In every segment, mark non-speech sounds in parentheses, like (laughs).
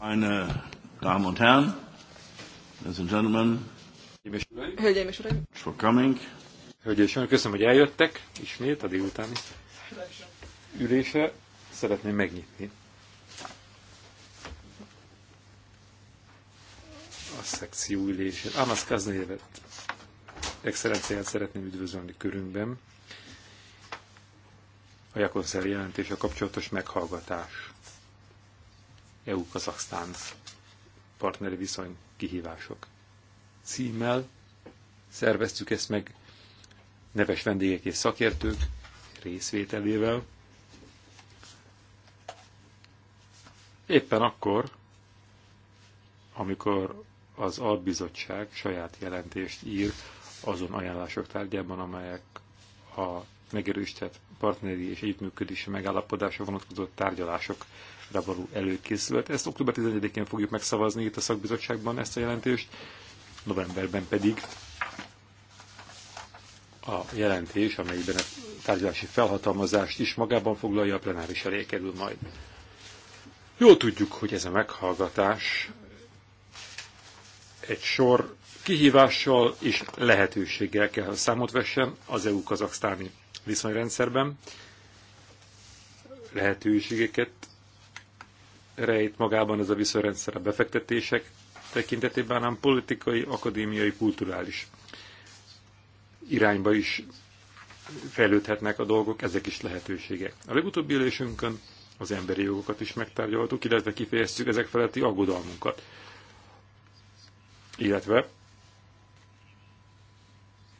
Meine Damen und Herren, Ladies and Gentlemen, Hölgyeim és Uraim, for coming. Hölgyeim és Uraim, köszönöm, hogy eljöttek ismét a délutáni ülésre. Szeretném megnyitni a szekció ülését. Amaz Kaznévet, excellenciát szeretném üdvözölni körünkben. A Jakonszer jelentése kapcsolatos meghallgatás EU-Kazaksztán partneri viszony kihívások címmel szerveztük ezt meg neves vendégek és szakértők részvételével. Éppen akkor, amikor az albizottság saját jelentést ír azon ajánlások tárgyában, amelyek a megerősített partneri és együttműködési megállapodásra vonatkozó tárgyalások való előkészület. Ezt október 11-én fogjuk megszavazni itt a szakbizottságban ezt a jelentést, novemberben pedig a jelentés, amelyben a tárgyalási felhatalmazást is magában foglalja, a plenáris elé kerül majd. Jól tudjuk, hogy ez a meghallgatás egy sor kihívással és lehetőséggel kell számot vessen az EU-kazaksztáni viszonyrendszerben. Lehetőségeket rejt magában ez a viszonyrendszer a befektetések tekintetében, hanem politikai, akadémiai, kulturális irányba is fejlődhetnek a dolgok, ezek is lehetőségek. A legutóbbi ülésünkön az emberi jogokat is megtárgyaltuk, illetve kifejeztük ezek feletti aggodalmunkat. Illetve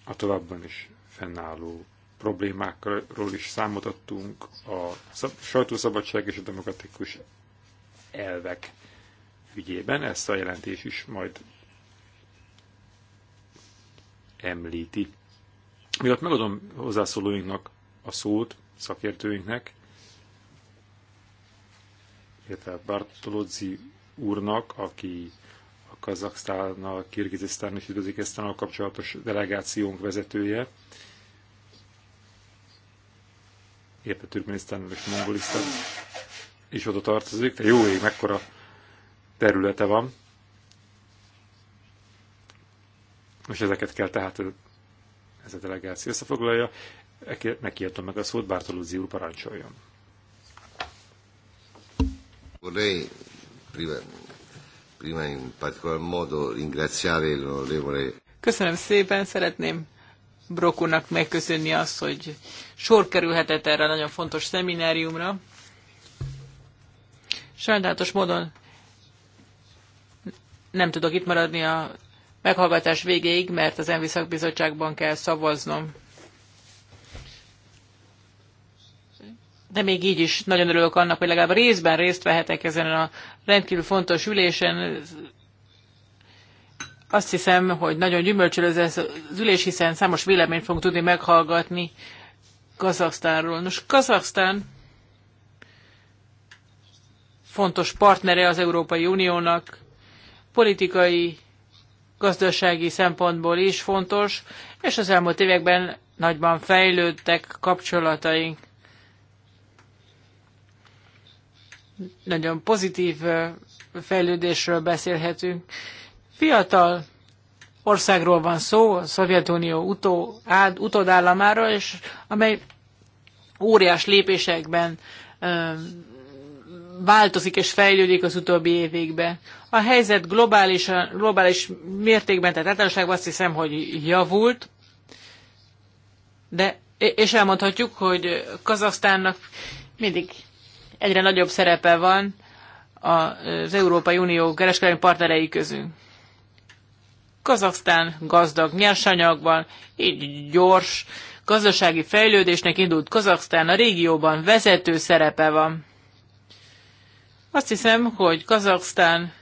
a továbbban is fennálló problémákról is számot adtunk, a sajtószabadság és a demokratikus elvek ügyében. Ezt a jelentés is majd említi. Miatt megadom hozzászólóinknak a szót, szakértőinknek, illetve Bartolozzi úrnak, aki a Kazaksztánnal, Kirgizisztán és Üzbekisztánnal kapcsolatos delegációnk vezetője, illetve Türkmenisztánnal és Mongolisztánnal is oda tartozik, de jó ég, mekkora területe van. És ezeket kell tehát ez a delegáció összefoglalja. Megkiadom meg a szót, Bartolozzi úr parancsoljon. Vorrei prima, prima in particolar modo ringraziare l'onorevole. Köszönöm szépen, szeretném Brokunak megköszönni azt, hogy sor kerülhetett erre a nagyon fontos szemináriumra. Sajnálatos módon nem tudok itt maradni a meghallgatás végéig, mert az Envi Szakbizottságban kell szavaznom. De még így is nagyon örülök annak, hogy legalább részben részt vehetek ezen a rendkívül fontos ülésen. Azt hiszem, hogy nagyon gyümölcsölő ez az ülés, hiszen számos véleményt fogunk tudni meghallgatni Kazaksztánról. Nos, Kazaksztán fontos partnere az Európai Uniónak, politikai, gazdasági szempontból is fontos, és az elmúlt években nagyban fejlődtek kapcsolataink. Nagyon pozitív fejlődésről beszélhetünk. Fiatal országról van szó, a Szovjetunió utó, ád, utódállamáról, és amely óriás lépésekben változik és fejlődik az utóbbi években. A helyzet globális, globális mértékben, tehát általánosságban azt hiszem, hogy javult, de, és elmondhatjuk, hogy Kazasztánnak mindig egyre nagyobb szerepe van az Európai Unió kereskedelmi partnerei közül. Kazasztán gazdag nyersanyagban, így gyors gazdasági fejlődésnek indult Kazasztán a régióban vezető szerepe van. Azt hiszem, hogy Kazaksztán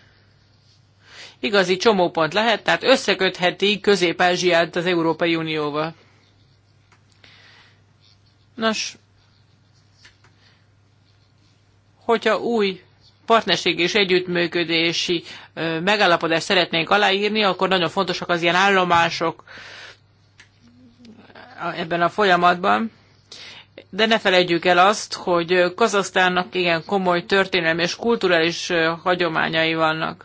igazi csomópont lehet, tehát összekötheti Közép-Ázsiát az Európai Unióval. Nos, hogyha új partnerség és együttműködési megállapodást szeretnénk aláírni, akkor nagyon fontosak az ilyen állomások ebben a folyamatban de ne felejtjük el azt, hogy Kazasztánnak igen komoly történelmi és kulturális hagyományai vannak.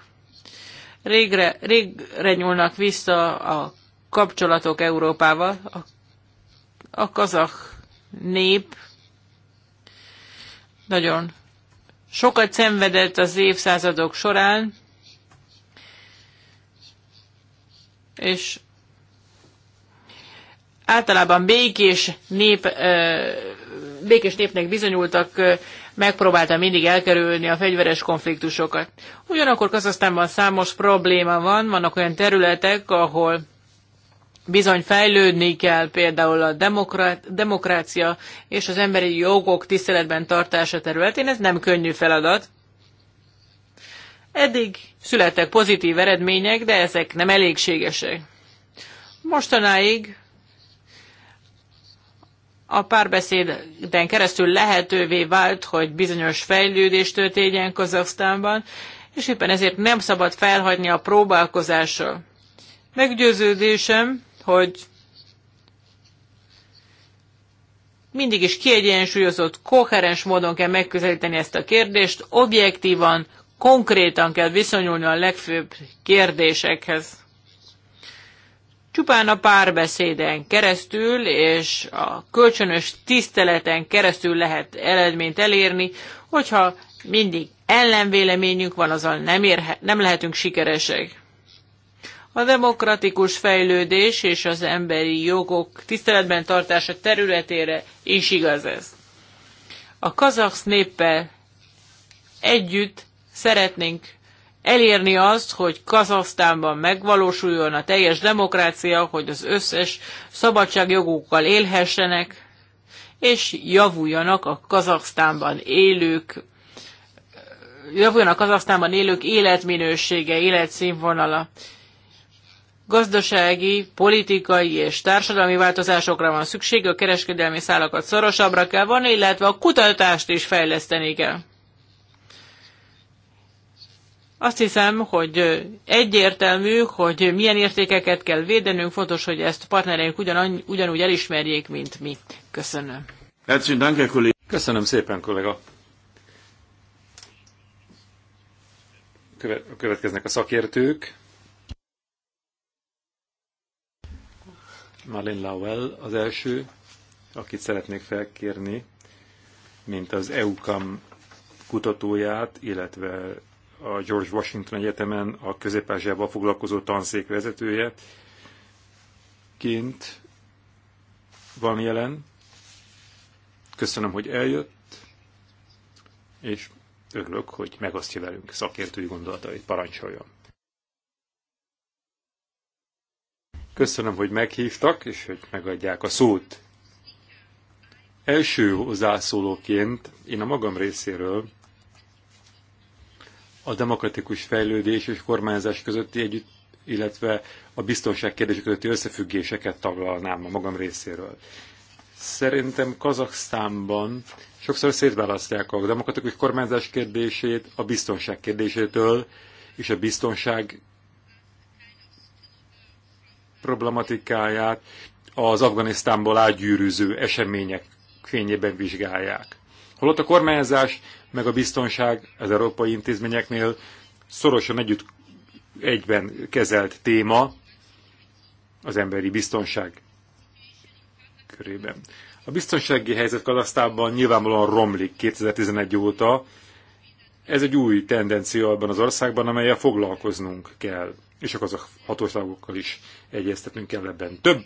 Régre, régre nyúlnak vissza a kapcsolatok Európával. A, a kazakh nép nagyon sokat szenvedett az évszázadok során, és általában békés, nép, békés népnek bizonyultak, megpróbálta mindig elkerülni a fegyveres konfliktusokat. Ugyanakkor Kazasztánban számos probléma van, vannak olyan területek, ahol bizony fejlődni kell például a demokrácia és az emberi jogok tiszteletben tartása területén, ez nem könnyű feladat. Eddig születtek pozitív eredmények, de ezek nem elégségesek. Mostanáig a párbeszéden keresztül lehetővé vált, hogy bizonyos fejlődés történjen Kazaksztánban, és éppen ezért nem szabad felhagyni a próbálkozással. Meggyőződésem, hogy mindig is kiegyensúlyozott, koherens módon kell megközelíteni ezt a kérdést, objektívan, konkrétan kell viszonyulni a legfőbb kérdésekhez. Csupán a párbeszéden keresztül és a kölcsönös tiszteleten keresztül lehet eredményt elérni, hogyha mindig ellenvéleményünk van, azzal nem, érhe, nem lehetünk sikeresek. A demokratikus fejlődés és az emberi jogok tiszteletben tartása területére is igaz ez. A kazaksz néppel együtt szeretnénk elérni azt, hogy Kazasztánban megvalósuljon a teljes demokrácia, hogy az összes szabadságjogokkal élhessenek, és javuljanak a Kazasztánban élők javuljanak Kazasztánban élők életminősége, életszínvonala. Gazdasági, politikai és társadalmi változásokra van szükség, a kereskedelmi szálakat szorosabbra kell vonni, illetve a kutatást is fejleszteni kell. Azt hiszem, hogy egyértelmű, hogy milyen értékeket kell védenünk, fontos, hogy ezt partnereink ugyan, ugyanúgy elismerjék, mint mi. Köszönöm. Köszönöm szépen, kollega. Következnek a szakértők. Marlene Lowell az első, akit szeretnék felkérni, mint az EUCAM kutatóját, illetve a George Washington Egyetemen a közép foglalkozó tanszék vezetője kint van jelen. Köszönöm, hogy eljött, és örülök, hogy megosztja velünk szakértői gondolatait. Parancsoljon! Köszönöm, hogy meghívtak, és hogy megadják a szót. Első hozzászólóként én a magam részéről a demokratikus fejlődés és kormányzás közötti együtt, illetve a biztonság kérdések közötti összefüggéseket taglalnám a magam részéről. Szerintem Kazaksztánban sokszor szétválasztják a demokratikus kormányzás kérdését a biztonság kérdésétől, és a biztonság problematikáját az Afganisztánból átgyűrűző események fényében vizsgálják. Holott a kormányzás meg a biztonság az európai intézményeknél szorosan együtt egyben kezelt téma az emberi biztonság körében. A biztonsági helyzet kalasztában nyilvánvalóan romlik 2011 óta. Ez egy új tendencia abban az országban, amelyel foglalkoznunk kell, és akkor az a hatóságokkal is egyeztetnünk kell ebben. Több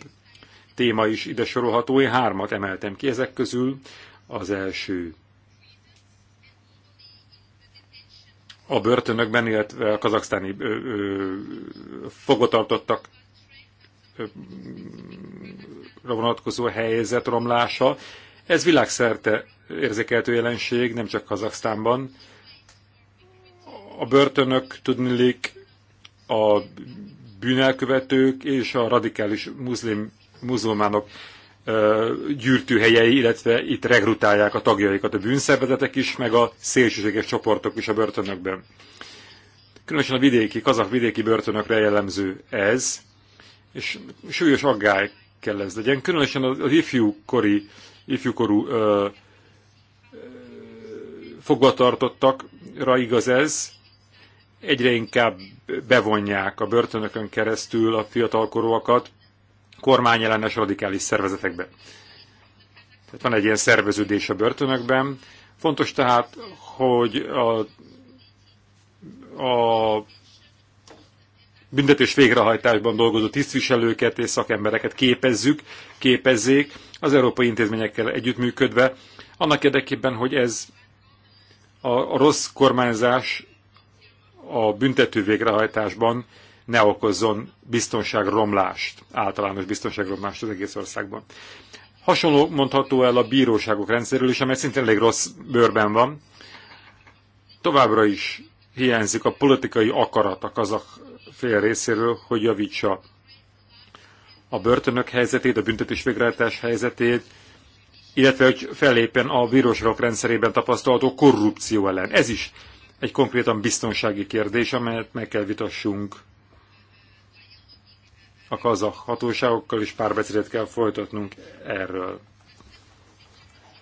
téma is ide sorolható, én hármat emeltem ki ezek közül. Az első a börtönökben, illetve a kazaksztáni fogotartottak vonatkozó helyzet romlása. Ez világszerte érzékeltő jelenség, nem csak Kazaksztánban. A börtönök tudnilik a bűnelkövetők és a radikális muszlim, muzulmánok gyűrtőhelyei, illetve itt regrutálják a tagjaikat a bűnszervezetek is, meg a szélsőséges csoportok is a börtönökben. Különösen a vidéki, kazak vidéki börtönökre jellemző ez, és súlyos aggály kell ez legyen. Különösen az ifjúkori, ifjúkorú ö, ö, fogvatartottakra igaz ez, egyre inkább bevonják a börtönökön keresztül a fiatalkorúakat, kormányellenes radikális szervezetekbe. Tehát van egy ilyen szerveződés a börtönökben. Fontos tehát, hogy a, a büntetés végrehajtásban dolgozó tisztviselőket és szakembereket képezzük, képezzék az európai intézményekkel együttműködve, annak érdekében, hogy ez a, a rossz kormányzás a büntető végrehajtásban ne okozzon biztonságromlást, általános biztonságromlást az egész országban. Hasonló mondható el a bíróságok rendszerről is, amely szintén elég rossz bőrben van. Továbbra is hiányzik a politikai akarat a kazak fél részéről, hogy javítsa a börtönök helyzetét, a büntetés végrehajtás helyzetét, illetve hogy fellépen a bíróságok rendszerében tapasztalható korrupció ellen. Ez is egy konkrétan biztonsági kérdés, amelyet meg kell vitassunk a kazak hatóságokkal is párbeszédet kell folytatnunk erről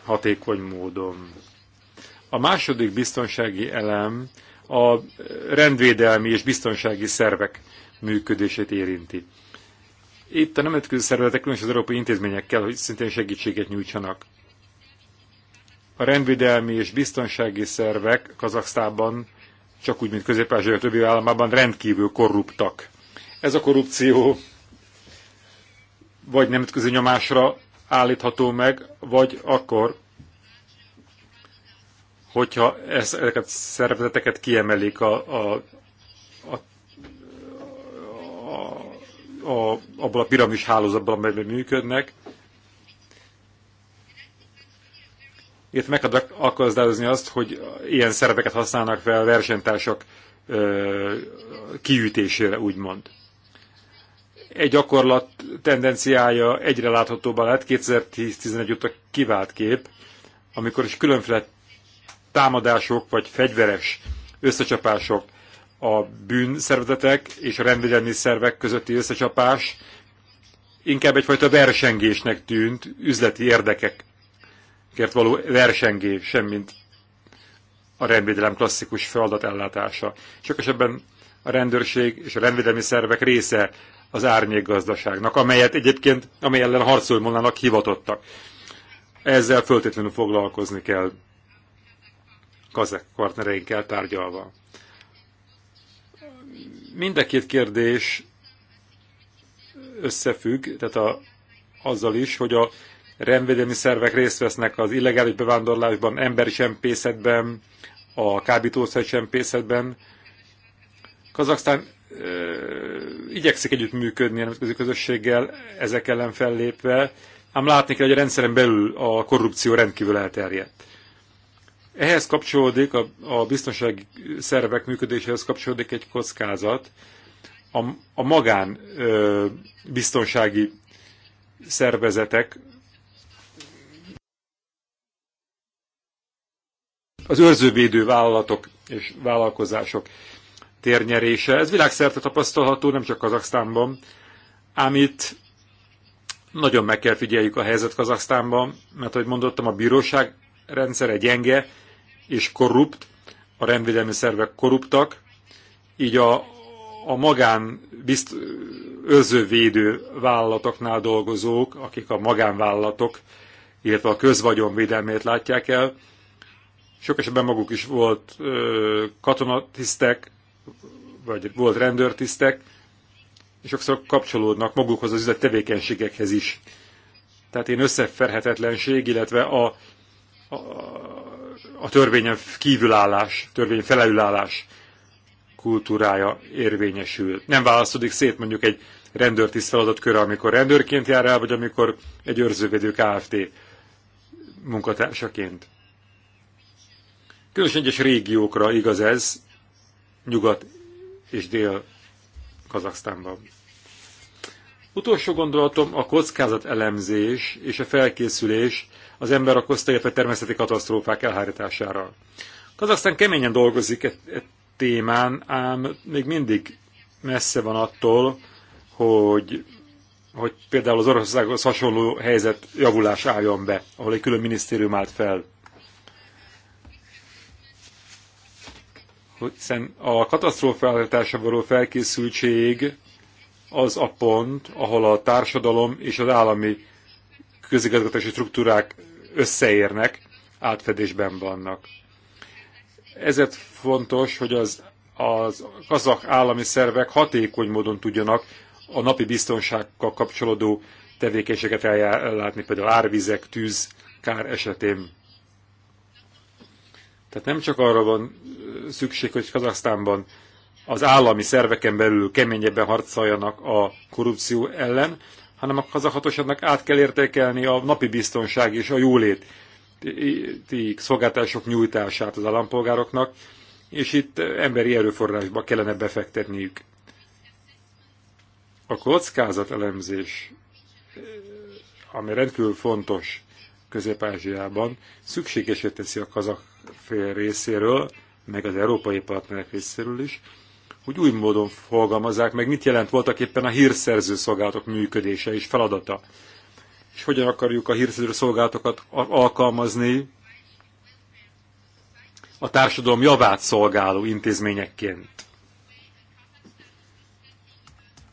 hatékony módon. A második biztonsági elem a rendvédelmi és biztonsági szervek működését érinti. Itt a nemzetközi szervezetek, különösen az európai intézmények kell, hogy szintén segítséget nyújtsanak. A rendvédelmi és biztonsági szervek Kazaksztában, csak úgy, mint közép többi államában rendkívül korruptak. Ez a korrupció vagy nemzetközi nyomásra állítható meg, vagy akkor, hogyha ezeket a szervezeteket kiemelik a, a, a, a, a, abból a piramis hálózatból, amelyben működnek. Itt meg kell azt, hogy ilyen szerepeket használnak fel versenytársak ö, kiütésére, úgymond egy gyakorlat tendenciája egyre láthatóban lett, 2011 óta kivált kép, amikor is különféle támadások vagy fegyveres összecsapások a bűnszervezetek és a rendvédelmi szervek közötti összecsapás inkább egyfajta versengésnek tűnt, üzleti érdekekért való versengés, semmint a rendvédelem klasszikus feladat ellátása. Sok esetben a rendőrség és a rendvédelmi szervek része az árnyékgazdaságnak, amelyet egyébként, amely ellen harcolmondanak hivatottak. Ezzel föltétlenül foglalkozni kell kazek partnereinkkel tárgyalva. Mind a két kérdés összefügg, tehát a, azzal is, hogy a rendvédelmi szervek részt vesznek az illegális bevándorlásban, emberi csempészetben, a kábítószer csempészetben, Kazaksztán igyekszik együttműködni a nemzetközi közösséggel, ezek ellen fellépve, ám látni kell, hogy a rendszeren belül a korrupció rendkívül elterjedt. Ehhez kapcsolódik, a, a biztonsági szervek működéséhez kapcsolódik egy kockázat, a, a magán ö, biztonsági szervezetek az őrzővédő vállalatok és vállalkozások térnyerése. Ez világszerte tapasztalható, nem csak Kazaksztánban, ám itt nagyon meg kell figyeljük a helyzet Kazaksztánban, mert ahogy mondottam, a bíróság rendszere gyenge és korrupt, a rendvédelmi szervek korruptak, így a, a magán bizt, özővédő vállalatoknál dolgozók, akik a magánvállalatok, illetve a közvagyon védelmét látják el, sok esetben maguk is volt katonatisztek, vagy volt rendőrtisztek, és sokszor kapcsolódnak magukhoz az üzlet tevékenységekhez is. Tehát én összeferhetetlenség, illetve a, a, a törvényen kívülállás, törvény felelülállás kultúrája érvényesül. Nem választodik szét mondjuk egy rendőrtiszt feladatköre, amikor rendőrként jár el, vagy amikor egy őrzővédő Kft. munkatársaként. Különösen egyes régiókra igaz ez, nyugat és dél Kazaksztánban. Utolsó gondolatom a kockázat elemzés és a felkészülés az ember a illetve természeti katasztrófák elhárítására. Kazaksztán keményen dolgozik e, e témán, ám még mindig messze van attól, hogy, hogy például az Oroszországhoz hasonló helyzet javulás álljon be, ahol egy külön minisztérium állt fel. hiszen a katasztrófáltása való felkészültség az a pont, ahol a társadalom és az állami közigazgatási struktúrák összeérnek, átfedésben vannak. Ezért fontos, hogy az, az kazak állami szervek hatékony módon tudjanak a napi biztonsággal kapcsolódó tevékenységet ellátni, például árvizek, tűz, kár esetén. Tehát nem csak arra van szükség, hogy Kazasztánban az állami szerveken belül keményebben harcoljanak a korrupció ellen, hanem a kazahatosoknak át kell értékelni a napi biztonság és a jólét szolgáltások nyújtását az állampolgároknak, és itt emberi erőforrásba kellene befektetniük. A elemzés, ami rendkívül fontos Közép-Ázsiában, szükségesé teszi a kazak fél részéről, meg az európai partnerek részéről is, hogy új módon fogalmazzák meg, mit jelent voltak éppen a hírszerző szolgálatok működése és feladata. És hogyan akarjuk a hírszerző szolgálatokat alkalmazni a társadalom javát szolgáló intézményekként.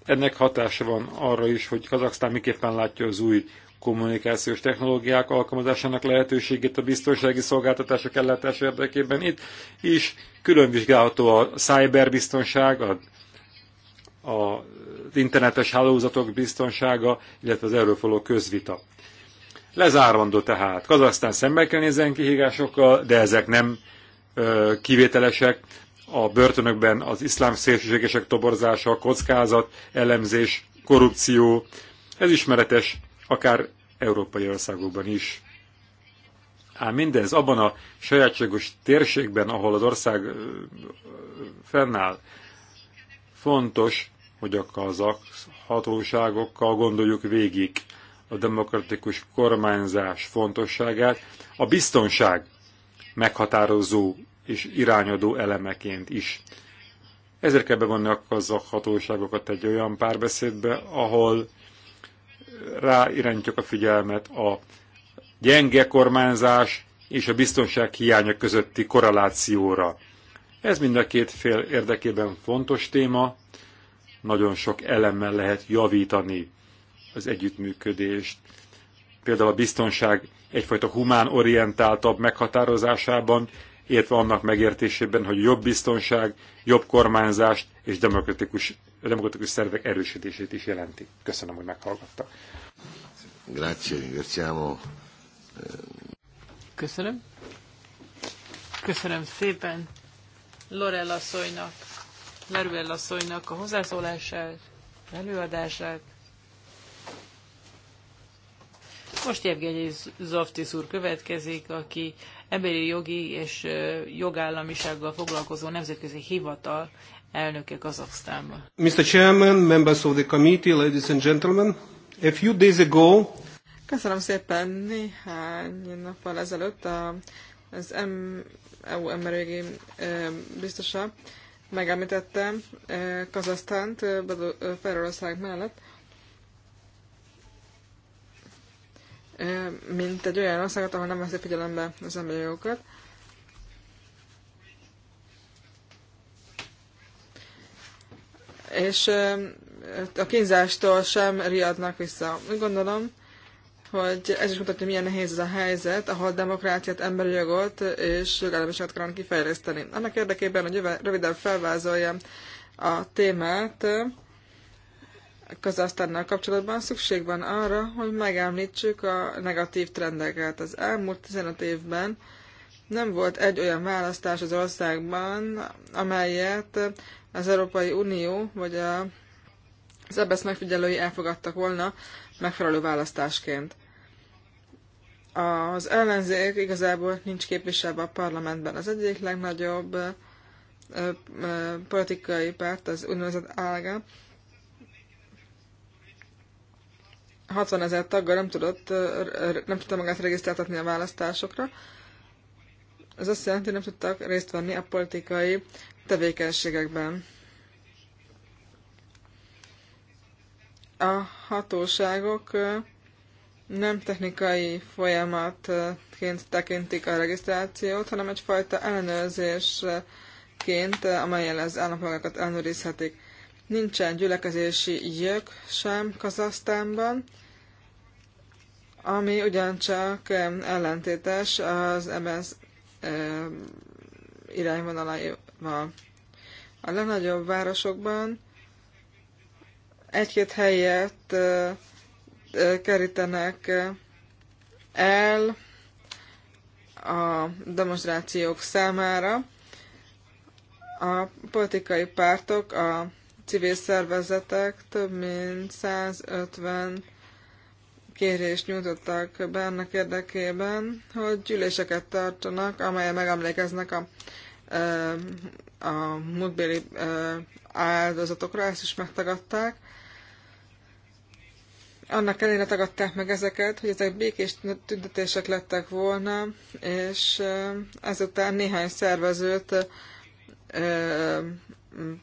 Ennek hatása van arra is, hogy Kazaksztán miképpen látja az új kommunikációs technológiák alkalmazásának lehetőségét a biztonsági szolgáltatások ellátása érdekében. Itt is külön vizsgálható a cyberbiztonság, a, a, az internetes hálózatok biztonsága, illetve az erről való közvita. Lezárandó tehát. Kazasztán szembe kell nézzen kihívásokkal, de ezek nem ö, kivételesek. A börtönökben az iszlám szélsőségesek toborzása, kockázat, elemzés, korrupció, ez ismeretes akár európai országokban is. Ám mindez abban a sajátságos térségben, ahol az ország fennáll, fontos, hogy a kazak hatóságokkal gondoljuk végig a demokratikus kormányzás fontosságát, a biztonság meghatározó és irányadó elemeként is. Ezért kell bevonni a kazak hatóságokat egy olyan párbeszédbe, ahol ráirányítjuk a figyelmet a gyenge kormányzás és a biztonság hiánya közötti korrelációra. Ez mind a két fél érdekében fontos téma, nagyon sok elemmel lehet javítani az együttműködést. Például a biztonság egyfajta humán orientáltabb meghatározásában, illetve annak megértésében, hogy jobb biztonság, jobb kormányzást és demokratikus a demokratikus szervek erősítését is jelenti. Köszönöm, hogy meghallgattak. Grazie, ringraziamo. Eh. Köszönöm. Köszönöm szépen Lorella asszonynak, Leruel asszonynak a hozzászólását, előadását. Most Jevgenyi Zoftis úr következik, aki emberi jogi és eh, jogállamisággal foglalkozó nemzetközi hivatal elnöke Kazaksztánban. Mr. Chairman, members of the committee, ladies and gentlemen, a few days ago... Köszönöm szépen néhány nappal ezelőtt a, az M, EU emberi biztosa megemlítette Kazasztánt Ferorország mellett, mint egy olyan országot, ahol nem veszik figyelembe az emberi jogokat. és a kínzástól sem riadnak vissza. Úgy gondolom, hogy ez is mutatja, milyen nehéz ez a helyzet, ahol demokráciát, emberi jogot és jogállamiságot kellene kifejleszteni. Annak érdekében, hogy röviden felvázoljam a témát, Kazasztánnal kapcsolatban szükség van arra, hogy megemlítsük a negatív trendeket. Az elmúlt 15 évben nem volt egy olyan választás az országban, amelyet az Európai Unió vagy a, az EBSZ megfigyelői elfogadtak volna megfelelő választásként. Az ellenzék igazából nincs képviselve a parlamentben. Az egyik legnagyobb politikai párt, az úgynevezett ága 60 ezer taggal nem tudott, nem tudta magát regisztráltatni a választásokra. Ez azt jelenti, hogy nem tudtak részt venni a politikai tevékenységekben. A hatóságok nem technikai folyamatként tekintik a regisztrációt, hanem egyfajta ellenőrzésként, amelyen az állampolgárokat ellenőrizhetik. Nincsen gyülekezési jök sem Kazasztánban, ami ugyancsak ellentétes az MSZ irányvonalai ma. A legnagyobb városokban egy-két helyet kerítenek el a demonstrációk számára. A politikai pártok, a civil szervezetek több mint 150 kérést nyújtottak be annak érdekében, hogy gyűléseket tartanak, amelyek megemlékeznek a a múltbéli áldozatokra, ezt is megtagadták. Annak ellenére tagadták meg ezeket, hogy ezek békés tüntetések lettek volna, és ezután néhány szervezőt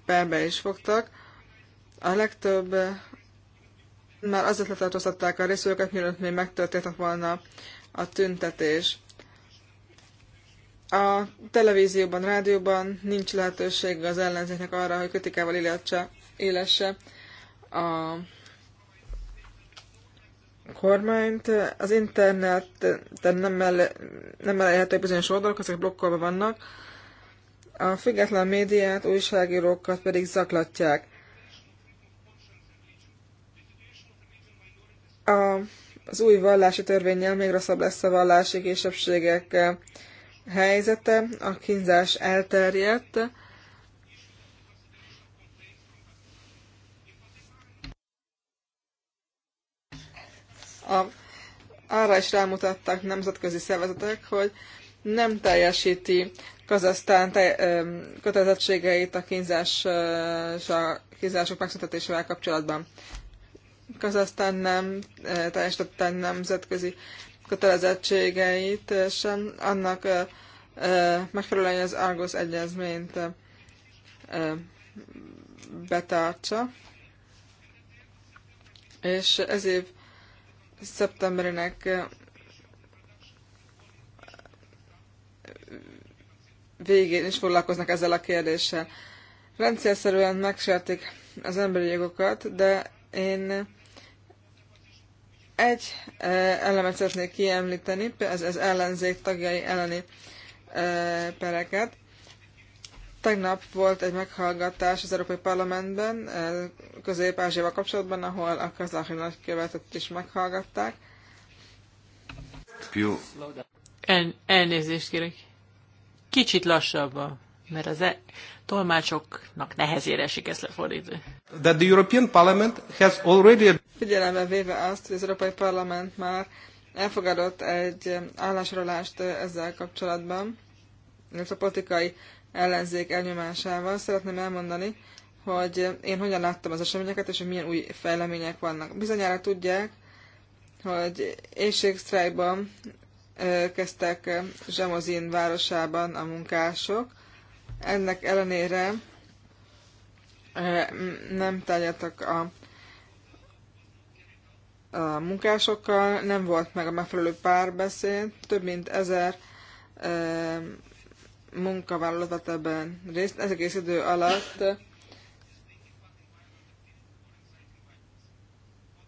perbe is fogtak. A legtöbb már azért letartóztatták a részvevőket, mielőtt még megtörtént volna a tüntetés. A televízióban, rádióban nincs lehetőség az ellenzéknek arra, hogy kritikával illetse, élesse a kormányt. Az interneten nem, ele, nem bizonyos oldalak, ezek blokkolva vannak. A független médiát, újságírókat pedig zaklatják. A, az új vallási törvényel még rosszabb lesz a vallási kisebbségek helyzete, a kínzás elterjedt. A, arra is rámutattak nemzetközi szervezetek, hogy nem teljesíti Kazasztán te, kötelezettségeit a kínzás, a kínzások megszüntetésével kapcsolatban. Kazasztán nem teljesítette nemzetközi kötelezettségeit és eh, annak eh, eh, megfelelően az Argos egyezményt betartsa. És ez év szeptemberének végén is foglalkoznak ezzel a kérdéssel. Rendszerszerűen megsértik az emberi jogokat, de én egy elemet szeretnék kiemlíteni, ez az ellenzék tagjai elleni pereket. Tegnap volt egy meghallgatás az Európai Parlamentben, Közép-Ázsiával kapcsolatban, ahol a kazahi nagykövetet is meghallgatták. Jó. El, elnézést kérek. Kicsit lassabban, mert az e tolmácsoknak nehezére esik ezt lefordítani. That the European Parliament has already figyelembe véve azt, hogy az Európai Parlament már elfogadott egy állásrólást ezzel kapcsolatban, illetve a politikai ellenzék elnyomásával, szeretném elmondani, hogy én hogyan láttam az eseményeket, és hogy milyen új fejlemények vannak. Bizonyára tudják, hogy éjségsztrájkban kezdtek Zsamozin városában a munkások. Ennek ellenére nem tárgyaltak a a munkásokkal, nem volt meg a megfelelő párbeszéd, több mint ezer e, munkavállalat vett ebben részt, ez egész idő alatt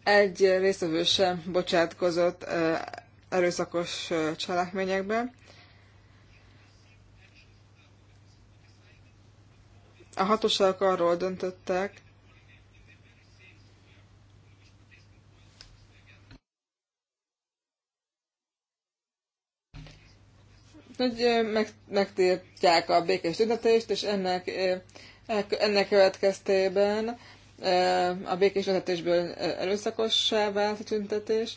egy résztvevő sem bocsátkozott e, erőszakos cselekményekbe. A hatóságok arról döntöttek, hogy meg, megtiltják a békés tüntetést, és ennek, ennek következtében a békés tüntetésből erőszakossá vált a tüntetés.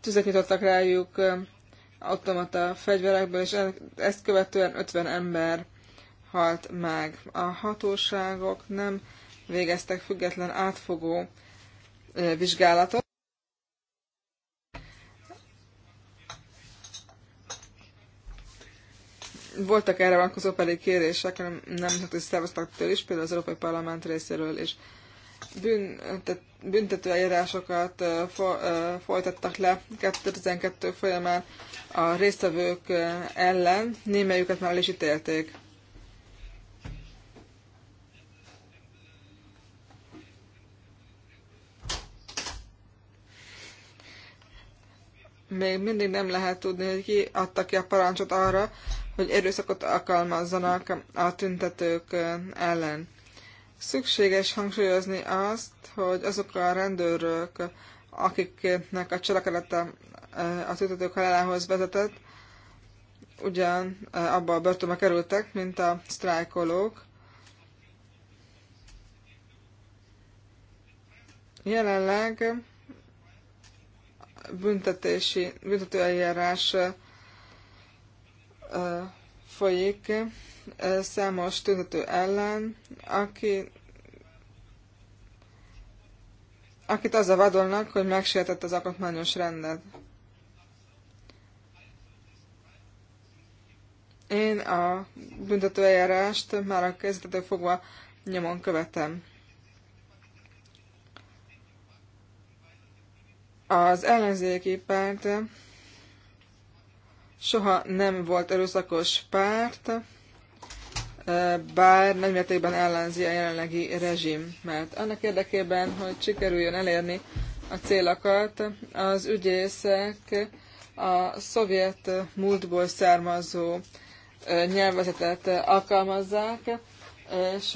Tüzet nyitottak rájuk automata fegyverekből, és e-, ezt követően 50 ember halt meg. A hatóságok nem végeztek független átfogó vizsgálatot. voltak erre vonatkozó pedig kérések, nem hogy nemzeti től is, például az Európai Parlament részéről bűn tehát büntető eljárásokat fo, folytattak le 2012 folyamán a résztvevők ellen, némelyüket már el is ítélték. még mindig nem lehet tudni, hogy ki adta ki a parancsot arra, hogy erőszakot alkalmazzanak a tüntetők ellen. Szükséges hangsúlyozni azt, hogy azok a rendőrök, akiknek a cselekedete a tüntetők halálához vezetett, ugyan abba a börtönbe kerültek, mint a sztrájkolók. Jelenleg büntetési, büntetőeljárás eljárás folyik számos tüntető ellen, aki, akit az a vadolnak, hogy megsértett az alkotmányos rendet. Én a eljárást már a kezdetől fogva nyomon követem. Az ellenzéki párt soha nem volt erőszakos párt, bár nem mértékben ellenzi a jelenlegi rezsim, mert annak érdekében, hogy sikerüljön elérni a célokat, az ügyészek a szovjet múltból származó nyelvezetet alkalmazzák, és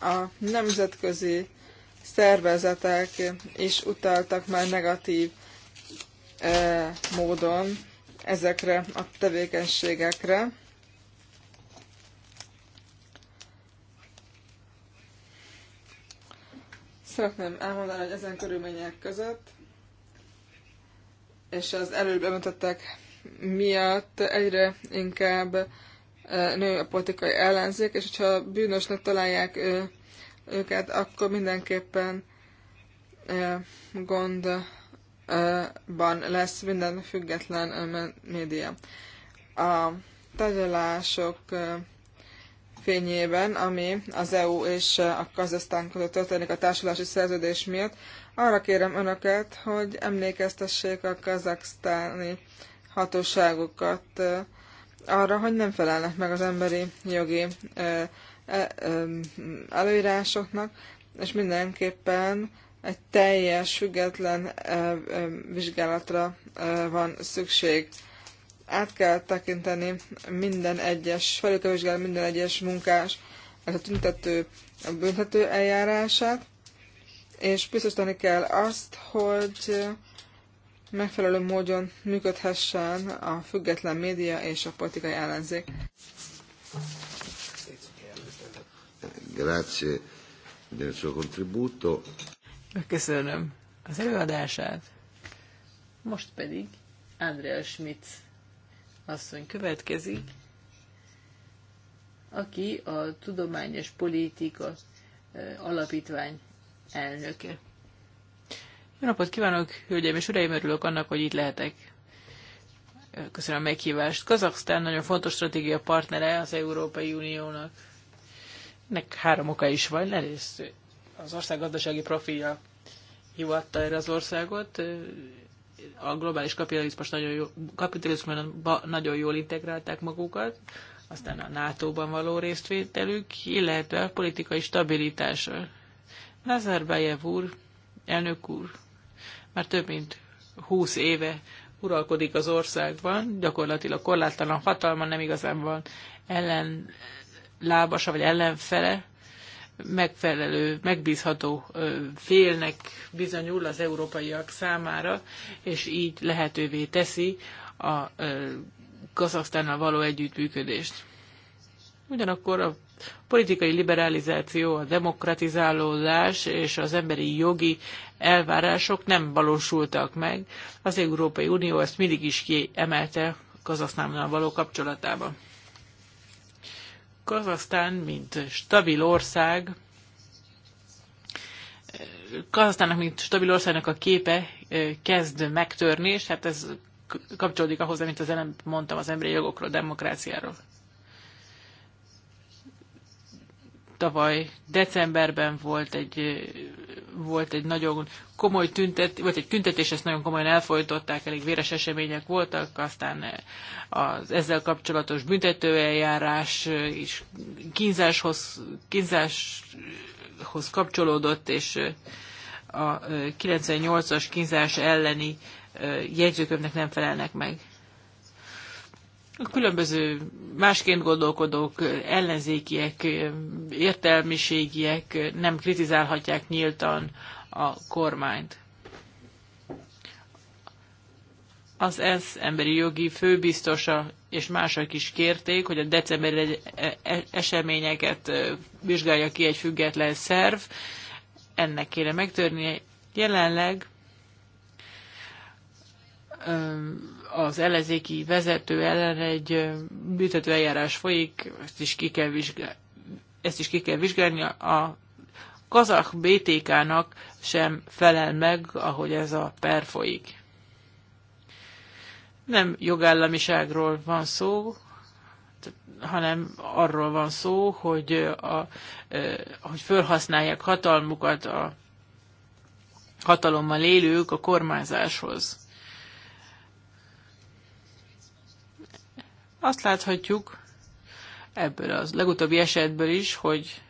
a nemzetközi szervezetek is utaltak már negatív e, módon ezekre a tevékenységekre. Szeretném elmondani, hogy ezen körülmények között és az előbb említettek miatt egyre inkább e, nő a politikai ellenzék, és hogyha bűnösnek találják őket, akkor mindenképpen gondban lesz minden független média. A tárgyalások fényében, ami az EU és a Kazasztán között történik a társulási szerződés miatt, arra kérem önöket, hogy emlékeztessék a kazaksztáni hatóságokat arra, hogy nem felelnek meg az emberi jogi E, e, előírásoknak, és mindenképpen egy teljes, független e, vizsgálatra van szükség. Át kell tekinteni minden egyes, felül kell vizsgálni minden egyes munkás, ez a tüntető, a büntető eljárását, és biztosítani kell azt, hogy megfelelő módon működhessen a független média és a politikai ellenzék. Grazie del suo contributo. Köszönöm az előadását. Most pedig Andrea Schmidt asszony következik, aki a Tudományos Politika eh, Alapítvány elnöke. Jó napot kívánok, hölgyeim és uraim, örülök annak, hogy itt lehetek. Köszönöm a meghívást. Kazaksztán nagyon fontos stratégia partnere az Európai Uniónak. Ennek három oka is van. Egyrészt az ország gazdasági profilja hivatta erre az országot. A globális kapitalizmus nagyon jó, kapitalizmusban nagyon jól integrálták magukat, aztán a NATO-ban való résztvételük, illetve a politikai stabilitása. Nazarbayev úr, elnök úr, már több mint 20 éve uralkodik az országban, gyakorlatilag korlátlan hatalma nem igazán van ellen, lábasa vagy ellenfele megfelelő, megbízható félnek bizonyul az európaiak számára, és így lehetővé teszi a Kazaksztánnal való együttműködést. Ugyanakkor a politikai liberalizáció, a demokratizálódás és az emberi jogi elvárások nem valósultak meg. Az Európai Unió ezt mindig is kiemelte Kazasztánnal való kapcsolatában. Kazasztán, mint stabil ország, Kazasztának, mint stabil országnak a képe eh, kezd megtörni, és hát ez kapcsolódik ahhoz, amit az előbb mondtam az emberi jogokról, demokráciáról. tavaly decemberben volt egy, volt egy nagyon komoly tüntet, volt egy tüntetés, ezt nagyon komolyan elfolytották, elég véres események voltak, aztán az ezzel kapcsolatos büntetőeljárás is kínzáshoz, kínzáshoz kapcsolódott, és a 98-as kínzás elleni jegyzőkövnek nem felelnek meg a különböző másként gondolkodók, ellenzékiek, értelmiségiek nem kritizálhatják nyíltan a kormányt. Az ENSZ emberi jogi főbiztosa és mások is kérték, hogy a decemberi e- e- eseményeket vizsgálja ki egy független szerv. Ennek kéne megtörni. Jelenleg az ellenzéki vezető ellen egy büntetőeljárás folyik, ezt is ki kell, vizsgál, ezt is ki kell vizsgálni. A kazakh BTK-nak sem felel meg, ahogy ez a per folyik. Nem jogállamiságról van szó, hanem arról van szó, hogy, a, hogy felhasználják hatalmukat a hatalommal élők a kormányzáshoz. Azt láthatjuk ebből az legutóbbi esetből is, hogy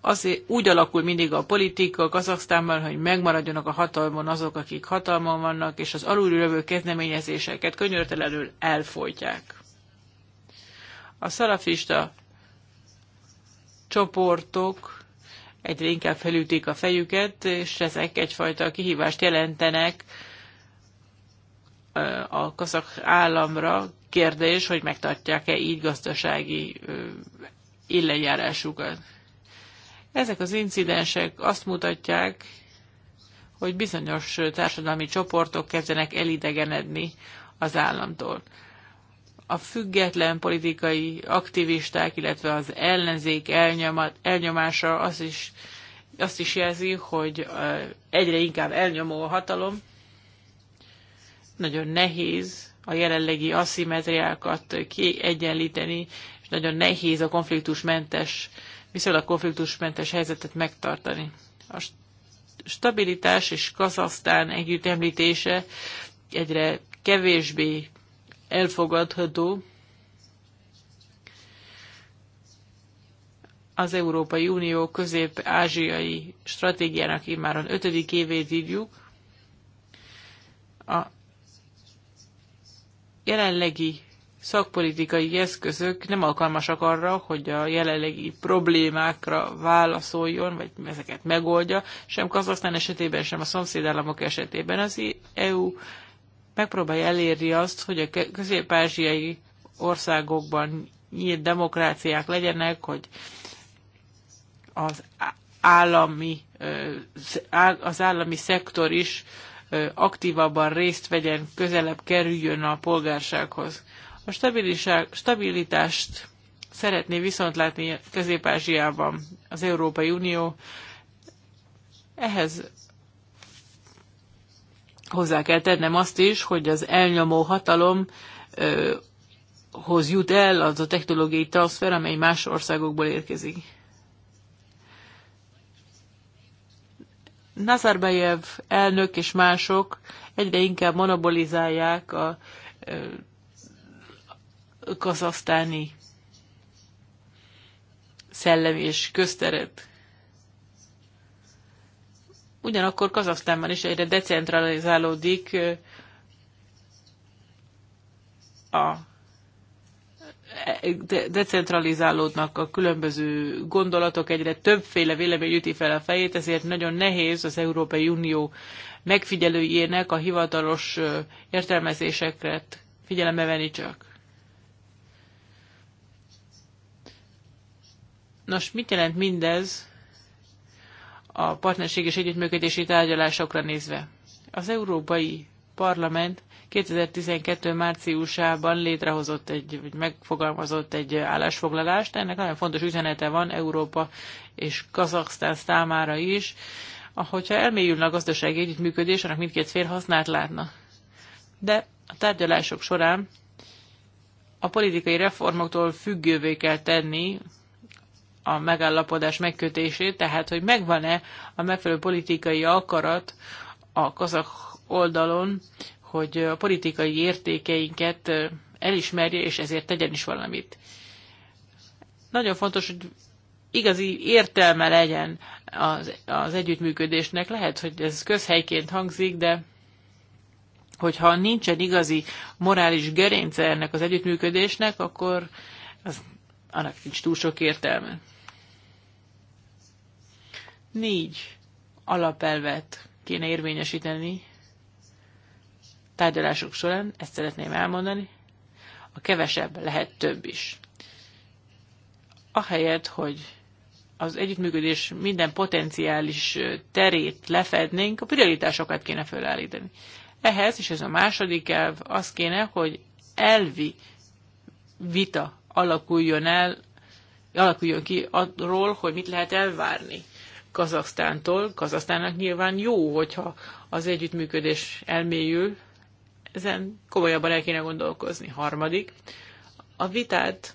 azért úgy alakul mindig a politika Kazaksztánban, hogy megmaradjanak a hatalmon azok, akik hatalmon vannak, és az alulülövő kezdeményezéseket könyörtelenül elfolytják. A szalafista csoportok egyre inkább felütik a fejüket, és ezek egyfajta kihívást jelentenek a kazak államra. Kérdés, hogy megtartják-e így gazdasági illenjárásukat. Ezek az incidensek azt mutatják, hogy bizonyos társadalmi csoportok kezdenek elidegenedni az államtól. A független politikai aktivisták, illetve az ellenzék elnyomása az is, azt is jelzi, hogy egyre inkább elnyomó a hatalom, nagyon nehéz a jelenlegi aszimetriákat kiegyenlíteni, és nagyon nehéz a konfliktusmentes, viszonylag konfliktusmentes helyzetet megtartani. A stabilitás és Kazasztán együtt említése egyre kevésbé elfogadható az Európai Unió közép-ázsiai stratégiának immáron ötödik évét írjuk. A jelenlegi szakpolitikai eszközök nem alkalmasak arra, hogy a jelenlegi problémákra válaszoljon, vagy ezeket megoldja, sem Kazasztán esetében, sem a szomszédállamok esetében. Az EU megpróbálja elérni azt, hogy a közép-ázsiai országokban nyílt demokráciák legyenek, hogy az állami, az állami szektor is aktívabban részt vegyen, közelebb kerüljön a polgársághoz. A stabilitást szeretné viszont látni Közép-Ázsiában az Európai Unió. Ehhez hozzá kell tennem azt is, hogy az elnyomó hatalom hoz jut el az a technológiai transfer, amely más országokból érkezik. Nazarbayev elnök és mások egyre inkább monopolizálják a kazasztáni szellem és közteret. Ugyanakkor Kazasztánban is egyre decentralizálódik a decentralizálódnak a különböző gondolatok, egyre többféle vélemény üti fel a fejét, ezért nagyon nehéz az Európai Unió megfigyelőjének a hivatalos értelmezéseket figyelembe venni csak. Nos, mit jelent mindez a partnerség és együttműködési tárgyalásokra nézve? Az Európai Parlament 2012. márciusában létrehozott egy, vagy megfogalmazott egy állásfoglalást. Ennek nagyon fontos üzenete van Európa és Kazaksztán számára is. Ahogyha elmélyülne a gazdasági együttműködés, annak mindkét fél hasznát látna. De a tárgyalások során a politikai reformoktól függővé kell tenni a megállapodás megkötését, tehát hogy megvan-e a megfelelő politikai akarat a kazak oldalon, hogy a politikai értékeinket elismerje, és ezért tegyen is valamit. Nagyon fontos, hogy igazi értelme legyen az, az együttműködésnek. Lehet, hogy ez közhelyként hangzik, de hogyha nincsen igazi morális gerince ennek az együttműködésnek, akkor az, annak nincs túl sok értelme. Négy alapelvet kéne érvényesíteni tárgyalások során, ezt szeretném elmondani, a kevesebb lehet több is. Ahelyett, hogy az együttműködés minden potenciális terét lefednénk, a prioritásokat kéne fölállítani. Ehhez, és ez a második elv, az kéne, hogy elvi vita alakuljon el, alakuljon ki arról, hogy mit lehet elvárni Kazaksztántól. Kazaksztánnak nyilván jó, hogyha az együttműködés elmélyül, ezen komolyabban el kéne gondolkozni. Harmadik, a vitát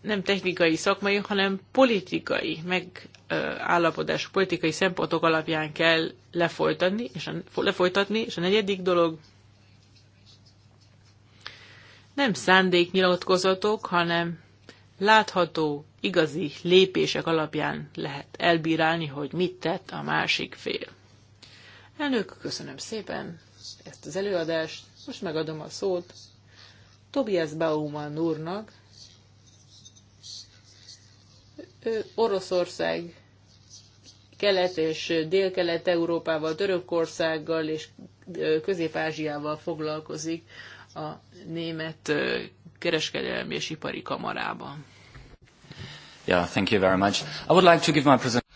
nem technikai, szakmai, hanem politikai megállapodás, politikai szempontok alapján kell lefolytatni, és a, lefolytatni, és a negyedik dolog nem szándéknyilatkozatok, hanem látható, igazi lépések alapján lehet elbírálni, hogy mit tett a másik fél. Elnök, köszönöm szépen ezt az előadást. Most megadom a szót Tobias Bauman úrnak. Ő Oroszország kelet és délkelet Európával, Törökországgal és Közép-Ázsiával foglalkozik a német kereskedelmi és ipari kamarában. Yeah, thank you very much. I would like to give my presentation.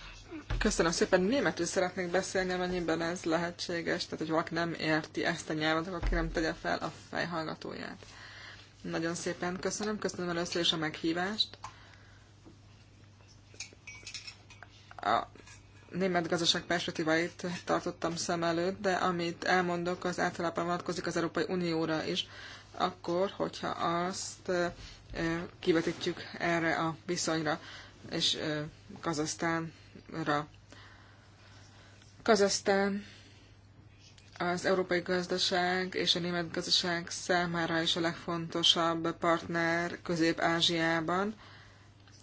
Köszönöm szépen. Németül szeretnék beszélni, amennyiben ez lehetséges. Tehát, hogy valaki nem érti ezt a nyelvet, akkor kérem tegye fel a fejhallgatóját. Nagyon szépen köszönöm. Köszönöm először is a meghívást. A német gazdaság perspektíváit tartottam szem előtt, de amit elmondok, az általában vonatkozik az Európai Unióra is, akkor, hogyha azt kivetítjük erre a viszonyra, és Kazasztánra. Kazasztán az európai gazdaság és a német gazdaság számára is a legfontosabb partner Közép-Ázsiában.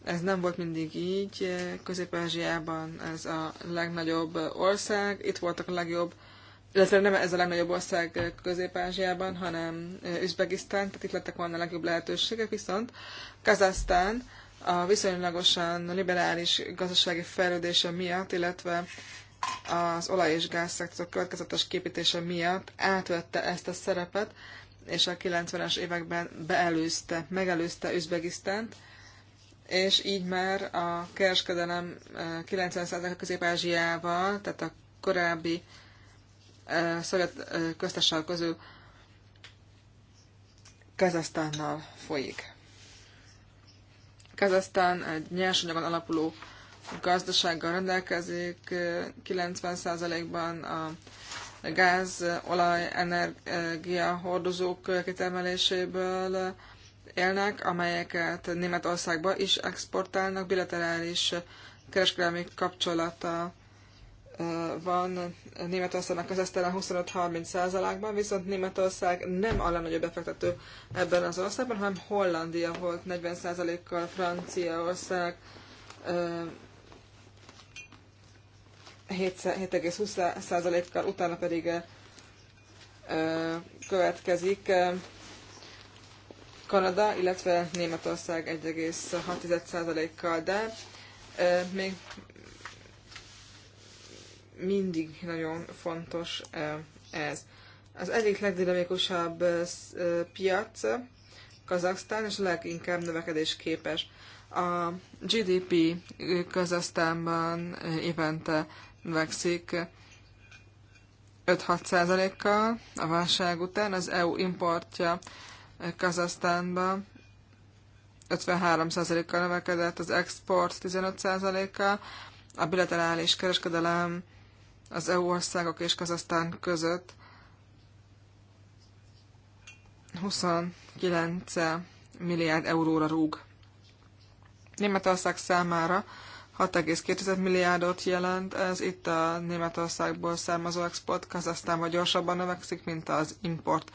Ez nem volt mindig így. Közép-Ázsiában ez a legnagyobb ország. Itt voltak a legjobb, illetve nem ez a legnagyobb ország Közép-Ázsiában, hanem Üzbegisztán, tehát itt lettek volna a legjobb lehetőségek, viszont Kazasztán a viszonylagosan liberális gazdasági fejlődése miatt, illetve az olaj- és gázszektor következetes képítése miatt átvette ezt a szerepet, és a 90-es években beelőzte, megelőzte Üzbegisztánt, és így már a kereskedelem 90%-a eh, Közép-Ázsiával, tehát a korábbi eh, szovjet eh, köztessel közül Kazasztánnal folyik. Kazasztán egy nyersanyagon alapuló gazdasággal rendelkezik, 90%-ban a gáz, olaj, energia hordozók kitermeléséből élnek, amelyeket Németországba is exportálnak, bilaterális kereskedelmi kapcsolata van Németországnak az esztelen 25-30%-ban, viszont Németország nem a legnagyobb befektető ebben az országban, hanem Hollandia volt 40%-kal, Franciaország 7,20%-kal, utána pedig következik Kanada, illetve Németország 1,6%-kal, de még mindig nagyon fontos ez. Az egyik legdinamikusabb piac Kazaksztán, és a leginkább növekedés képes. A GDP Kazaksztánban évente növekszik 5-6 százalékkal a válság után. Az EU importja Kazasztánba 53 százalékkal növekedett, az export 15 százalékkal, a bilaterális kereskedelem az EU országok és Kazasztán között 29 milliárd euróra rúg. Németország számára 6,2 milliárdot jelent, ez itt a Németországból származó export Kazaksztánba gyorsabban növekszik, mint az import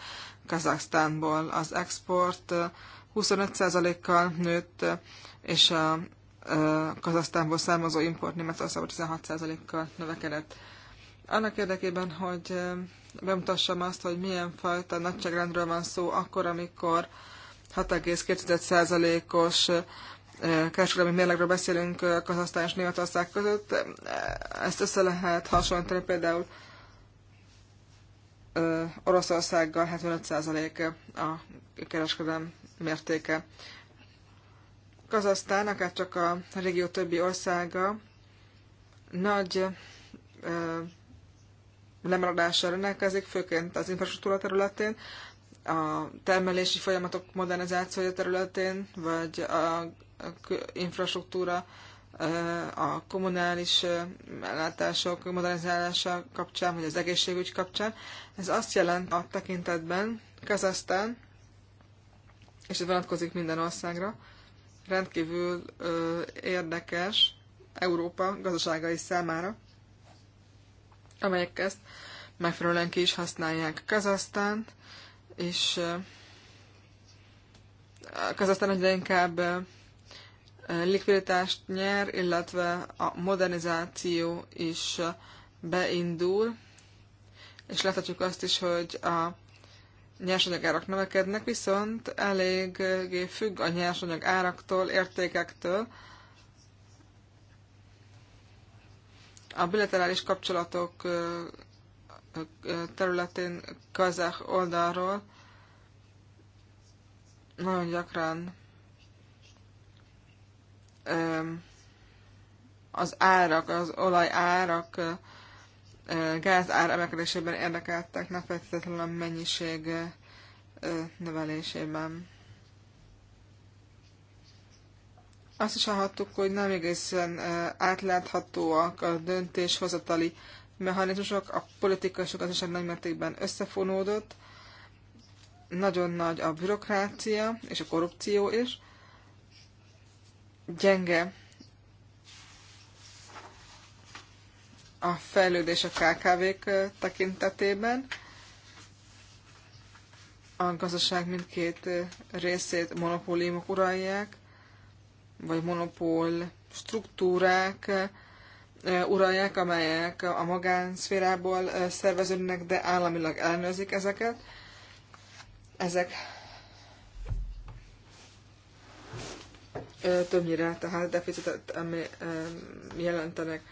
Kazasztánból. Az export 25%-kal eh, nőtt, és a eh, Kazasztánból származó import Németországban 16%-kal növekedett. Annak érdekében, hogy eh, bemutassam azt, hogy milyen fajta nagyságrendről van szó akkor, amikor 6,2%-os kereskedelmi mérlegről beszélünk Kazasztán és Németország között. Ezt össze lehet hasonlítani például Oroszországgal 75% a kereskedelem mértéke. Kazasztán, akár csak a régió többi országa nagy lemaradással rendelkezik, főként az infrastruktúra területén, a termelési folyamatok modernizációja területén, vagy a infrastruktúra, eh, a kommunális eh, ellátások modernizálása kapcsán, vagy az egészségügy kapcsán. Ez azt jelent a tekintetben Kazasztán, és ez vonatkozik minden országra, rendkívül ö, eh, érdekes Európa gazdaságai számára, amelyek ezt megfelelően ki is használják. Kazasztán, és Kazasztán egyre inkább likviditást nyer, illetve a modernizáció is beindul, és láthatjuk azt is, hogy a nyersanyag árak növekednek, viszont eléggé függ a nyersanyag áraktól, értékektől. A bilaterális kapcsolatok területén kazakh oldalról nagyon gyakran az árak, az olaj árak, gázár emelkedésében érdekeltek, nem feltétlenül a mennyiség növelésében. Azt is hallhattuk, hogy nem egészen átláthatóak a döntéshozatali mechanizmusok, a politika és a gazdaság nagymértékben összefonódott, nagyon nagy a bürokrácia és a korrupció is, gyenge a fejlődés a KKV-k tekintetében. A gazdaság mindkét részét monopóliumok uralják, vagy monopól struktúrák uralják, amelyek a magánszférából szerveződnek, de államilag ellenőrzik ezeket. Ezek többnyire tehát deficitet jelentenek.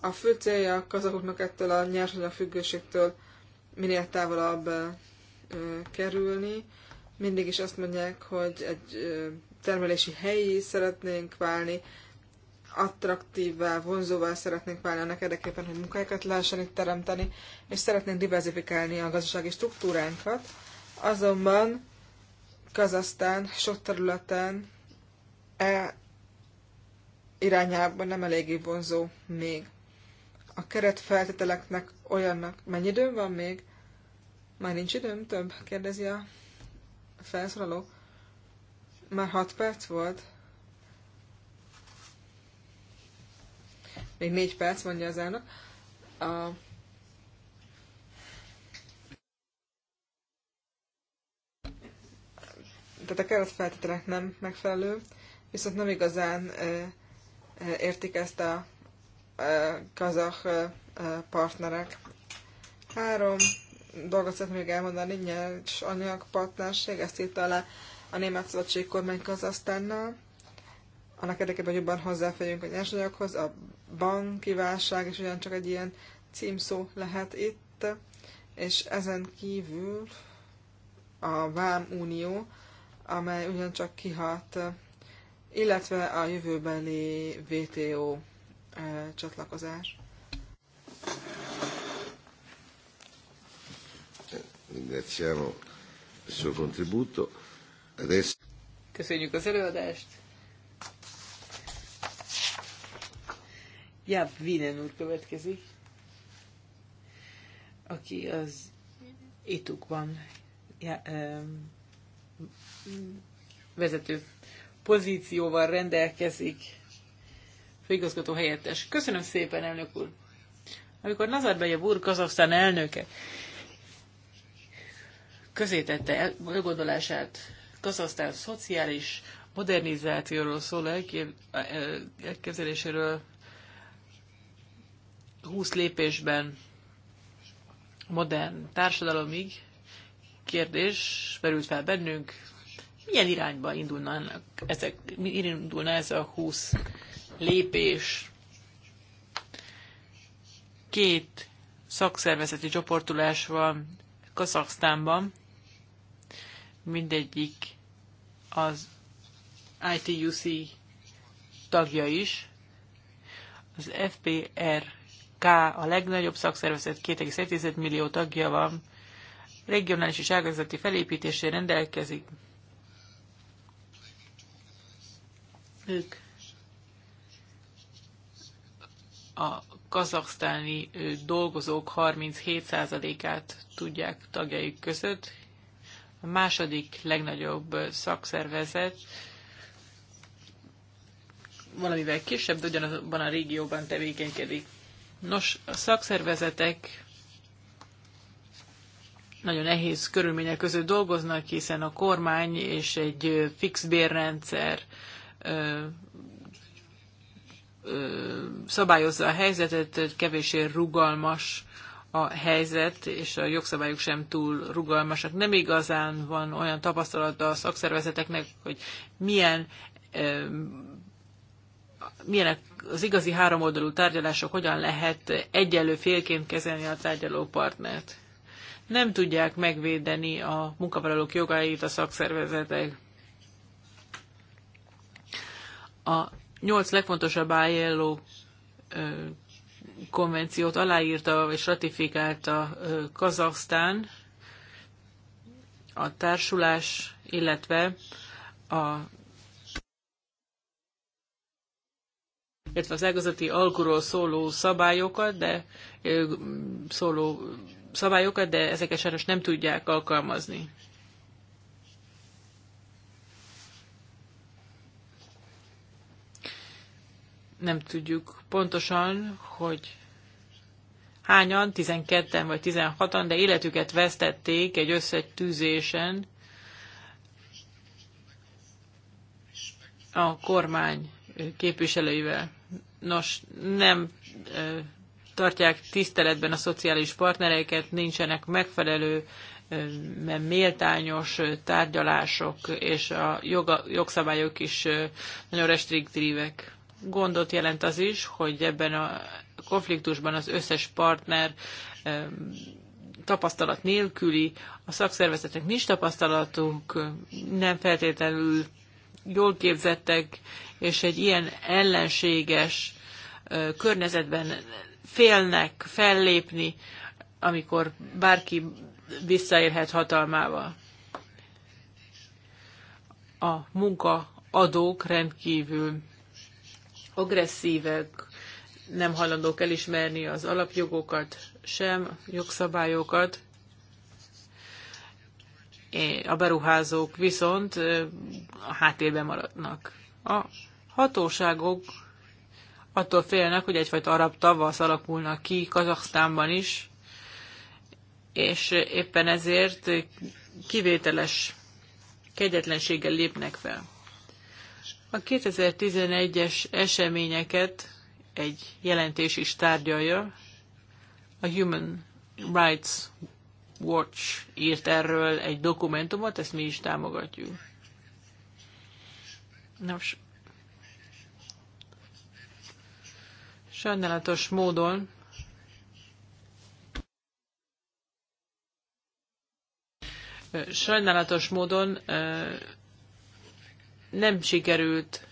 A fő célja a kazakoknak ettől a nyersanyag függőségtől minél távolabb kerülni. Mindig is azt mondják, hogy egy termelési helyi szeretnénk válni, attraktívvá, vonzóvá szeretnénk válni annak érdekében, hogy munkákat lehessen itt teremteni, és szeretnénk diversifikálni a gazdasági struktúránkat. Azonban Kazasztán sok területen e irányában nem eléggé vonzó még. A keretfeltételeknek olyannak... Mennyi időm van még? Már nincs időm több? Kérdezi a felszólaló. Már 6 perc volt. Még 4 perc, mondja az elnök. A tehát a keretfeltételek nem megfelelő, viszont nem igazán értik ezt a kazah partnerek. Három dolgot szeretném még elmondani, nyers anyagpartnerség, ezt írta alá a német szövetség kormány Kazasztánnal. Annak érdekében jobban hozzáférjünk a nyersanyaghoz, a banki válság is ugyancsak egy ilyen címszó lehet itt, és ezen kívül a Vám Unió, amely ugyancsak kihat, illetve a jövőbeli VTO eh, csatlakozás. Köszönjük az előadást. Jáv Vinen úr következik, aki az étukban ja. um, vezető pozícióval rendelkezik főigazgató helyettes. Köszönöm szépen, elnök úr! Amikor Nazarbayev úr, Kazaksztán elnöke közétette elgondolását Kazasztán szociális modernizációról szóló eh, elképzeléséről 20 lépésben modern társadalomig, kérdés merült fel bennünk, milyen irányba indulnának ezek, mi indulna ez a 20 lépés? Két szakszervezeti csoportulás van Kazaksztánban, mindegyik az ITUC tagja is. Az FPRK a legnagyobb szakszervezet, 2,7 millió tagja van, regionális és ágazati felépítésére rendelkezik. Ők a kazaksztáni dolgozók 37%-át tudják tagjaik között. A második legnagyobb szakszervezet, valamivel kisebb, de ugyanazban a régióban tevékenykedik. Nos, a szakszervezetek nagyon nehéz körülmények között dolgoznak, hiszen a kormány és egy fix bérrendszer szabályozza a helyzetet, kevésbé rugalmas a helyzet, és a jogszabályok sem túl rugalmasak. Nem igazán van olyan tapasztalata a szakszervezeteknek, hogy milyen milyen milyenek az igazi háromoldalú tárgyalások, hogyan lehet egyelő félként kezelni a tárgyalópartnert nem tudják megvédeni a munkavállalók jogait a szakszervezetek. A nyolc legfontosabb ILO konvenciót aláírta és ratifikálta Kazaksztán, a társulás, illetve a illetve az ágazati alkuról szóló szabályokat, de szóló szabályokat, de ezeket sajnos nem tudják alkalmazni. Nem tudjuk pontosan, hogy hányan, 12-en vagy 16-an, de életüket vesztették egy összetűzésen a kormány képviselőivel. Nos, nem tartják tiszteletben a szociális partnereiket nincsenek megfelelő méltányos tárgyalások, és a joga, jogszabályok is nagyon restriktívek. Gondot jelent az is, hogy ebben a konfliktusban az összes partner tapasztalat nélküli, a szakszervezetek nincs tapasztalatuk, nem feltétlenül jól képzettek, és egy ilyen ellenséges környezetben félnek fellépni, amikor bárki visszaérhet hatalmával. A munkaadók rendkívül agresszívek, nem hajlandók elismerni az alapjogokat, sem jogszabályokat. A beruházók viszont a háttérben maradnak. A hatóságok attól félnek, hogy egyfajta arab tavasz alakulna ki Kazaksztánban is, és éppen ezért kivételes kegyetlenséggel lépnek fel. A 2011-es eseményeket egy jelentés is tárgyalja. A Human Rights Watch írt erről egy dokumentumot, ezt mi is támogatjuk. Nos, Sajnálatos módon sajnálatos módon nem sikerült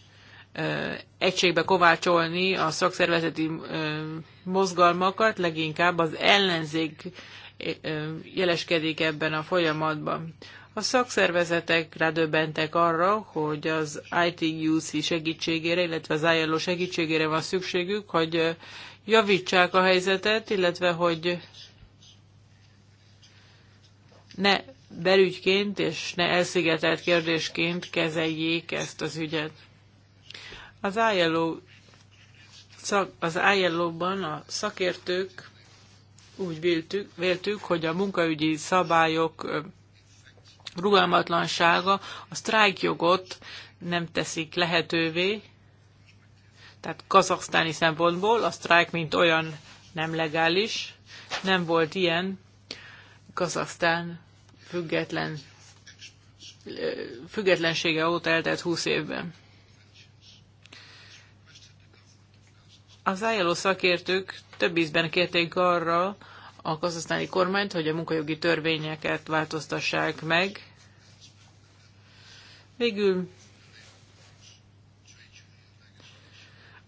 egységbe kovácsolni a szakszervezeti mozgalmakat, leginkább az ellenzék jeleskedik ebben a folyamatban. A szakszervezetek rádöbbentek arra, hogy az ITUC segítségére, illetve az ILO segítségére van szükségük, hogy javítsák a helyzetet, illetve hogy ne belügyként és ne elszigetelt kérdésként kezeljék ezt az ügyet. Az ILO szak, az ILO-ban a szakértők úgy véltük, véltük, hogy a munkaügyi szabályok rugalmatlansága a sztrájkjogot nem teszik lehetővé, tehát kazaksztáni szempontból a sztrájk mint olyan nem legális, nem volt ilyen Kazaksztán független, függetlensége óta eltelt 20 évben. Az ILO szakértők több ízben kérték arra, a kazasztáni kormányt, hogy a munkajogi törvényeket változtassák meg. Végül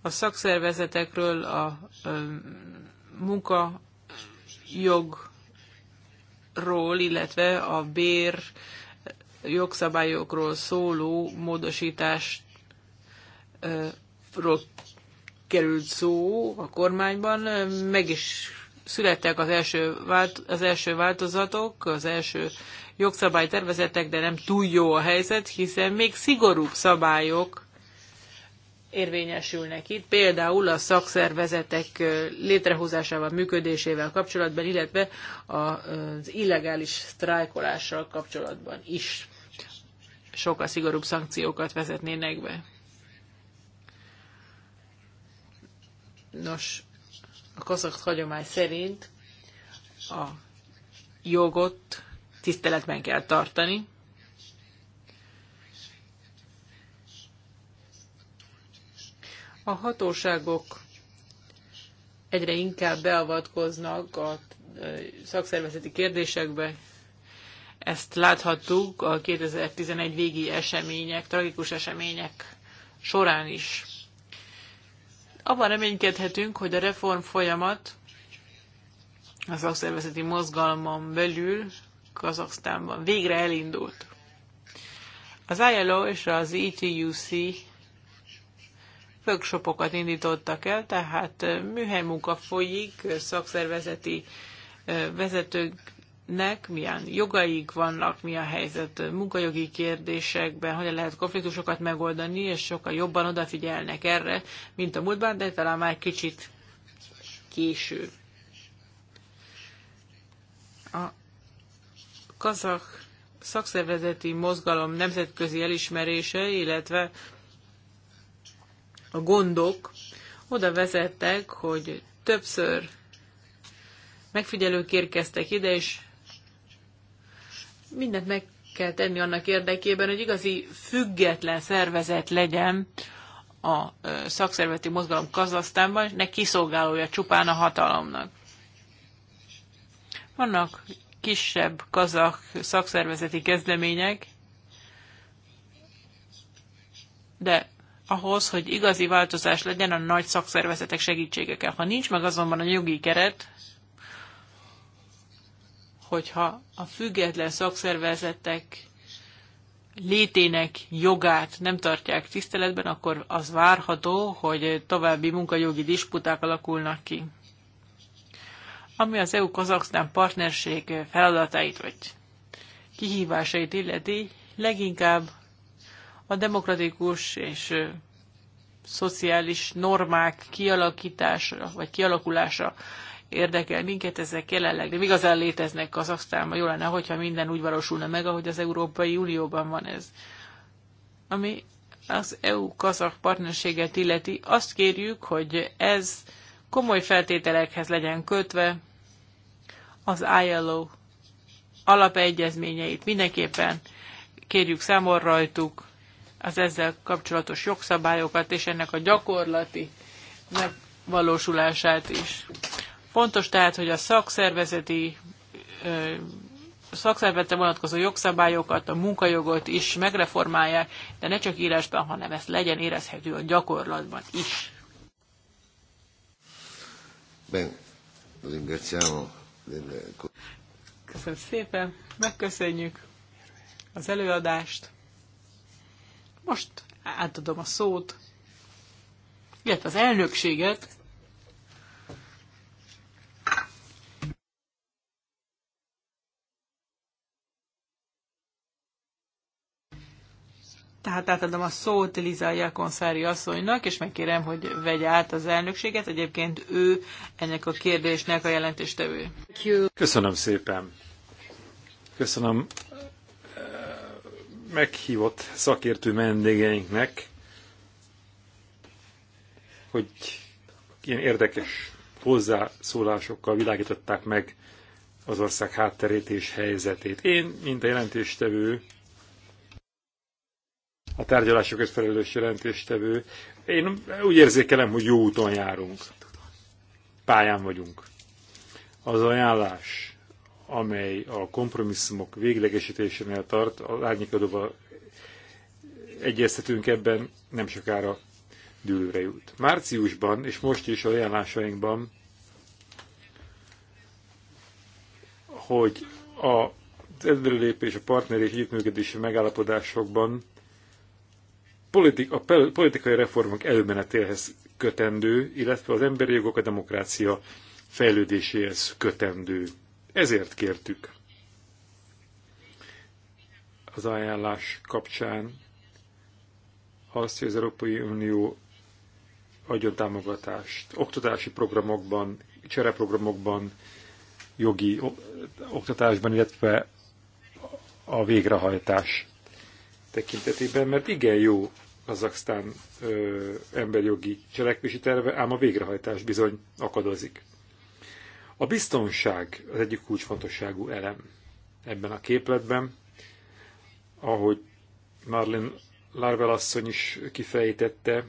a szakszervezetekről, a munkajogról, illetve a bér jogszabályokról szóló módosításról került szó a kormányban. Meg is születtek az első, vált, az első változatok, az első jogszabálytervezetek, de nem túl jó a helyzet, hiszen még szigorúbb szabályok érvényesülnek itt, például a szakszervezetek létrehozásával, működésével kapcsolatban, illetve az illegális sztrájkolással kapcsolatban is sokkal szigorúbb szankciókat vezetnének be. Nos, a kazakh hagyomány szerint a jogot tiszteletben kell tartani. A hatóságok egyre inkább beavatkoznak a szakszervezeti kérdésekbe. Ezt láthattuk a 2011 végi események, tragikus események során is. Abban reménykedhetünk, hogy a reform folyamat a szakszervezeti mozgalmon belül Kazaksztánban végre elindult. Az ILO és az ETUC workshopokat indítottak el, tehát munka folyik szakszervezeti vezetők nek milyen jogaik vannak, mi a helyzet munkajogi kérdésekben, hogyan lehet konfliktusokat megoldani, és sokkal jobban odafigyelnek erre, mint a múltban, de talán már kicsit késő. A kazak szakszervezeti mozgalom nemzetközi elismerése, illetve a gondok oda vezettek, hogy többször megfigyelők érkeztek ide, és mindent meg kell tenni annak érdekében, hogy igazi független szervezet legyen a szakszervezeti mozgalom Kazasztánban, ne kiszolgálója csupán a hatalomnak. Vannak kisebb kazak szakszervezeti kezdemények, de ahhoz, hogy igazi változás legyen, a nagy szakszervezetek segítsége kell. Ha nincs meg azonban a jogi keret, hogyha a független szakszervezetek létének jogát nem tartják tiszteletben, akkor az várható, hogy további munkajogi disputák alakulnak ki. Ami az EU-Kazaksztán partnerség feladatait vagy kihívásait illeti, leginkább a demokratikus és szociális normák kialakítása vagy kialakulása érdekel minket, ezek jelenleg de igazán léteznek Kazaksztánban. Jó lenne, hogyha minden úgy valósulna meg, ahogy az Európai Unióban van ez. Ami az EU-kazak partnerséget illeti, azt kérjük, hogy ez komoly feltételekhez legyen kötve az ILO alapegyezményeit mindenképpen kérjük számon rajtuk az ezzel kapcsolatos jogszabályokat és ennek a gyakorlati megvalósulását is. Fontos tehát, hogy a szakszervezeti szakszervezete vonatkozó jogszabályokat, a munkajogot is megreformálják, de ne csak írásban, hanem ezt legyen érezhető a gyakorlatban is. Ben, Köszönöm szépen, megköszönjük az előadást. Most átadom a szót, illetve az elnökséget tehát átadom a szót Liza Jakonszári asszonynak, és megkérem, hogy vegye át az elnökséget. Egyébként ő ennek a kérdésnek a jelentéstevő. Köszönöm szépen. Köszönöm eh, meghívott szakértő vendégeinknek, hogy ilyen érdekes hozzászólásokkal világították meg az ország hátterét és helyzetét. Én, mint a jelentéstevő, a tárgyalásokat felelős jelentéstevő. Én úgy érzékelem, hogy jó úton járunk. Pályán vagyunk. Az ajánlás, amely a kompromisszumok véglegesítésénél tart, az árnyékadóval egyeztetünk ebben, nem sokára dőlőre jut. Márciusban és most is a ajánlásainkban, hogy a előrelépés a partner és együttműködési megállapodásokban politik, a politikai reformok előmenetéhez kötendő, illetve az emberi jogok a demokrácia fejlődéséhez kötendő. Ezért kértük az ajánlás kapcsán azt, hogy az Európai Unió adjon támogatást oktatási programokban, csereprogramokban, jogi oktatásban, illetve a végrehajtás tekintetében, mert igen jó Kazaksztán ö, emberjogi cselekvési terve, ám a végrehajtás bizony akadozik. A biztonság az egyik kulcsfontosságú elem ebben a képletben, ahogy Marlin Larvel asszony is kifejtette,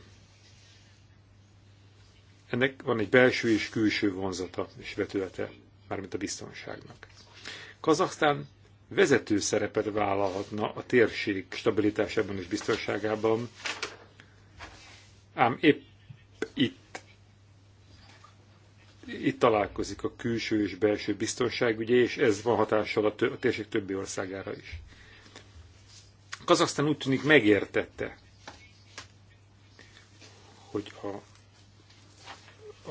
ennek van egy belső és külső vonzata és vetülete, mármint a biztonságnak. Kazaksztán vezető szerepet vállalhatna a térség stabilitásában és biztonságában, ám épp itt, itt találkozik a külső és belső biztonságügyi, és ez van hatással a, tö- a térség többi országára is. Kazaksztán úgy tűnik megértette, hogy a,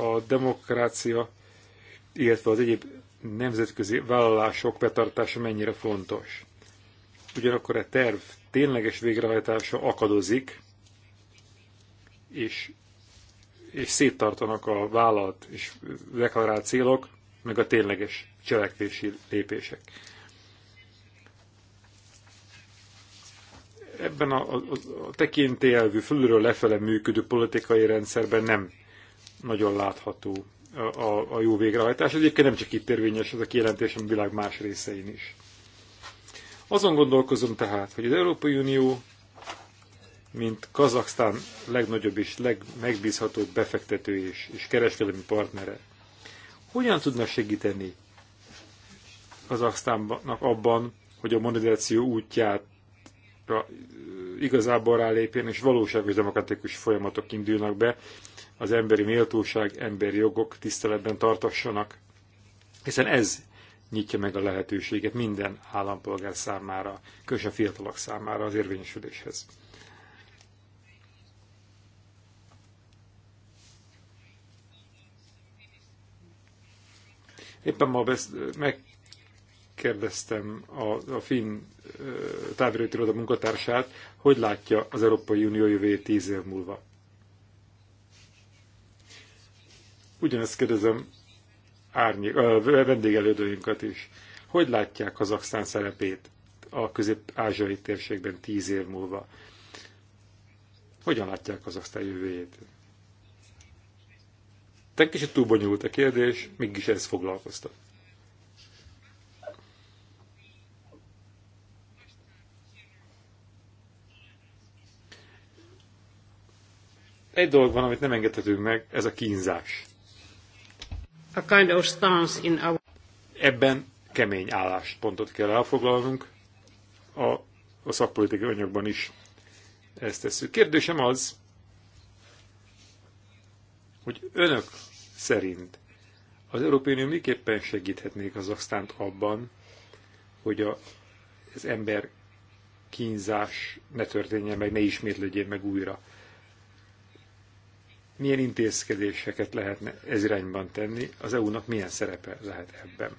a demokrácia, illetve az egyéb nemzetközi vállalások betartása mennyire fontos. Ugyanakkor a e terv tényleges végrehajtása akadozik, és, és széttartanak a vállalt és deklarált célok, meg a tényleges cselekvési lépések. Ebben a, a, a tekintélyelvű, fölülről lefele működő politikai rendszerben nem nagyon látható a, a, a jó végrehajtás. Egyébként nem csak itt érvényes ez a kijelentés, a világ más részein is. Azon gondolkozom tehát, hogy az Európai Unió, mint Kazaksztán legnagyobb és legmegbízhatóbb befektető és, és kereskedelmi partnere, hogyan tudna segíteni Kazaksztánnak abban, hogy a monetizáció útját igazából rálépjen, és valóságos demokratikus folyamatok indulnak be, az emberi méltóság, emberi jogok tiszteletben tartassanak, hiszen ez nyitja meg a lehetőséget minden állampolgár számára, különösen fiatalok számára az érvényesüléshez. Éppen ma megkérdeztem a, a finn távirőtiroda munkatársát, hogy látja az Európai Unió jövőjét tíz év múlva. Ugyanezt kérdezem ö, vendégelődőinkat is. Hogy látják Kazaksztán szerepét a közép-ázsiai térségben tíz év múlva? Hogyan látják Kazaksztán jövőjét? Te kicsit túl bonyolult a kérdés, mégis ez foglalkoztat. Egy dolog van, amit nem engedhetünk meg, ez a kínzás a kind of stance in our... Ebben kemény álláspontot kell elfoglalnunk, a, a szakpolitikai anyagban is ezt tesszük. Kérdésem az, hogy önök szerint az Európai Unió miképpen segíthetné Kazaksztánt abban, hogy a, az ember kínzás ne történjen meg, ne ismétlődjén meg újra milyen intézkedéseket lehetne ez irányban tenni, az EU-nak milyen szerepe lehet ebben.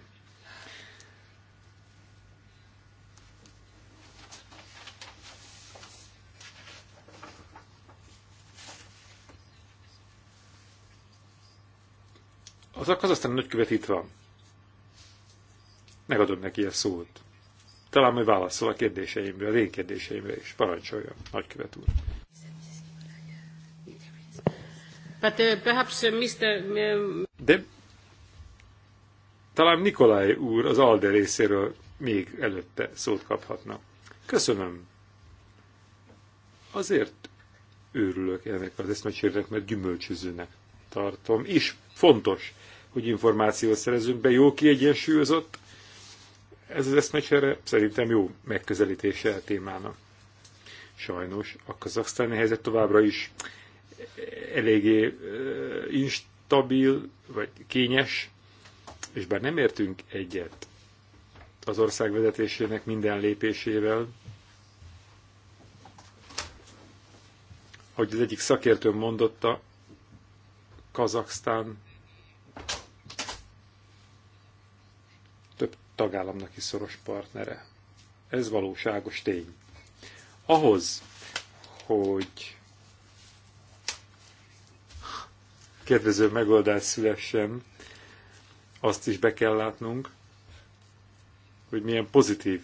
Az a kazasztán nagykövet itt van. Megadom neki a szót. Talán majd válaszol a kérdéseimre, a én kérdéseimre is. Parancsoljon, nagykövet úr. But uh, perhaps uh, Mr. Uh, De talán Nikolaj úr az ALDE részéről még előtte szót kaphatna. Köszönöm. Azért őrülök ennek az eszmecsérnek, mert gyümölcsözőnek tartom. És fontos, hogy információt szerezünk be, jó kiegyensúlyozott. Ez az eszmecsere szerintem jó megközelítése a témának. Sajnos a kazaksztáni helyzet továbbra is eléggé instabil, vagy kényes, és bár nem értünk egyet az ország vezetésének minden lépésével, ahogy az egyik szakértőm mondotta, Kazaksztán több tagállamnak is szoros partnere. Ez valóságos tény. Ahhoz, hogy kedvező megoldás szülessen, azt is be kell látnunk, hogy milyen pozitív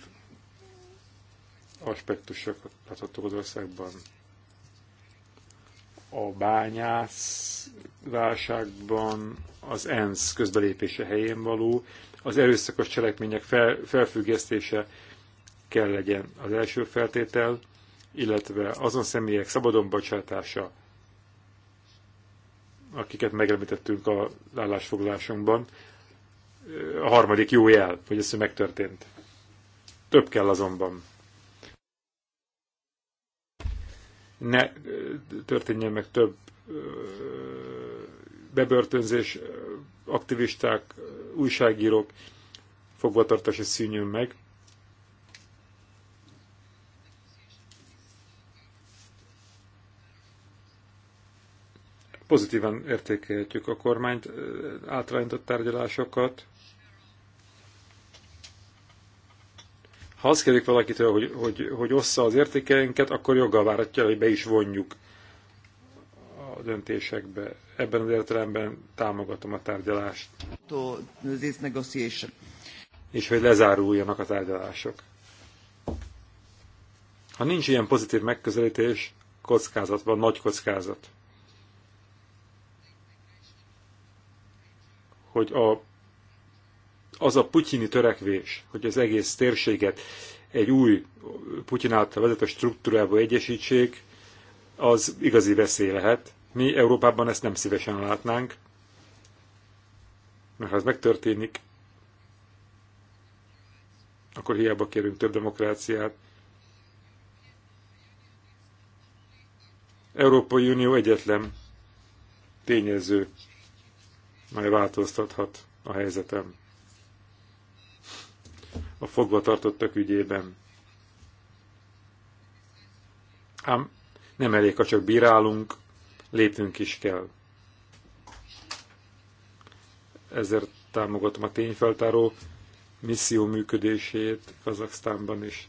aspektusok láthatók az országban. A bányász válságban az ENSZ közbelépése helyén való, az erőszakos cselekmények fel, felfüggesztése kell legyen az első feltétel, illetve azon személyek szabadon bocsátása, akiket megremítettünk a állásfoglalásunkban, a harmadik jó jel, hogy ez megtörtént. Több kell azonban. Ne történjen meg több bebörtönzés, aktivisták, újságírók fogvatartása szűnjön meg. pozitívan értékelhetjük a kormányt, átrányított tárgyalásokat. Ha azt kérdik valakitől, hogy, hogy, hogy ossza az értékeinket, akkor joggal várhatja, hogy be is vonjuk a döntésekbe. Ebben az értelemben támogatom a tárgyalást. És hogy lezáruljanak a tárgyalások. Ha nincs ilyen pozitív megközelítés, kockázat van, nagy kockázat. hogy a, az a putyini törekvés, hogy az egész térséget egy új Putyin által vezetett struktúrába egyesítsék, az igazi veszély lehet. Mi Európában ezt nem szívesen látnánk, mert ha ez megtörténik, akkor hiába kérünk több demokráciát. Európai Unió egyetlen tényező, mely változtathat a helyzetem. A fogva tartottak ügyében. Ám nem elég, ha csak bírálunk, lépnünk is kell. Ezért támogatom a tényfeltáró misszió működését Kazaksztánban is.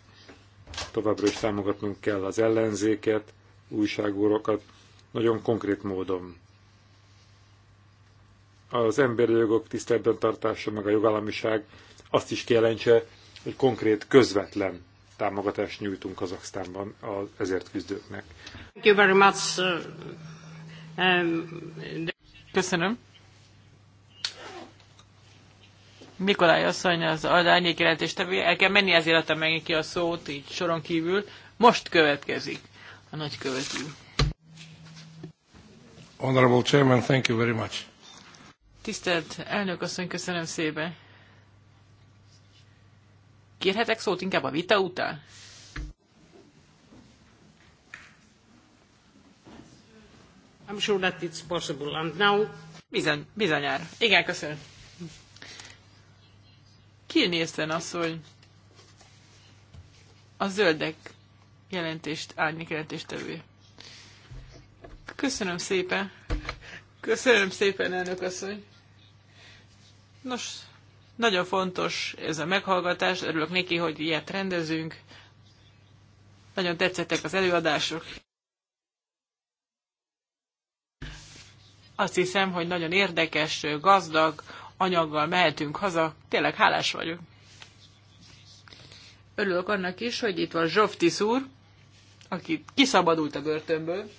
Továbbra is támogatnunk kell az ellenzéket, újságúrokat, nagyon konkrét módon az emberi jogok tiszteletben tartása, meg a jogállamiság azt is jelentse hogy konkrét, közvetlen támogatást nyújtunk Kazaksztánban az ezért küzdőknek. Thank you very much. Um, Köszönöm. Mikolaj asszony az árnyék jelentéstevője. El kell menni, ezért adtam meg neki a szót, így soron kívül. Most következik a nagykövető. Honorable Chairman, thank you very much. Tisztelt elnök asszony, köszönöm szépen. Kérhetek szót inkább a vita után? I'm sure that it's possible. And now... Bizony, bizonyára. Igen, köszönöm. Kilnézten az, hogy a zöldek jelentést, árnyék jelentést tevője. Köszönöm szépen. Köszönöm szépen, elnök asszony. Nos, nagyon fontos ez a meghallgatás, örülök neki, hogy ilyet rendezünk. Nagyon tetszettek az előadások. Azt hiszem, hogy nagyon érdekes, gazdag anyaggal mehetünk haza. Tényleg hálás vagyok. Örülök annak is, hogy itt van Zsoftis úr, aki kiszabadult a börtönből.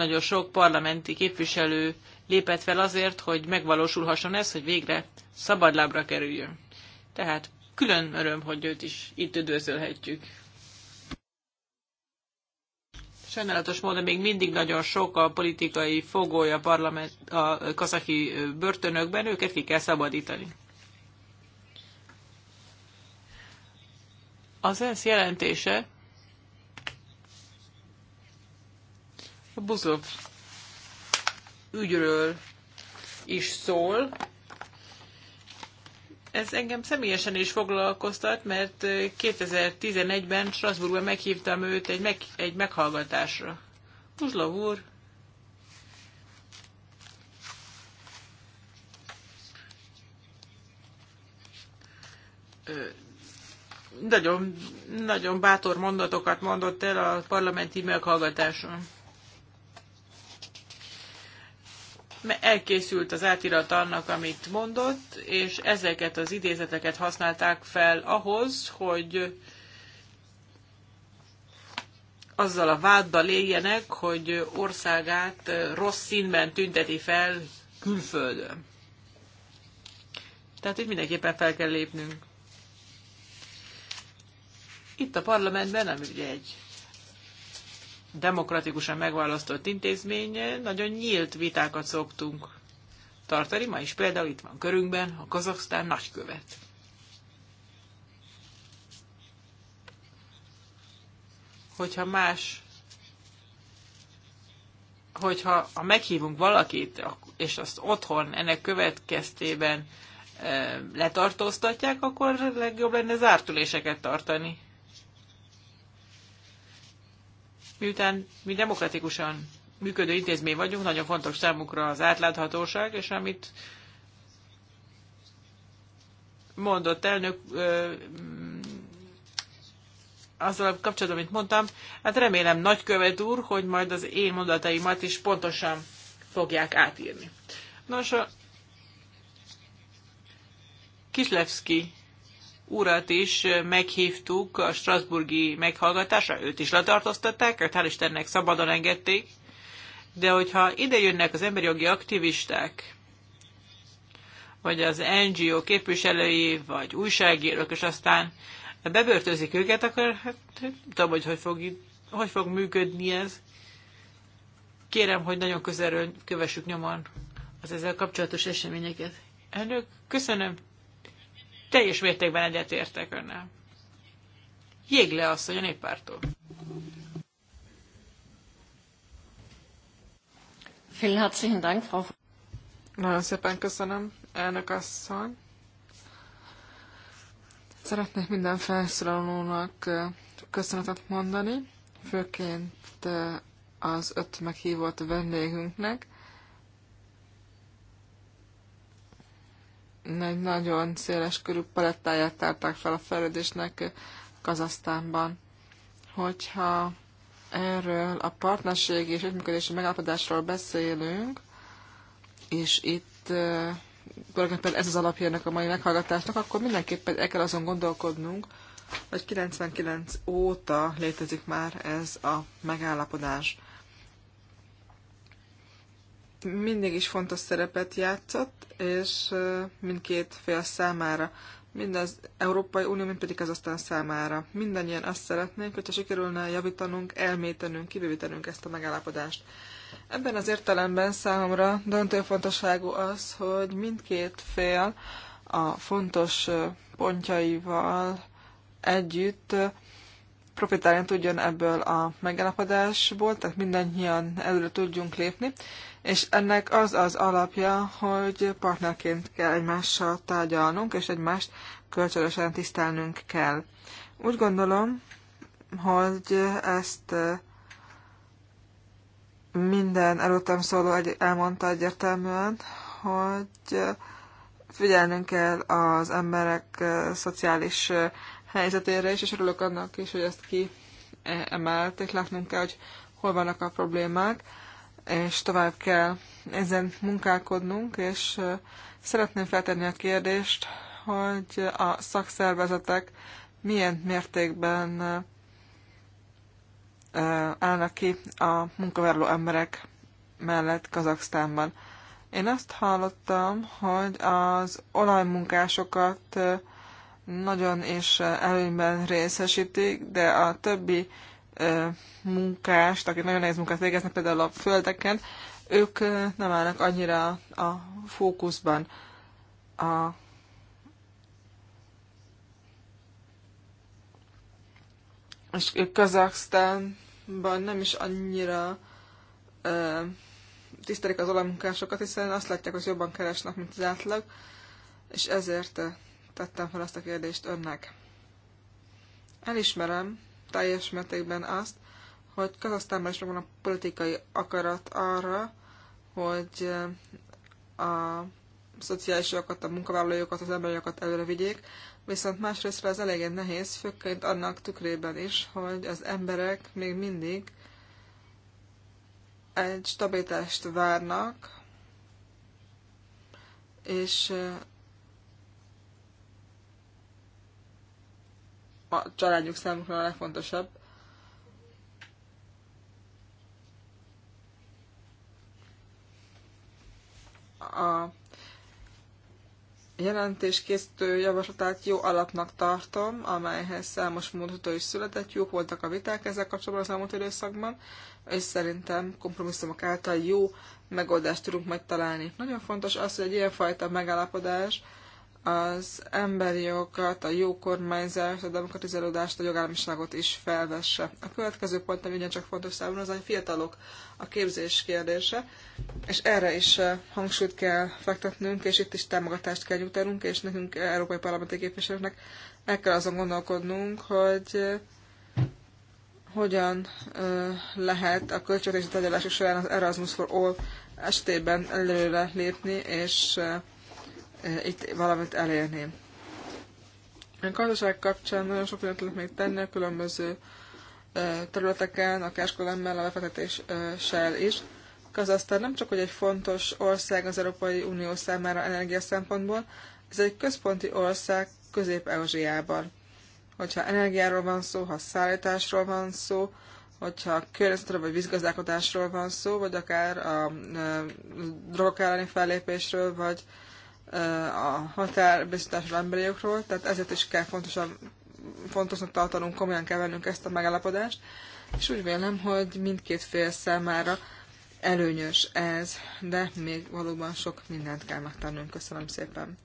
Nagyon sok parlamenti képviselő lépett fel azért, hogy megvalósulhasson ez, hogy végre szabadlábra kerüljön. Tehát külön öröm, hogy őt is itt üdvözölhetjük. Sajnálatos módon még mindig nagyon sok a politikai fogója a, parlament, a kazaki börtönökben, őket ki kell szabadítani. Az ENSZ jelentése A Buzov ügyről is szól. Ez engem személyesen is foglalkoztat, mert 2011-ben Strasbourgban meghívtam őt egy, meg, egy meghallgatásra. Buzlov úr, nagyon, nagyon bátor mondatokat mondott el a parlamenti meghallgatáson. elkészült az átirat annak, amit mondott, és ezeket az idézeteket használták fel ahhoz, hogy azzal a váddal éljenek, hogy országát rossz színben tünteti fel külföldön. Tehát itt mindenképpen fel kell lépnünk. Itt a parlamentben, ami ugye egy demokratikusan megválasztott intézmény, nagyon nyílt vitákat szoktunk tartani. Ma is például itt van körünkben a Kazaksztán nagykövet. Hogyha más hogyha ha meghívunk valakit, és azt otthon ennek következtében eh, letartóztatják, akkor legjobb lenne zártuléseket tartani. Miután mi demokratikusan működő intézmény vagyunk, nagyon fontos számukra az átláthatóság, és amit mondott elnök ö, mm, azzal kapcsolatban, amit mondtam, hát remélem nagykövet úr, hogy majd az én mondataimat is pontosan fogják átírni. Nos, a Kislevski urat is meghívtuk a Strasburgi meghallgatásra, őt is letartóztatták, őt hál' Istennek szabadon engedték, de hogyha ide jönnek az emberi jogi aktivisták, vagy az NGO képviselői, vagy újságírók, és aztán bebörtözik őket, akkor hát, nem tudom, hogy hogy fog, hogy fog működni ez. Kérem, hogy nagyon közelről kövessük nyomon az ezzel kapcsolatos eseményeket. Elnök, köszönöm teljes mértékben egyetértek önnel. Jégle hogy a néppártól. Nagyon szépen köszönöm, elnök asszony. Szeretnék minden felszólalónak köszönetet mondani, főként az öt meghívott vendégünknek. egy nagyon széles körű palettáját tárták fel a fejlődésnek Kazasztánban. Hogyha erről a partnerségi és együttműködési megállapodásról beszélünk, és itt tulajdonképpen ez az alapjának a mai meghallgatásnak, akkor mindenképpen el kell azon gondolkodnunk, hogy 99 óta létezik már ez a megállapodás mindig is fontos szerepet játszott, és mindkét fél számára, mind az Európai Unió, mind pedig az aztán számára. Mindannyian azt szeretnénk, hogyha sikerülne javítanunk, elmétenünk, kibővítenünk ezt a megállapodást. Ebben az értelemben számomra döntő fontosságú az, hogy mindkét fél a fontos pontjaival együtt profitálni tudjon ebből a megállapodásból, tehát mindannyian előre tudjunk lépni, és ennek az az alapja, hogy partnerként kell egymással tárgyalnunk, és egymást kölcsönösen tisztelnünk kell. Úgy gondolom, hogy ezt minden előttem szóló egy, elmondta egyértelműen, hogy figyelnünk kell az emberek szociális helyzetére is, és örülök annak is, hogy ezt ki emelték, látnunk kell, hogy hol vannak a problémák és tovább kell ezen munkálkodnunk, és szeretném feltenni a kérdést, hogy a szakszervezetek milyen mértékben állnak ki a munkavállaló emberek mellett Kazaksztánban. Én azt hallottam, hogy az olajmunkásokat nagyon is előnyben részesítik, de a többi munkást, akik nagyon nehéz munkát végeznek, például a földeken, ők nem állnak annyira a fókuszban. A és Kazaksztánban nem is annyira ö, tisztelik az olajmunkásokat, hiszen azt látják, hogy jobban keresnek, mint az átlag, és ezért tettem fel azt a kérdést önnek. Elismerem, teljes mértékben azt, hogy Kazasztánban is megvan a politikai akarat arra, hogy eh, a szociális jogokat, a munkavállalókat, az emberi jogokat előre vigyék, viszont másrészt ez eléggé nehéz, főként annak tükrében is, hogy az emberek még mindig egy stabilitást várnak, és eh, a családjuk számukra a legfontosabb. A jelentés készítő javaslatát jó alapnak tartom, amelyhez számos módhatói is született, jók voltak a viták ezzel kapcsolatban az elmúlt időszakban, és szerintem kompromisszumok által jó megoldást tudunk majd találni. Nagyon fontos az, hogy egy ilyenfajta megállapodás az emberi jogokat, a jó kormányzást, a demokratizálódást, a jogállamiságot is felvesse. A következő pont, ami ugyancsak fontos számomra, az a fiatalok a képzés kérdése, és erre is eh, hangsúlyt kell fektetnünk, és itt is támogatást kell nyújtanunk, és nekünk, eh, európai parlamenti képviselőknek el kell azon gondolkodnunk, hogy eh, hogyan lehet a költségvetési tárgyalások során az Erasmus for All estében előre lépni, és itt valamit elérni. A gazdaság kapcsán nagyon sok mindent lehet még tenni a különböző területeken, a skolemmel, a befektetéssel is. Kazasztán nem csak, hogy egy fontos ország az Európai Unió számára energia szempontból, ez egy központi ország Közép-Ázsiában. Hogyha energiáról van szó, ha szállításról van szó, hogyha környezetről vagy vízgazdálkodásról van szó, vagy akár a, a, a drogok elleni fellépésről, vagy a határbiztosításról emberi jogról, tehát ezért is kell fontosan, fontosnak tartanunk, komolyan kell vennünk ezt a megállapodást, és úgy vélem, hogy mindkét fél számára előnyös ez, de még valóban sok mindent kell megtennünk. Köszönöm szépen.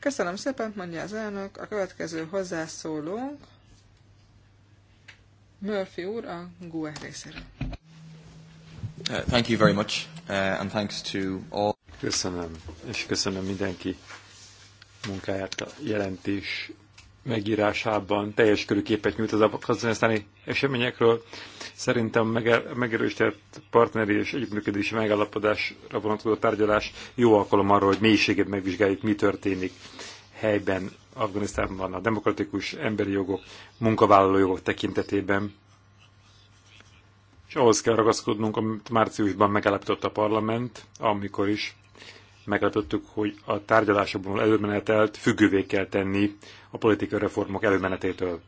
Köszönöm szépen, mondja az elnök. A következő hozzászólónk Murphy úr a GUE részéről. Uh, thank you very much, uh, and thanks to all. Köszönöm, és köszönöm mindenki munkáját a jelentés megírásában. Teljes körű képet nyújt az afganisztáni eseményekről. Szerintem megerősített partneri és együttműködési megállapodásra vonatkozó tárgyalás jó alkalom arra, hogy mélységét megvizsgáljuk, mi történik helyben Afganisztánban a demokratikus emberi jogok, munkavállaló jogok tekintetében. És ahhoz kell ragaszkodnunk, amit márciusban megállapított a parlament, amikor is megadottuk, hogy a tárgyalásokból előmenetelt függővé kell tenni a politikai reformok előmenetétől.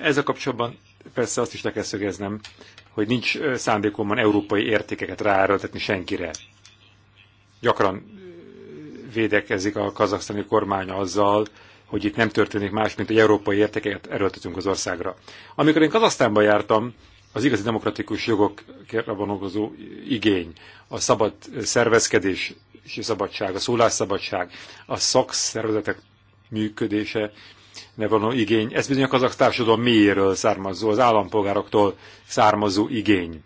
Ezzel kapcsolatban persze azt is le kell szögeznem, hogy nincs szándékomban európai értékeket ráerőltetni senkire. Gyakran védekezik a kazaksztani kormány azzal, hogy itt nem történik más, mint hogy európai értékeket erőltetünk az országra. Amikor én Kazasztánban jártam, az igazi demokratikus jogokra vonatkozó igény, a szabad szervezkedés és szabadság, a szólásszabadság, a szakszervezetek működése, ne igény. Ez bizony a kazak társadalom mélyéről származó, az állampolgároktól származó igény.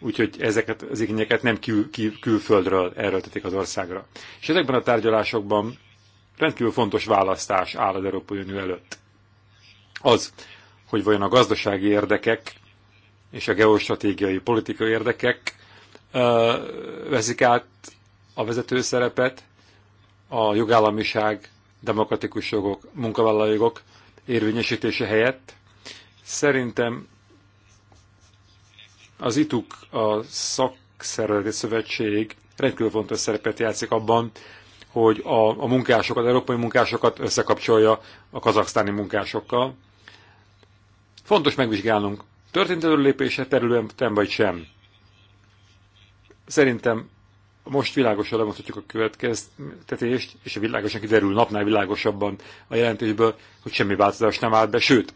Úgyhogy ezeket az igényeket nem kül, kül, külföldről erőltetik az országra. És ezekben a tárgyalásokban rendkívül fontos választás áll az Európai Unió előtt. Az, hogy vajon a gazdasági érdekek és a geostratégiai politikai érdekek veszik át a vezető szerepet, a jogállamiság, demokratikus jogok, jogok érvényesítése helyett. Szerintem az ITUK, a Szakszervezeti Szövetség rendkívül fontos szerepet játszik abban, hogy a, a munkásokat, az európai munkásokat összekapcsolja a kazaksztáni munkásokkal. Fontos megvizsgálnunk Történt előlépése területen vagy sem? Szerintem most világosan lemondhatjuk a következtetést, és a világosan kiderül napnál világosabban a jelentésből, hogy semmi változás nem állt be, sőt,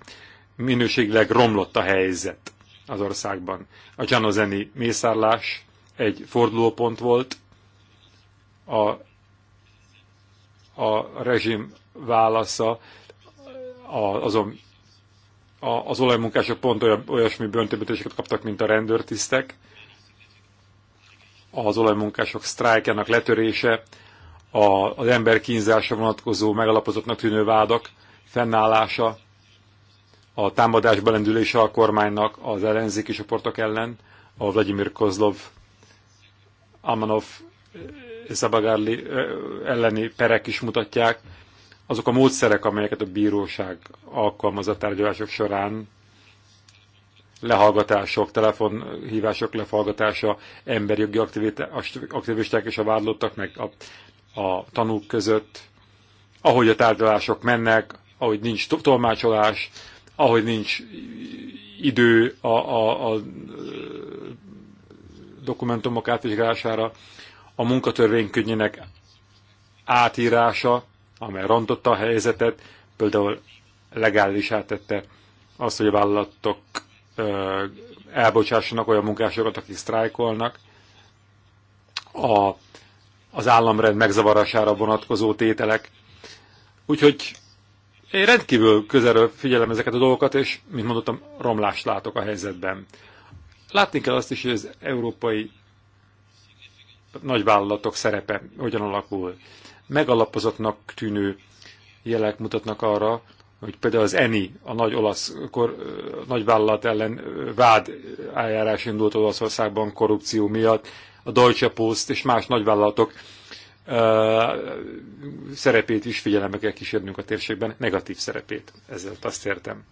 minőségileg romlott a helyzet az országban. A Csanozeni mészárlás egy fordulópont volt, a, a rezsim válasza a, azon az olajmunkások pont olyasmi böntöbötéseket kaptak, mint a rendőrtisztek. Az olajmunkások sztrájkának letörése, a, az ember kínzása vonatkozó megalapozottnak tűnő vádak fennállása, a támadás belendülése a kormánynak az ellenzéki csoportok ellen, a Vladimir Kozlov, Amanov, Szabagárli elleni perek is mutatják, azok a módszerek, amelyeket a bíróság alkalmaz a tárgyalások során, lehallgatások, telefonhívások lehallgatása, emberjogi aktivisták és a vádlottak, meg a, a tanúk között, ahogy a tárgyalások mennek, ahogy nincs tolmácsolás, ahogy nincs idő a, a, a dokumentumok átvizsgálására, a munkatörvénykönyvének átírása, amely rontotta a helyzetet, például legálisá tette azt, hogy a vállalatok elbocsássanak olyan munkásokat, akik sztrájkolnak, a, az államrend megzavarására vonatkozó tételek. Úgyhogy én rendkívül közelről figyelem ezeket a dolgokat, és, mint mondottam, romlást látok a helyzetben. Látni kell azt is, hogy az európai nagyvállalatok szerepe hogyan alakul megalapozatnak tűnő jelek mutatnak arra, hogy például az ENI, a nagy olasz kor, nagyvállalat ellen vád eljárás indult Olaszországban korrupció miatt, a Deutsche Post és más nagyvállalatok uh, szerepét is figyelembe kell kísérnünk a térségben, negatív szerepét. Ezzel azt értem.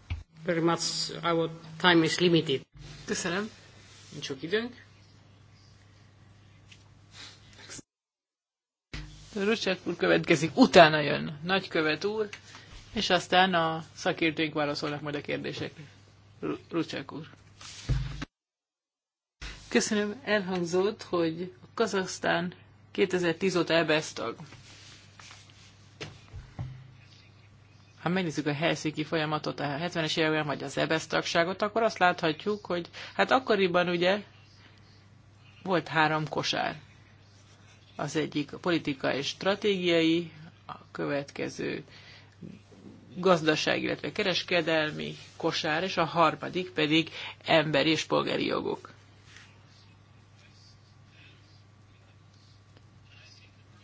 Very much our time is limited. Köszönöm. Nincs sok időnk. Rusek úr következik, utána jön nagykövet úr, és aztán a szakértőink válaszolnak majd a kérdésekre. Rusek úr. Köszönöm, elhangzott, hogy a Kazasztán 2010 óta EBSZ tag. Ha megnézzük a Helsinki folyamatot a 70-es években, vagy az EBSZ tagságot, akkor azt láthatjuk, hogy hát akkoriban ugye volt három kosár az egyik a politika és stratégiai, a következő gazdaság, illetve kereskedelmi kosár, és a harmadik pedig emberi és polgári jogok.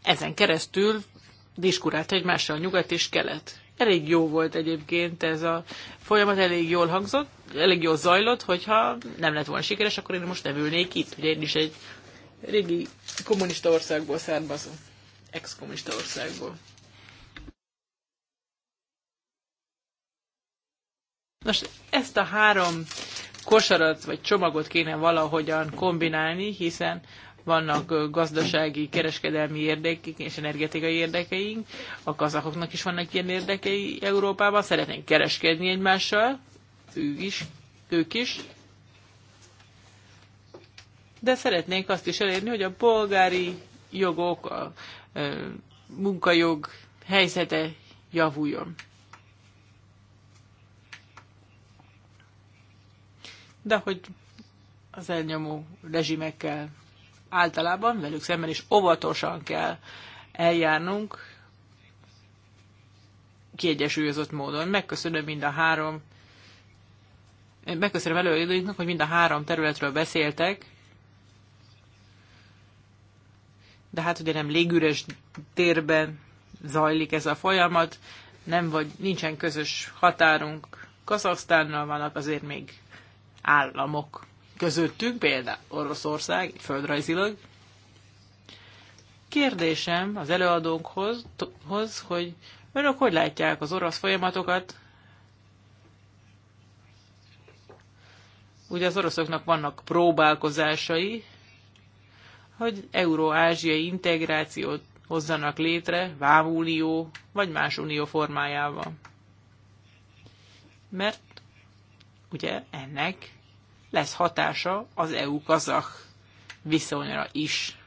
Ezen keresztül diskurált egymással nyugat és kelet. Elég jó volt egyébként ez a folyamat, elég jól hangzott, elég jól zajlott, hogyha nem lett volna sikeres, akkor én most nem ülnék itt, ugye én is egy régi kommunista országból származó, ex-kommunista országból. Nos, ezt a három kosarat vagy csomagot kéne valahogyan kombinálni, hiszen vannak gazdasági, kereskedelmi érdekeink és energetikai érdekeink, a kazakoknak is vannak ilyen érdekei Európában, szeretnénk kereskedni egymással, ők is, ők is, de szeretnénk azt is elérni, hogy a polgári jogok, a munkajog helyzete javuljon. De hogy az elnyomó rezsimekkel általában velük szemben is óvatosan kell eljárnunk kiegyensúlyozott módon. Megköszönöm mind a három megköszönöm előadóinknak, hogy mind a három területről beszéltek, de hát ugye nem légüres térben zajlik ez a folyamat, nem vagy, nincsen közös határunk. Kazasztánnal, vannak azért még államok közöttünk, például Oroszország, földrajzilag. Kérdésem az előadónkhoz, hoz, hogy önök hogy látják az orosz folyamatokat? Ugye az oroszoknak vannak próbálkozásai, hogy euró-ázsiai integrációt hozzanak létre vámunió vagy más unió formájával. Mert ugye ennek lesz hatása az EU-kazak viszonyra is.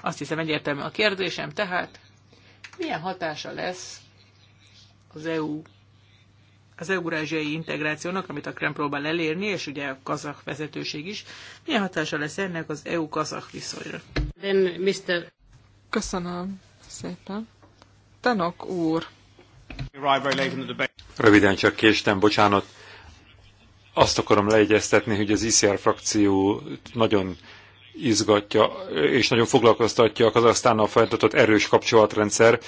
Azt hiszem egyértelmű a kérdésem, tehát milyen hatása lesz az EU az eurázsiai integrációnak, amit a Krem próbál elérni, és ugye a kazak vezetőség is, milyen hatása lesz ennek az EU-kazak viszonyra? Then, Mr. Köszönöm szépen. Tanok úr. Röviden csak késtem, bocsánat. Azt akarom leegyeztetni, hogy az ICR frakció nagyon izgatja és nagyon foglalkoztatja a Kazasztánnal folytatott erős kapcsolatrendszer,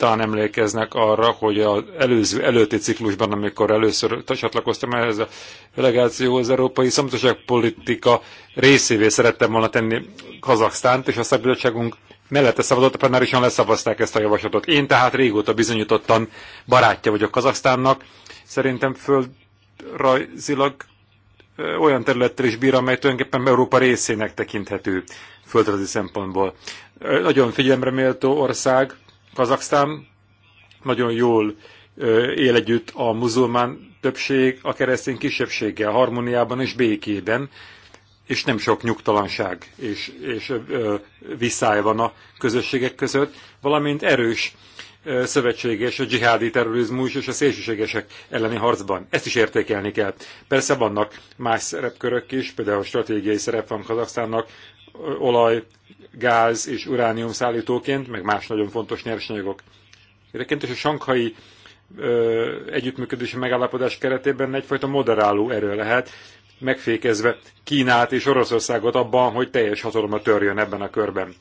talán emlékeznek arra, hogy az előző, előtti ciklusban, amikor először csatlakoztam ehhez a delegációhoz, az európai szomszédságpolitika részévé szerettem volna tenni Kazaksztánt, és a szabadságunk mellette szavazott, a is leszavazták ezt a javaslatot. Én tehát régóta bizonyítottan barátja vagyok Kazaksztánnak. Szerintem földrajzilag olyan területtel is bír, amely tulajdonképpen Európa részének tekinthető földrajzi szempontból. Nagyon figyelemre méltó ország, Kazaksztán nagyon jól él együtt a muzulmán többség a keresztény kisebbséggel, harmóniában és békében, és nem sok nyugtalanság és, és ö, viszály van a közösségek között, valamint erős szövetséges a dzsihádi terrorizmus és a szélsőségesek elleni harcban. Ezt is értékelni kell. Persze vannak más szerepkörök is, például stratégiai szerep van Kazaksztánnak, olaj, gáz és uránium szállítóként, meg más nagyon fontos nyersanyagok. Egyébként és a sankhai ö, együttműködési megállapodás keretében egyfajta moderáló erő lehet, megfékezve Kínát és Oroszországot abban, hogy teljes hatalma törjön ebben a körben.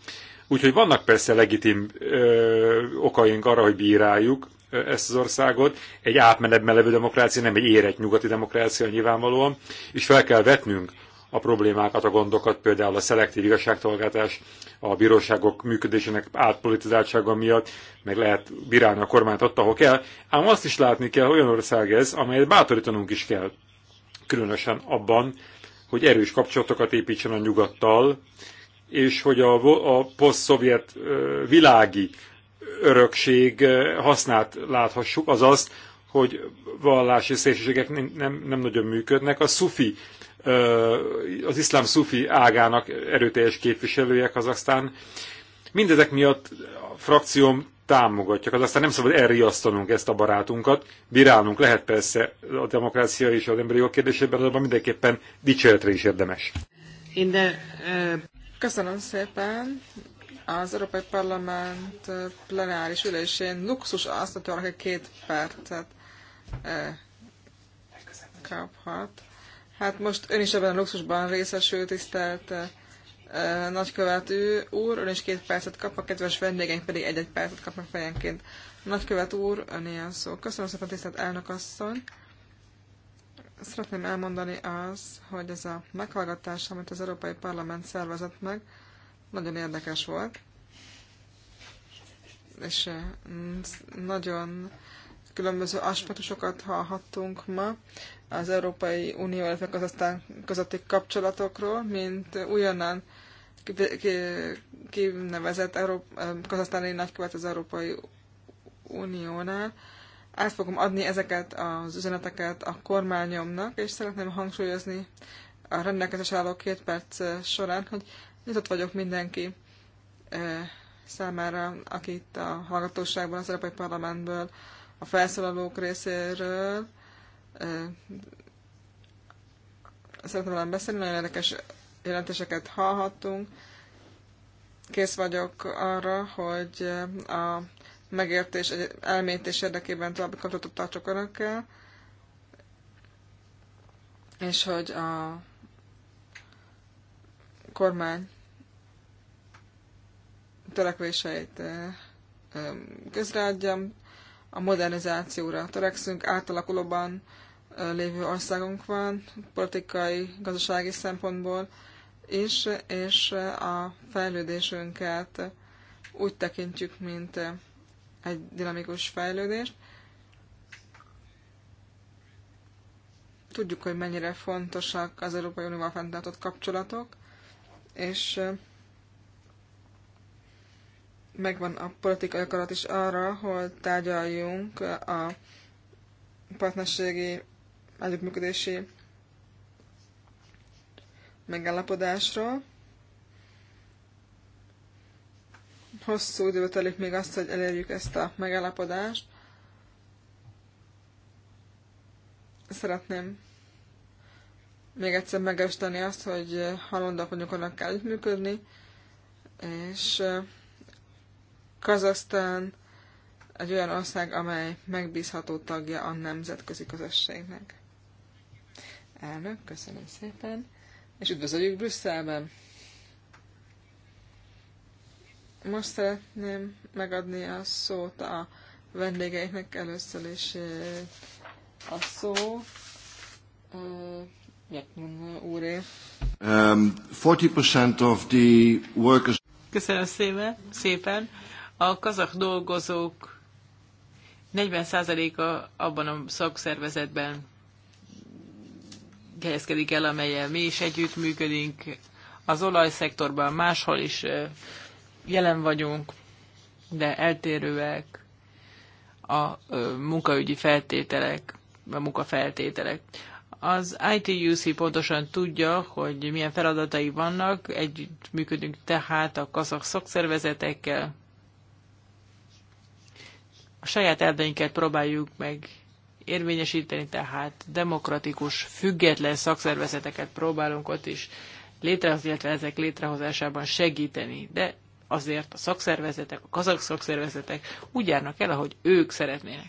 Úgyhogy vannak persze legitim ö, okaink arra, hogy bíráljuk ezt az országot. Egy átmenetben levő demokrácia, nem egy érett nyugati demokrácia nyilvánvalóan, és fel kell vetnünk a problémákat, a gondokat, például a szelektív igazságtolgáltás a bíróságok működésének átpolitizáltsága miatt, meg lehet bírálni a kormányt ott, ahol kell, ám azt is látni kell, hogy olyan ország ez, amelyet bátorítanunk is kell, különösen abban, hogy erős kapcsolatokat építsen a nyugattal, és hogy a, a poszt-szovjet világi örökség hasznát láthassuk, azaz, hogy vallási szélsőségek nem, nem, nem nagyon működnek. A szufi az iszlám szufi ágának erőteljes képviselője Kazaksztán. Mindezek miatt a frakcióm támogatja, Kazaksztán. nem szabad elriasztanunk ezt a barátunkat, bírálnunk lehet persze a demokrácia és az emberi jogok kérdésében, azonban mindenképpen dicséretre is érdemes. The, uh... Köszönöm szépen! Az Európai Parlament plenáris ülésén luxus azt, hogy valaki két percet uh, kaphat. Hát most ön is ebben a luxusban részesül, tisztelt nagykövet eh, eh, nagykövető úr, ön is két percet kap, a kedves vendégeink pedig egy-egy percet kapnak fejenként. Nagykövet úr, ön ilyen szó. Köszönöm szépen, tisztelt elnökasszony. Szeretném elmondani az, hogy ez a meghallgatás, amit az Európai Parlament szervezett meg, nagyon érdekes volt, és eh, nagyon különböző aspektusokat hallhattunk ma az Európai Unió, illetve Kazasztán közötti kapcsolatokról, mint újonnan kinevezett kazasztáni nagykövet az Európai Uniónál. Át fogom adni ezeket az üzeneteket a kormányomnak, és szeretném hangsúlyozni a rendelkezés álló két perc során, hogy nyitott vagyok mindenki számára, akit a hallgatóságban, az Európai Parlamentből, a felszólalók részéről, szeretném velem beszélni, nagyon érdekes jelentéseket hallhattunk. Kész vagyok arra, hogy a megértés, elmétés érdekében további kapcsolatot tartsok önökkel, és hogy a kormány törekvéseit közreadjam, a modernizációra törekszünk, átalakulóban lévő országunk van, politikai, gazdasági szempontból is, és a fejlődésünket úgy tekintjük, mint egy dinamikus fejlődést. Tudjuk, hogy mennyire fontosak az Európai Unióval fenntartott kapcsolatok, és megvan a politikai akarat is arra, hogy tárgyaljunk a partnerségi együttműködési megállapodásról. Hosszú idő telik még azt, hogy elérjük ezt a megállapodást. Szeretném még egyszer megesteni azt, hogy halandók vagyunk annak működni, és Kazasztán egy olyan ország, amely megbízható tagja a nemzetközi közösségnek. Elnök, köszönöm szépen, és üdvözöljük Brüsszelben! Most szeretném megadni a szót a vendégeinknek először is a szó. 40% um, of the workers... Köszönöm szépen, szépen. A kazak dolgozók 40%-a abban a szakszervezetben helyezkedik el, amelyel mi is együttműködünk. Az olajszektorban máshol is jelen vagyunk, de eltérőek a munkaügyi feltételek, a munkafeltételek. Az ITUC pontosan tudja, hogy milyen feladatai vannak, együtt működünk tehát a kazak szakszervezetekkel. A saját elveinket próbáljuk meg érvényesíteni, tehát demokratikus, független szakszervezeteket próbálunk ott is létrehozni, illetve ezek létrehozásában segíteni. De azért a szakszervezetek, a kazak szakszervezetek úgy járnak el, ahogy ők szeretnének.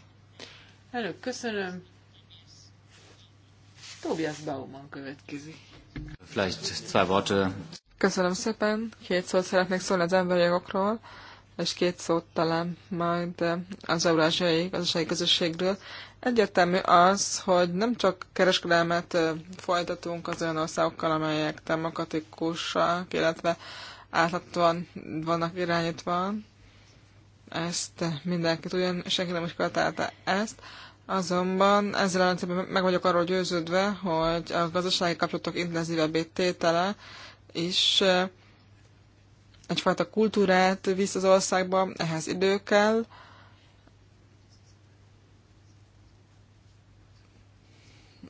Elnök, köszönöm. Tobias Bauman következik. Vielleicht zwei Worte. Köszönöm szépen. Két szót szeretnék szólni az emberi jogokról és két szót talán majd az eurázsiai gazdasági közösségről. Egyértelmű az, hogy nem csak kereskedelmet folytatunk az olyan országokkal, amelyek demokratikusak, illetve átlatóan vannak irányítva, ezt mindenki tudja, senki nem is követelte ezt, azonban ezzel ellentétben meg vagyok arról győződve, hogy a gazdasági kapcsolatok intenzívebb tétele is egyfajta kultúrát visz az országba, ehhez idő kell.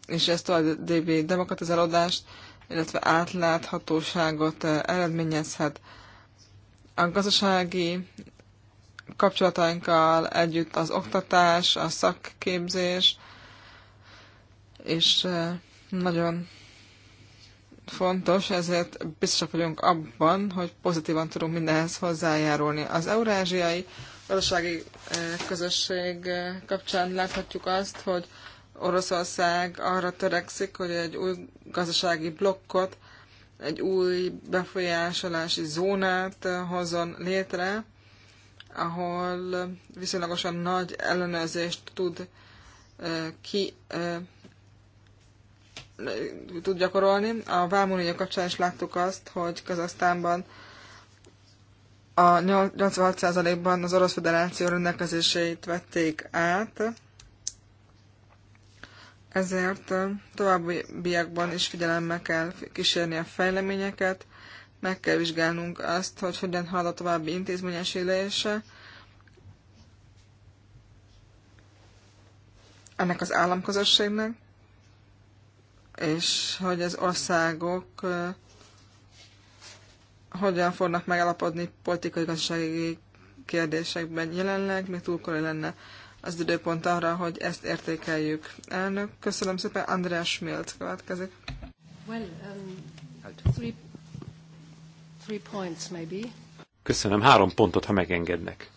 És ezt a DB demokratizálódást, illetve átláthatóságot eh, eredményezhet. A gazdasági kapcsolatainkkal együtt az oktatás, a szakképzés, és eh, nagyon fontos, ezért biztosak vagyunk abban, hogy pozitívan tudunk mindenhez hozzájárulni. Az eurázsiai gazdasági eh, közösség eh, kapcsán láthatjuk azt, hogy Oroszország arra törekszik, hogy egy új gazdasági blokkot, egy új befolyásolási zónát eh, hozzon létre, ahol viszonylagosan nagy ellenőrzést tud ki tud gyakorolni. A vámunió kapcsán is láttuk azt, hogy Kazasztánban a 86%-ban az Orosz Federáció rendelkezéseit vették át, ezért továbbiakban is figyelemmel kell kísérni a fejleményeket, meg kell vizsgálnunk azt, hogy hogyan halad a további élése ennek az államközösségnek és hogy az országok hogyan fognak megállapodni politikai-gazdasági kérdésekben jelenleg, még túl korai lenne az időpont arra, hogy ezt értékeljük. Elnök, köszönöm szépen, András Schmilt következik. Well, um, three, three points maybe. Köszönöm, három pontot, ha megengednek.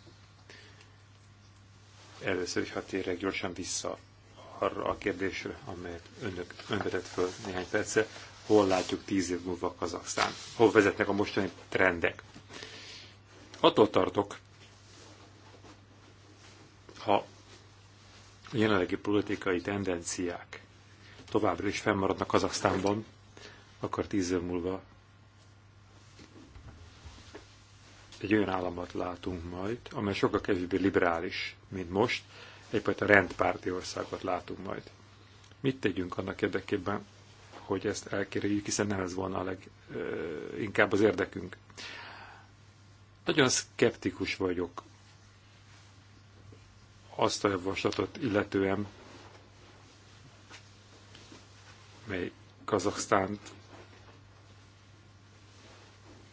Először is, ha térek gyorsan vissza arra a kérdésre, amelyet önök önvetett föl néhány perce, hol látjuk tíz év múlva Kazaksztán, hol vezetnek a mostani trendek. Attól tartok, ha a jelenlegi politikai tendenciák továbbra is fennmaradnak Kazaksztánban, akkor tíz év múlva egy olyan államot látunk majd, amely sokkal kevésbé liberális, mint most, egyfajta rendpárti országot látunk majd. Mit tegyünk annak érdekében, hogy ezt elkerüljük, hiszen nem ez volna a leg, ö, inkább az érdekünk. Nagyon szkeptikus vagyok azt a javaslatot illetően, mely Kazaksztánt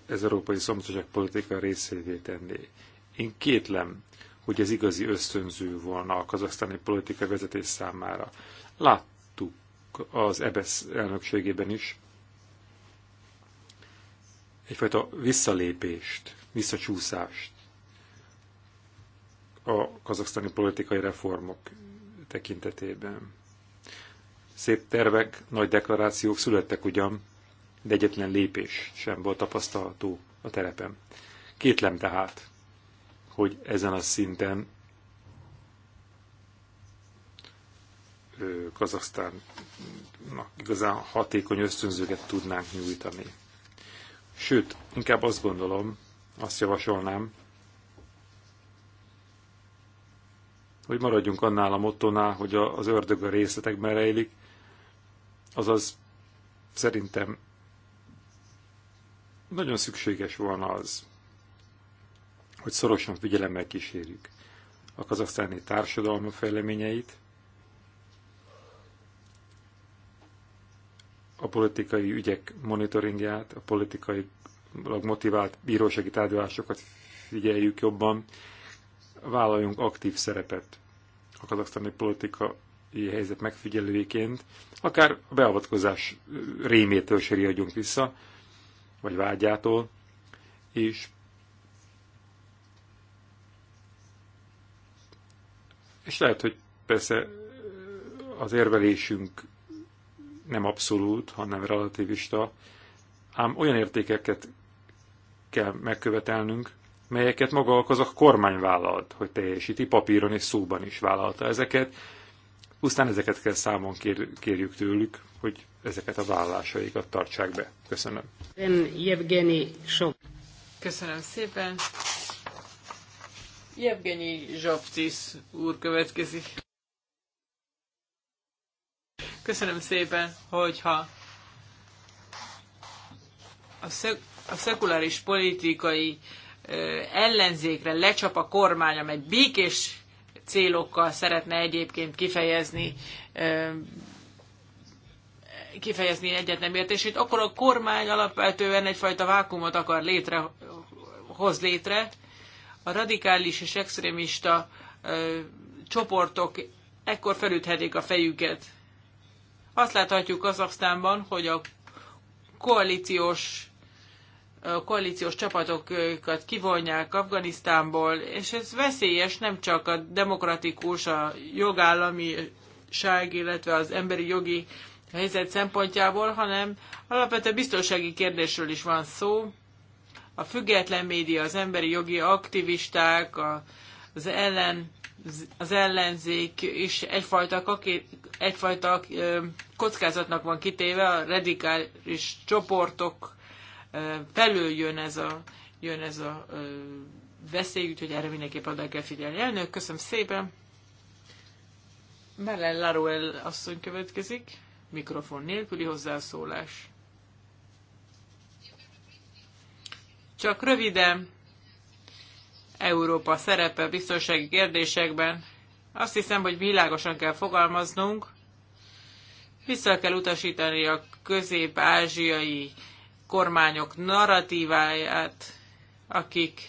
ez európai szomszédság politika részévé tenni. Én kétlem, hogy ez igazi ösztönző volna a kazasztáni politika vezetés számára. Láttuk az EBSZ e elnökségében is egyfajta visszalépést, visszacsúszást a kazaksztáni politikai reformok tekintetében. Szép tervek, nagy deklarációk születtek ugyan, de egyetlen lépés sem volt tapasztalható a terepen. Kétlem tehát, hogy ezen a szinten Kazasztánnak igazán hatékony ösztönzőket tudnánk nyújtani. Sőt, inkább azt gondolom, azt javasolnám, hogy maradjunk annál a mottonál, hogy az ördög a részletekben merejlik, azaz szerintem nagyon szükséges volna az, hogy szorosan figyelemmel kísérjük a kazaksztáni társadalmi fejleményeit, a politikai ügyek monitoringját, a politikai motivált bírósági tárgyalásokat figyeljük jobban, vállaljunk aktív szerepet a kazaksztáni politikai helyzet megfigyelőiként, akár a beavatkozás rémétől se vissza, vagy vágyától, és És lehet, hogy persze az érvelésünk nem abszolút, hanem relativista, ám olyan értékeket kell megkövetelnünk, melyeket maga az a kormány vállalt, hogy teljesíti, papíron és szóban is vállalta ezeket. Pusztán ezeket kell számon kér, kérjük tőlük, hogy ezeket a vállásaikat tartsák be. Köszönöm. Köszönöm szépen. Jevgenyi Zsapcis úr következik. Köszönöm szépen, hogyha a, szek- a szekuláris politikai ö, ellenzékre lecsap a kormány, amely békés célokkal szeretne egyébként kifejezni ö, kifejezni egyetlen értését, akkor a kormány alapvetően egyfajta vákumot akar létre, hoz létre, a radikális és extrémista ö, csoportok ekkor felüthetik a fejüket. Azt láthatjuk Kazaksztánban, hogy a koalíciós a koalíciós csapatokat kivonják Afganisztánból, és ez veszélyes nem csak a demokratikus, a jogállami ság, illetve az emberi jogi helyzet szempontjából, hanem alapvetően biztonsági kérdésről is van szó a független média, az emberi jogi aktivisták, az ellen az ellenzék is egyfajta, kaké, egyfajta kockázatnak van kitéve, a radikális csoportok felől jön ez a, jön ez a veszély, úgyhogy erre mindenképp oda kell figyelni. Elnök, köszönöm szépen! Mellen Laruel asszony következik, mikrofon nélküli hozzászólás. Csak röviden Európa szerepe biztonsági kérdésekben. Azt hiszem, hogy világosan kell fogalmaznunk. Vissza kell utasítani a közép-ázsiai kormányok narratíváját, akik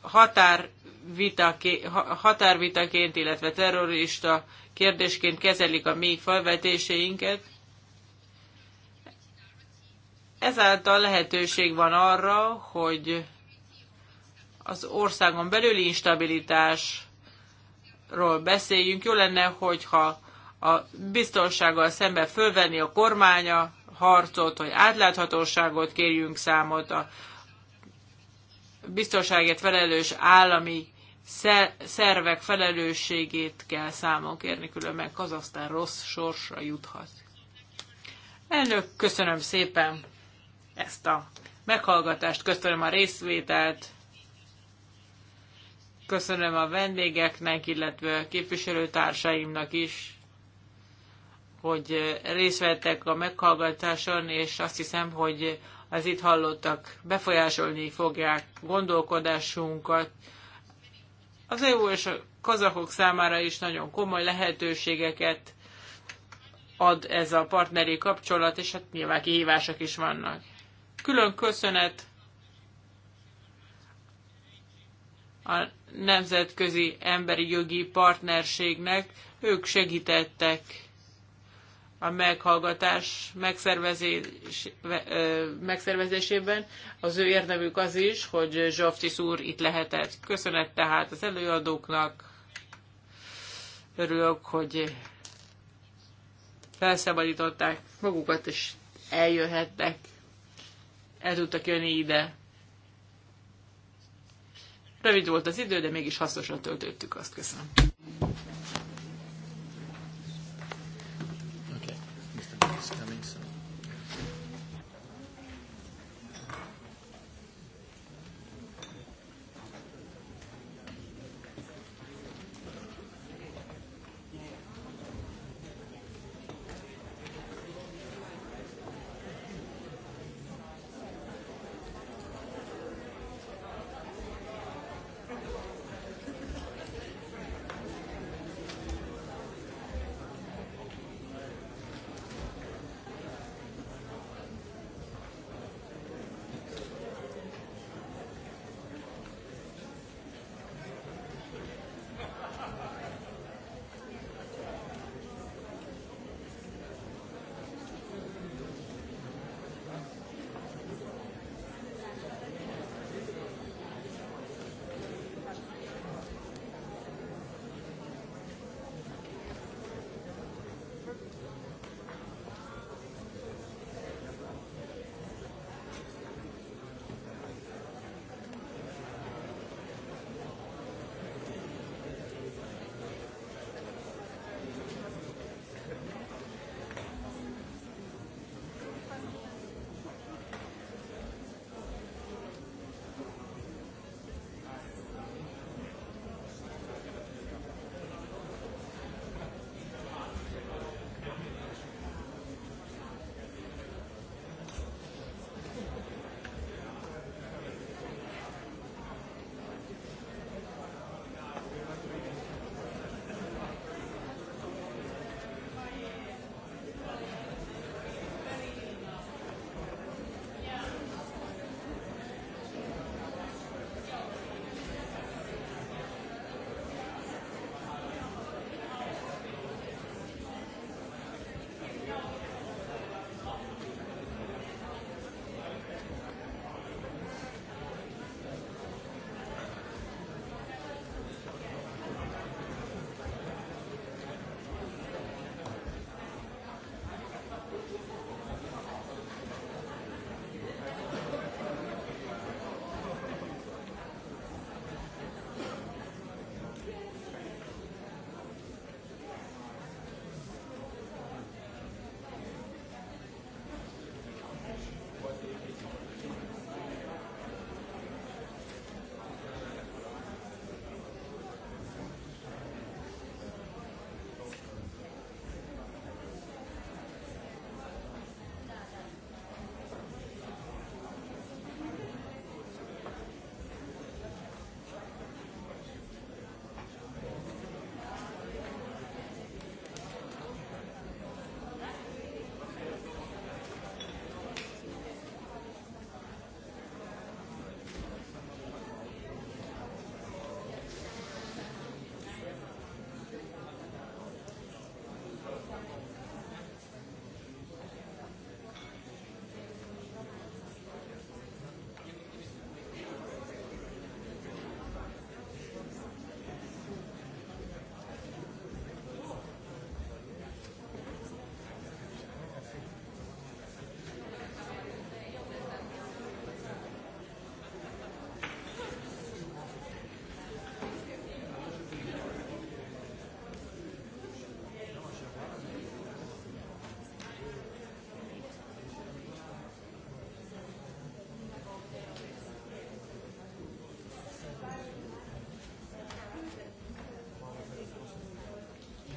határvitaké, határvitaként illetve terrorista kérdésként kezelik a mi felvetéseinket. Ezáltal lehetőség van arra, hogy az országon belüli instabilitásról beszéljünk. Jó lenne, hogyha a biztonsággal szembe fölvenni a kormánya harcot, hogy átláthatóságot kérjünk számot a biztonságért felelős állami szervek felelősségét kell számon kérni, különben Kazasztán rossz sorsra juthat. Elnök, köszönöm szépen! ezt a meghallgatást, köszönöm a részvételt, köszönöm a vendégeknek, illetve a képviselőtársaimnak is, hogy részt vettek a meghallgatáson, és azt hiszem, hogy az itt hallottak befolyásolni fogják gondolkodásunkat. Az EU és a kazakok számára is nagyon komoly lehetőségeket ad ez a partneri kapcsolat, és hát nyilván kihívások is vannak külön köszönet a Nemzetközi Emberi Jogi Partnerségnek. Ők segítettek a meghallgatás megszervezés, megszervezésében. Az ő érdemük az is, hogy Zsoftis úr itt lehetett. Köszönet tehát az előadóknak. Örülök, hogy felszabadították magukat, és eljöhettek el tudtak jönni ide. Rövid volt az idő, de mégis hasznosan töltöttük azt. Köszönöm.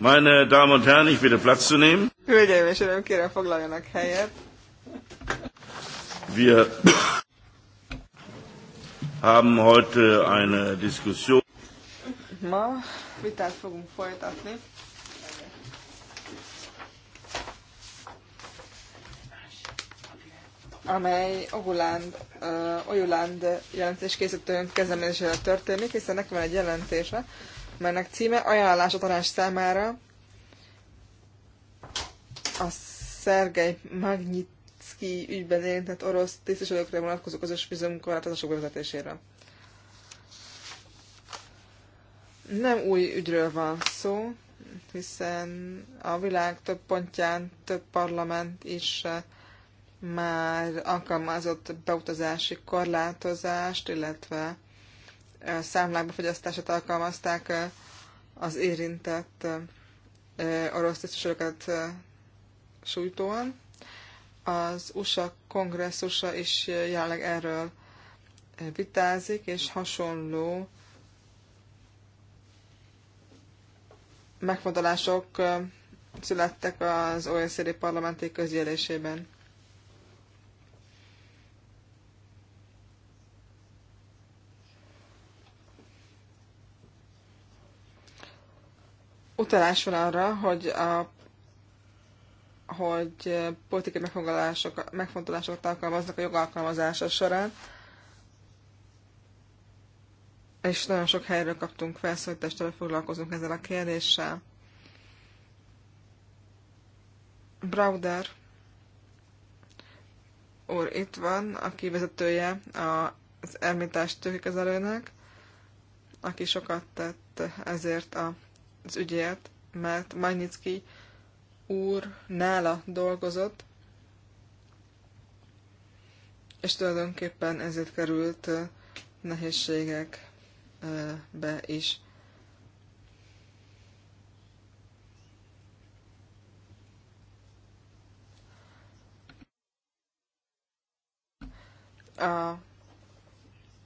Meine Damen und Herren, ich bitte Platz zu nehmen. Hölgyeim és Uram, kérem foglaljanak helyet. Wir haben heute eine Diskussion. Ma vitát fogunk folytatni. amely Oguland, uh, Oyuland jelentés jelentéskészítőnk kezdeményezésére történik, hiszen nekem van egy jelentése, melynek címe Ajánlás a tanács számára a Szergej Magnitsky ügyben érintett orosz tisztviselőkre vonatkozó közös vízumkorlátozások bevezetésére. Nem új ügyről van szó, hiszen a világ több pontján több parlament is eh, már alkalmazott beutazási korlátozást, illetve számlák befogyasztását alkalmazták az érintett orosz tisztviselőket sújtóan. Az USA kongresszusa is jelenleg erről vitázik, és hasonló megfontolások születtek az OECD parlamenti közgyűlésében. utalás van arra, hogy a hogy politikai megfontolásokat, alkalmaznak a jogalkalmazása során. És nagyon sok helyről kaptunk felszólítást, hogy foglalkozunk ezzel a kérdéssel. Browder úr itt van, aki vezetője az elmintás tőkekezelőnek, aki sokat tett ezért a az ügyért, mert Magnitsky úr nála dolgozott, és tulajdonképpen ezért került nehézségekbe is. A,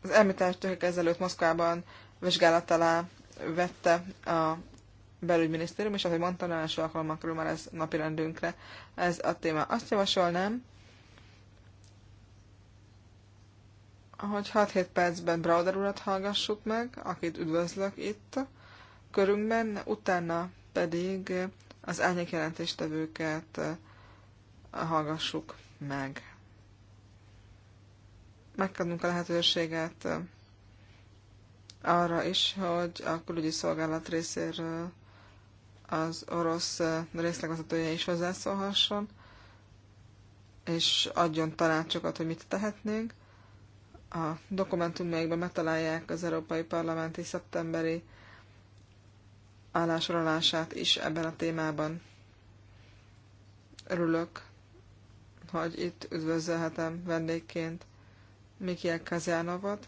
az elmúlt ezelőtt Moszkvában vizsgálat alá vette a belügyminisztérium, és ahogy mondtam, nem első alkalommal már ez napirendünkre ez a téma. Azt javasolnám, hogy 6-7 percben Browder urat hallgassuk meg, akit üdvözlök itt körünkben, utána pedig az árnyék jelentéstevőket eh, hallgassuk meg. Megkadunk a lehetőséget eh, arra is, hogy a külügyi szolgálat részéről az orosz részlegvezetője is hozzászólhasson, és adjon tanácsokat, hogy mit tehetnénk. A dokumentumjaikban megtalálják az Európai Parlamenti szeptemberi állásorolását is ebben a témában. Örülök, hogy itt üdvözölhetem vendégként Mikiel Kazjánovot,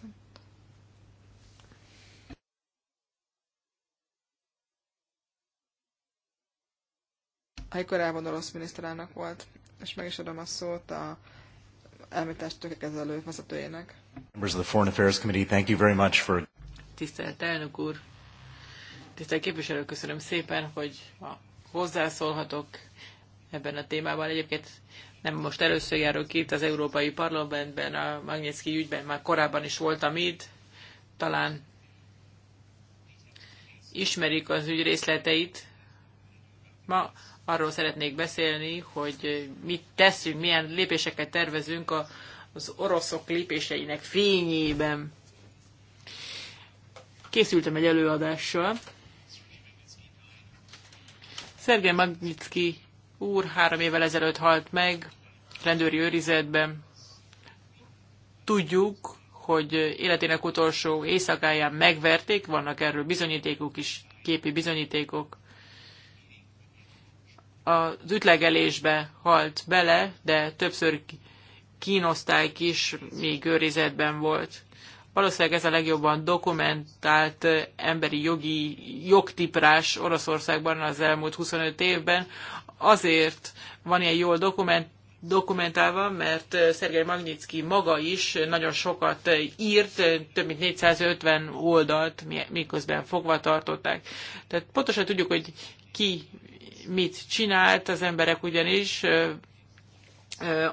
amely korábban orosz miniszterelnök volt. És meg is adom a szót a elmítás tökékezelő vezetőjének. Members of the Foreign Affairs Committee, thank you very much for... Tisztelt elnök úr, tisztelt képviselő, köszönöm szépen, hogy ma hozzászólhatok ebben a témában. Egyébként nem most először járok itt az Európai Parlamentben, a Magnitsky ügyben már korábban is voltam itt, talán ismerik az ügy részleteit. Ma arról szeretnék beszélni, hogy mit teszünk, milyen lépéseket tervezünk a, az oroszok lépéseinek fényében. Készültem egy előadással. Szergei Magnitsky úr három évvel ezelőtt halt meg, rendőri őrizetben. Tudjuk, hogy életének utolsó éjszakáján megverték, vannak erről bizonyítékok is, képi bizonyítékok az ütlegelésbe halt bele, de többször kínoszták is még őrizetben volt. Valószínűleg ez a legjobban dokumentált emberi jogi jogtiprás Oroszországban az elmúlt 25 évben. Azért van ilyen jól dokument, dokumentálva, mert Szergei Magnitsky maga is nagyon sokat írt, több mint 450 oldalt, miközben fogva tartották. Tehát pontosan tudjuk, hogy ki mit csinált, az emberek ugyanis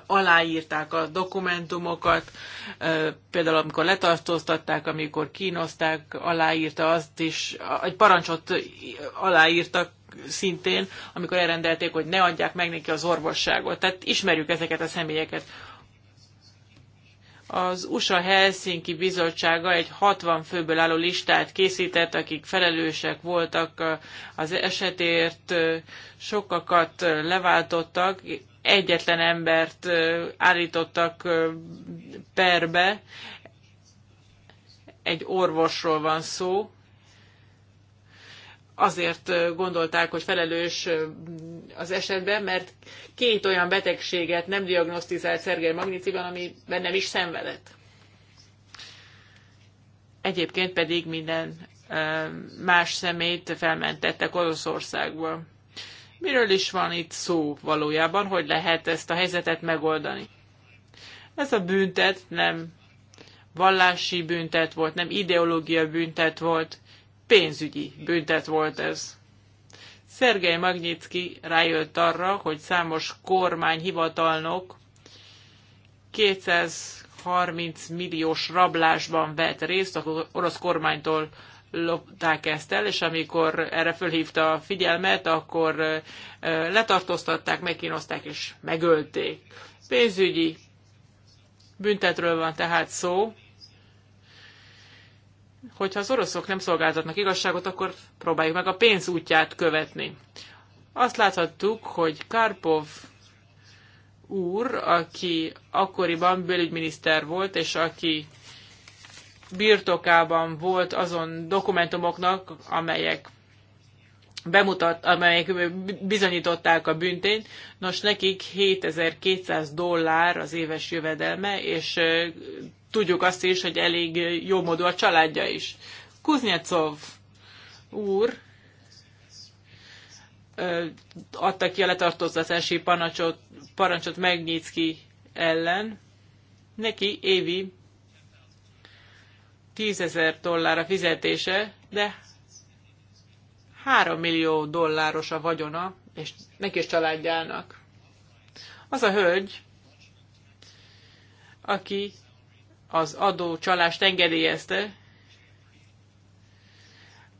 aláírták a dokumentumokat, például amikor letartóztatták, amikor kínozták, aláírta azt is, egy parancsot aláírtak szintén, amikor elrendelték, hogy ne adják meg neki az orvosságot. Tehát ismerjük ezeket a személyeket az USA Helsinki Bizottsága egy 60 főből álló listát készített, akik felelősek voltak az esetért, sokakat leváltottak, egyetlen embert állítottak perbe, egy orvosról van szó, azért gondolták, hogy felelős az esetben, mert két olyan betegséget nem diagnosztizált Szergei Magniciban, ami bennem is szenvedett. Egyébként pedig minden más szemét felmentettek Oroszországba. Miről is van itt szó valójában, hogy lehet ezt a helyzetet megoldani? Ez a büntet nem vallási büntet volt, nem ideológia büntet volt, pénzügyi büntet volt ez. Szergej Magnyitski rájött arra, hogy számos kormányhivatalnok 230 milliós rablásban vett részt, akkor orosz kormánytól lopták ezt el, és amikor erre fölhívta a figyelmet, akkor letartóztatták, megkínozták és megölték. Pénzügyi büntetről van tehát szó, hogyha az oroszok nem szolgáltatnak igazságot, akkor próbáljuk meg a pénz útját követni. Azt láthattuk, hogy Karpov úr, aki akkoriban belügyminiszter volt, és aki birtokában volt azon dokumentumoknak, amelyek bemutat, amelyek bizonyították a büntényt. Nos, nekik 7200 dollár az éves jövedelme, és tudjuk azt is, hogy elég jó módú a családja is. Kuznyecov úr adta ki a letartóztatási parancsot, parancsot Megnyicki ellen. Neki évi 10 ezer dollár a fizetése, de 3 millió dolláros a vagyona, és neki is családjának. Az a hölgy, aki az adó csalást engedélyezte.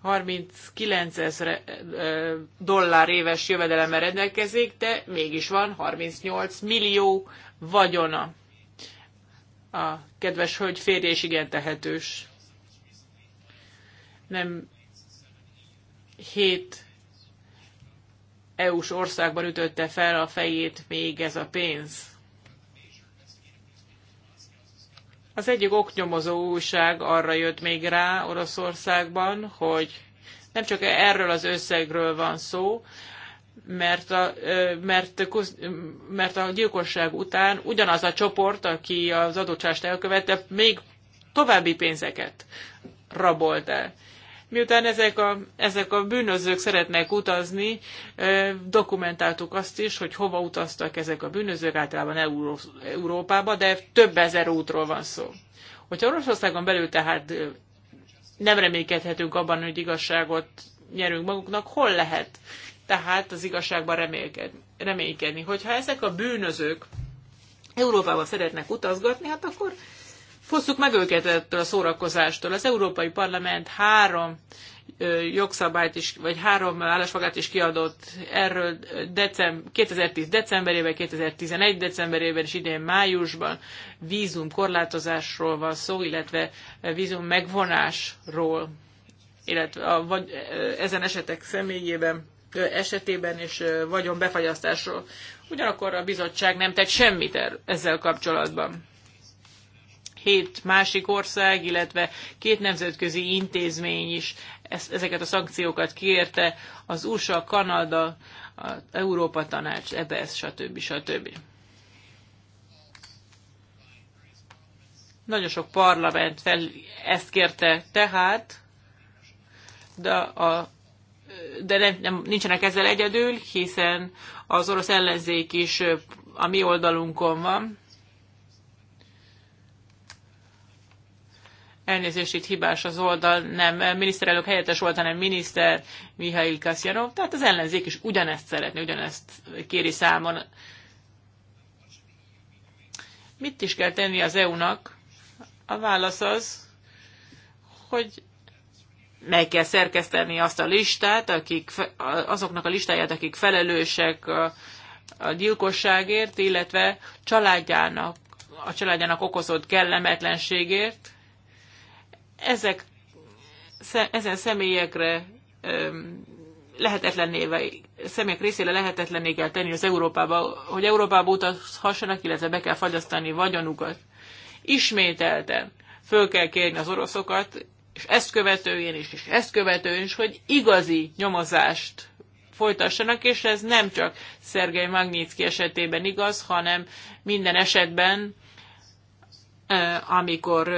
39 ezer dollár éves jövedelemmel rendelkezik, de mégis van 38 millió vagyona. A kedves hölgy férje is igen tehetős. Nem 7 EU-s országban ütötte fel a fejét még ez a pénz. Az egyik oknyomozó újság arra jött még rá Oroszországban, hogy nem csak erről az összegről van szó, mert a, mert, mert a gyilkosság után ugyanaz a csoport, aki az adócsást elkövette, még további pénzeket rabolt el. Miután ezek a, ezek a bűnözők szeretnek utazni, dokumentáltuk azt is, hogy hova utaztak ezek a bűnözők, általában Euró, Európába, de több ezer útról van szó. Hogyha Oroszországon belül tehát nem reménykedhetünk abban, hogy igazságot nyerünk magunknak, hol lehet tehát az igazságban remélkedni, reménykedni? Hogyha ezek a bűnözők Európába szeretnek utazgatni, hát akkor fosszuk meg őket ettől a szórakozástól. Az Európai Parlament három jogszabályt is, vagy három állásfogát is kiadott erről decem, 2010 decemberében, 2011 decemberében és idén májusban vízum korlátozásról van szó, illetve vízum megvonásról, illetve a, vagy, ezen esetek személyében esetében és vagyon befagyasztásról. Ugyanakkor a bizottság nem tett semmit er-, ezzel kapcsolatban hét másik ország, illetve két nemzetközi intézmény is ezeket a szankciókat kérte, az USA, Kanada, az Európa Tanács, EBS, stb. stb. Nagyon sok parlament fel ezt kérte tehát, de, a, de nem, nem, nincsenek ezzel egyedül, hiszen az orosz ellenzék is a mi oldalunkon van. elnézést itt hibás az oldal, nem miniszterelnök helyettes volt, hanem miniszter Mihail Kasyanov, tehát az ellenzék is ugyanezt szeretné, ugyanezt kéri számon. Mit is kell tenni az EU-nak? A válasz az, hogy meg kell szerkeszteni azt a listát, akik, azoknak a listáját, akik felelősek a, a gyilkosságért, illetve családjának, a családjának okozott kellemetlenségért, ezek, ezen személyekre lehetetlenné, vagy személyek részére lehetetlenné kell tenni az Európába, hogy Európába utazhassanak, illetve be kell fagyasztani vagyonukat. Ismételten föl kell kérni az oroszokat, és ezt követően is, és ezt követően is, hogy igazi nyomozást folytassanak, és ez nem csak Szergei Magnitsky esetében igaz, hanem minden esetben amikor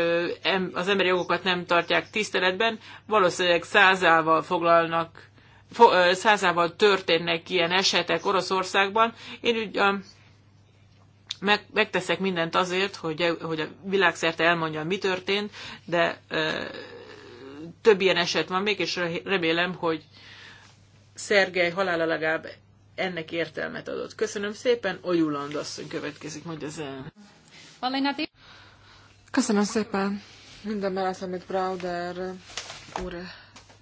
az emberi jogokat nem tartják tiszteletben, valószínűleg százával foglalnak, százával történnek ilyen esetek Oroszországban. Én úgy megteszek mindent azért, hogy, e, hogy a világszerte elmondja, mi történt, de több ilyen eset van még, és remélem, hogy Szergej halála legalább ennek értelmet adott. Köszönöm szépen, Ojuland asszony következik, mondja az el. Köszönöm szépen minden mellett, amit Browder úr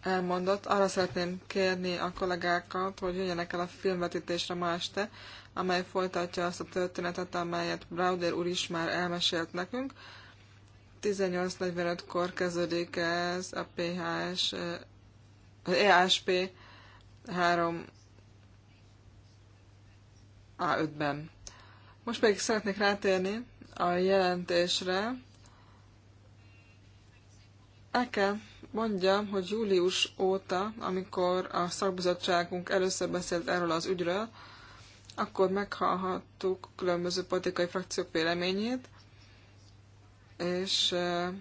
elmondott. Arra szeretném kérni a kollégákat, hogy jöjjenek el a filmvetítésre ma este, amely folytatja azt a történetet, amelyet Browder úr is már elmesélt nekünk. 18.45-kor kezdődik ez a PHS, az eh, EASP 3 A5-ben. Most pedig szeretnék rátérni a jelentésre, el kell mondjam, hogy július óta, amikor a szakbizottságunk először beszélt erről az ügyről, akkor meghallhattuk különböző politikai frakciók véleményét, és eh,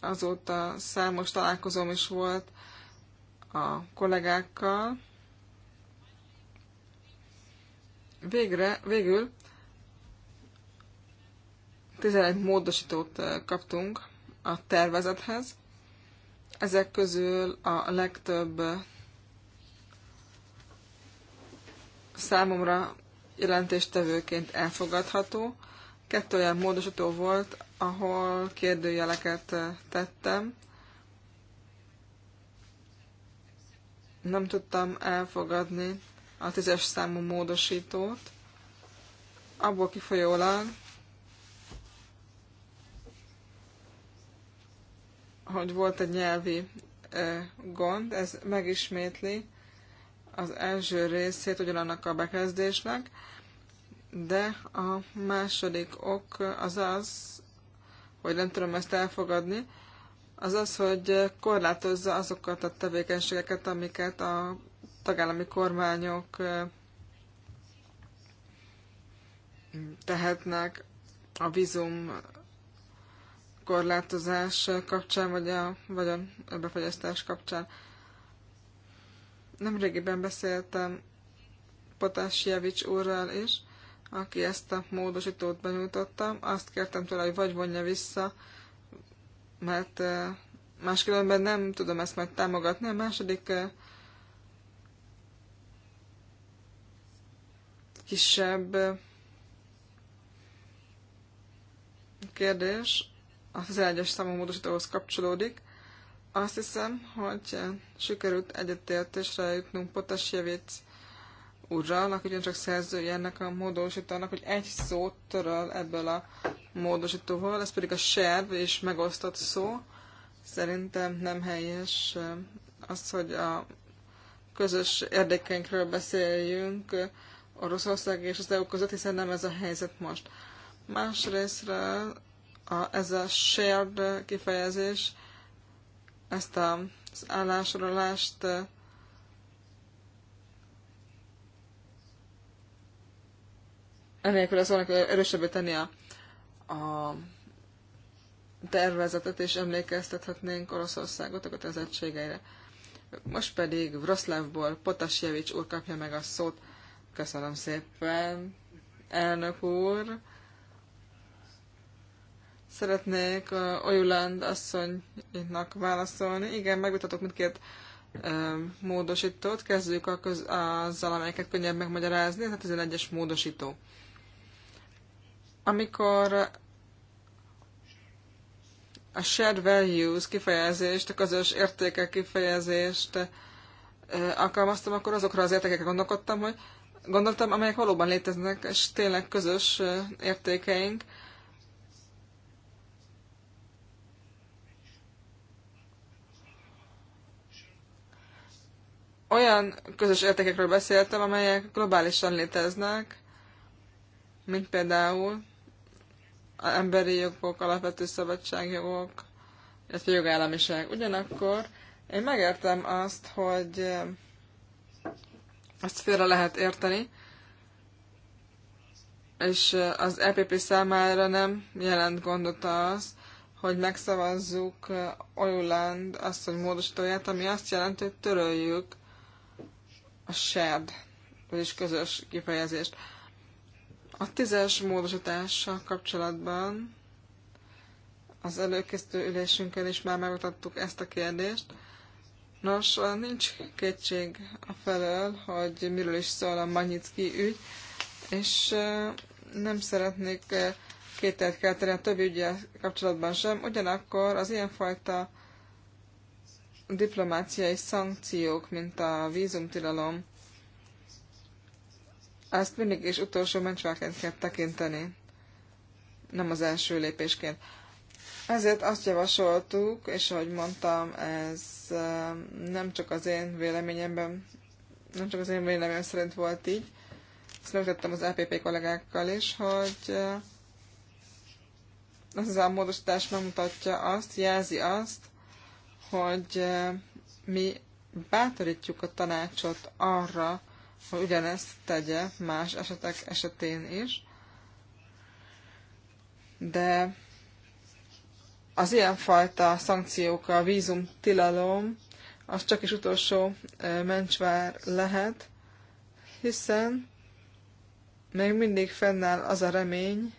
azóta számos találkozóm is volt a kollégákkal. Végre, végül 11 módosítót eh, kaptunk a tervezethez. Ezek közül a legtöbb számomra jelentéstevőként elfogadható. Kettő olyan módosító volt, ahol kérdőjeleket tettem. Nem tudtam elfogadni a tízes számú módosítót, abból kifolyólag, hogy volt egy nyelvi gond, ez megismétli az első részét ugyanannak a bekezdésnek, de a második ok az az, hogy nem tudom ezt elfogadni, az az, hogy korlátozza azokat a tevékenységeket, amiket a tagállami kormányok tehetnek a vízum korlátozás kapcsán, vagy a vagy a befagyasztás kapcsán. Nemrégiben beszéltem Potásjevics úrral is, aki ezt a módosítót benyújtotta. Azt kértem tőle, hogy vagy vonja vissza, mert eh, máskülönben nem tudom ezt majd támogatni. A második eh, kisebb eh, kérdés az egyes számú módosítóhoz kapcsolódik. Azt hiszem, hogy sikerült egyetértésre jutnunk Potasjevic úrral, aki ugyancsak szerzője ennek a módosítónak, hogy egy szót töröl ebből a módosítóval, ez pedig a serv vagyis megosztott szó. Szerintem nem helyes eh, az, hogy a közös érdekeinkről beszéljünk Oroszország és az EU között, hiszen nem ez a helyzet most. Másrésztről a, ez a shared kifejezés, ezt a, az állásorolást enélkül az valamikor erősebbé tenni a, a tervezetet, és emlékeztethetnénk Oroszországot a kötelezettségeire. Most pedig Vroszlávból Potasjevics úr kapja meg a szót. Köszönöm szépen, elnök úr! Szeretnék Ojuland asszonynak válaszolni. Igen, megvitatok mindkét módosítót. Kezdjük a köz, azzal, amelyeket könnyebb megmagyarázni, tehát ez egy 11-es módosító. Amikor a shared values kifejezést, a közös értékek kifejezést alkalmaztam, akkor azokra az értékekre gondolkodtam, hogy gondoltam, amelyek valóban léteznek, és tényleg közös értékeink, olyan közös értékekről beszéltem, amelyek globálisan léteznek, mint például az emberi jogok, alapvető szabadságjogok, illetve jogállamiság. Ugyanakkor én megértem azt, hogy eh, azt félre lehet érteni, és eh, az EPP számára nem jelent gondot az, hogy megszavazzuk eh, Ojuland azt, hogy módosítóját, ami azt jelenti, hogy töröljük a shared, vagyis közös kifejezést. A tízes módosítással kapcsolatban az előkészítő ülésünkön is már megmutattuk ezt a kérdést. Nos, nincs kétség a felől, hogy miről is szól a Magnitsky ügy, és nem szeretnék kételt kelteni a többi ügyel kapcsolatban sem, ugyanakkor az ilyenfajta diplomáciai szankciók, mint a vízumtilalom, ezt mindig és utolsó mencsváként kell tekinteni, nem az első lépésként. Ezért azt javasoltuk, és ahogy mondtam, ez nem csak az én véleményemben, nem csak az én véleményem szerint volt így, ezt megtettem az LPP e kollégákkal is, hogy ez a módosítás megmutatja azt, jelzi azt, hogy eh, mi bátorítjuk a tanácsot arra, hogy ugyanezt tegye más esetek esetén is, de az ilyenfajta szankciók, a vízum tilalom, az csak is utolsó eh, mencsvár lehet, hiszen még mindig fennáll az a remény,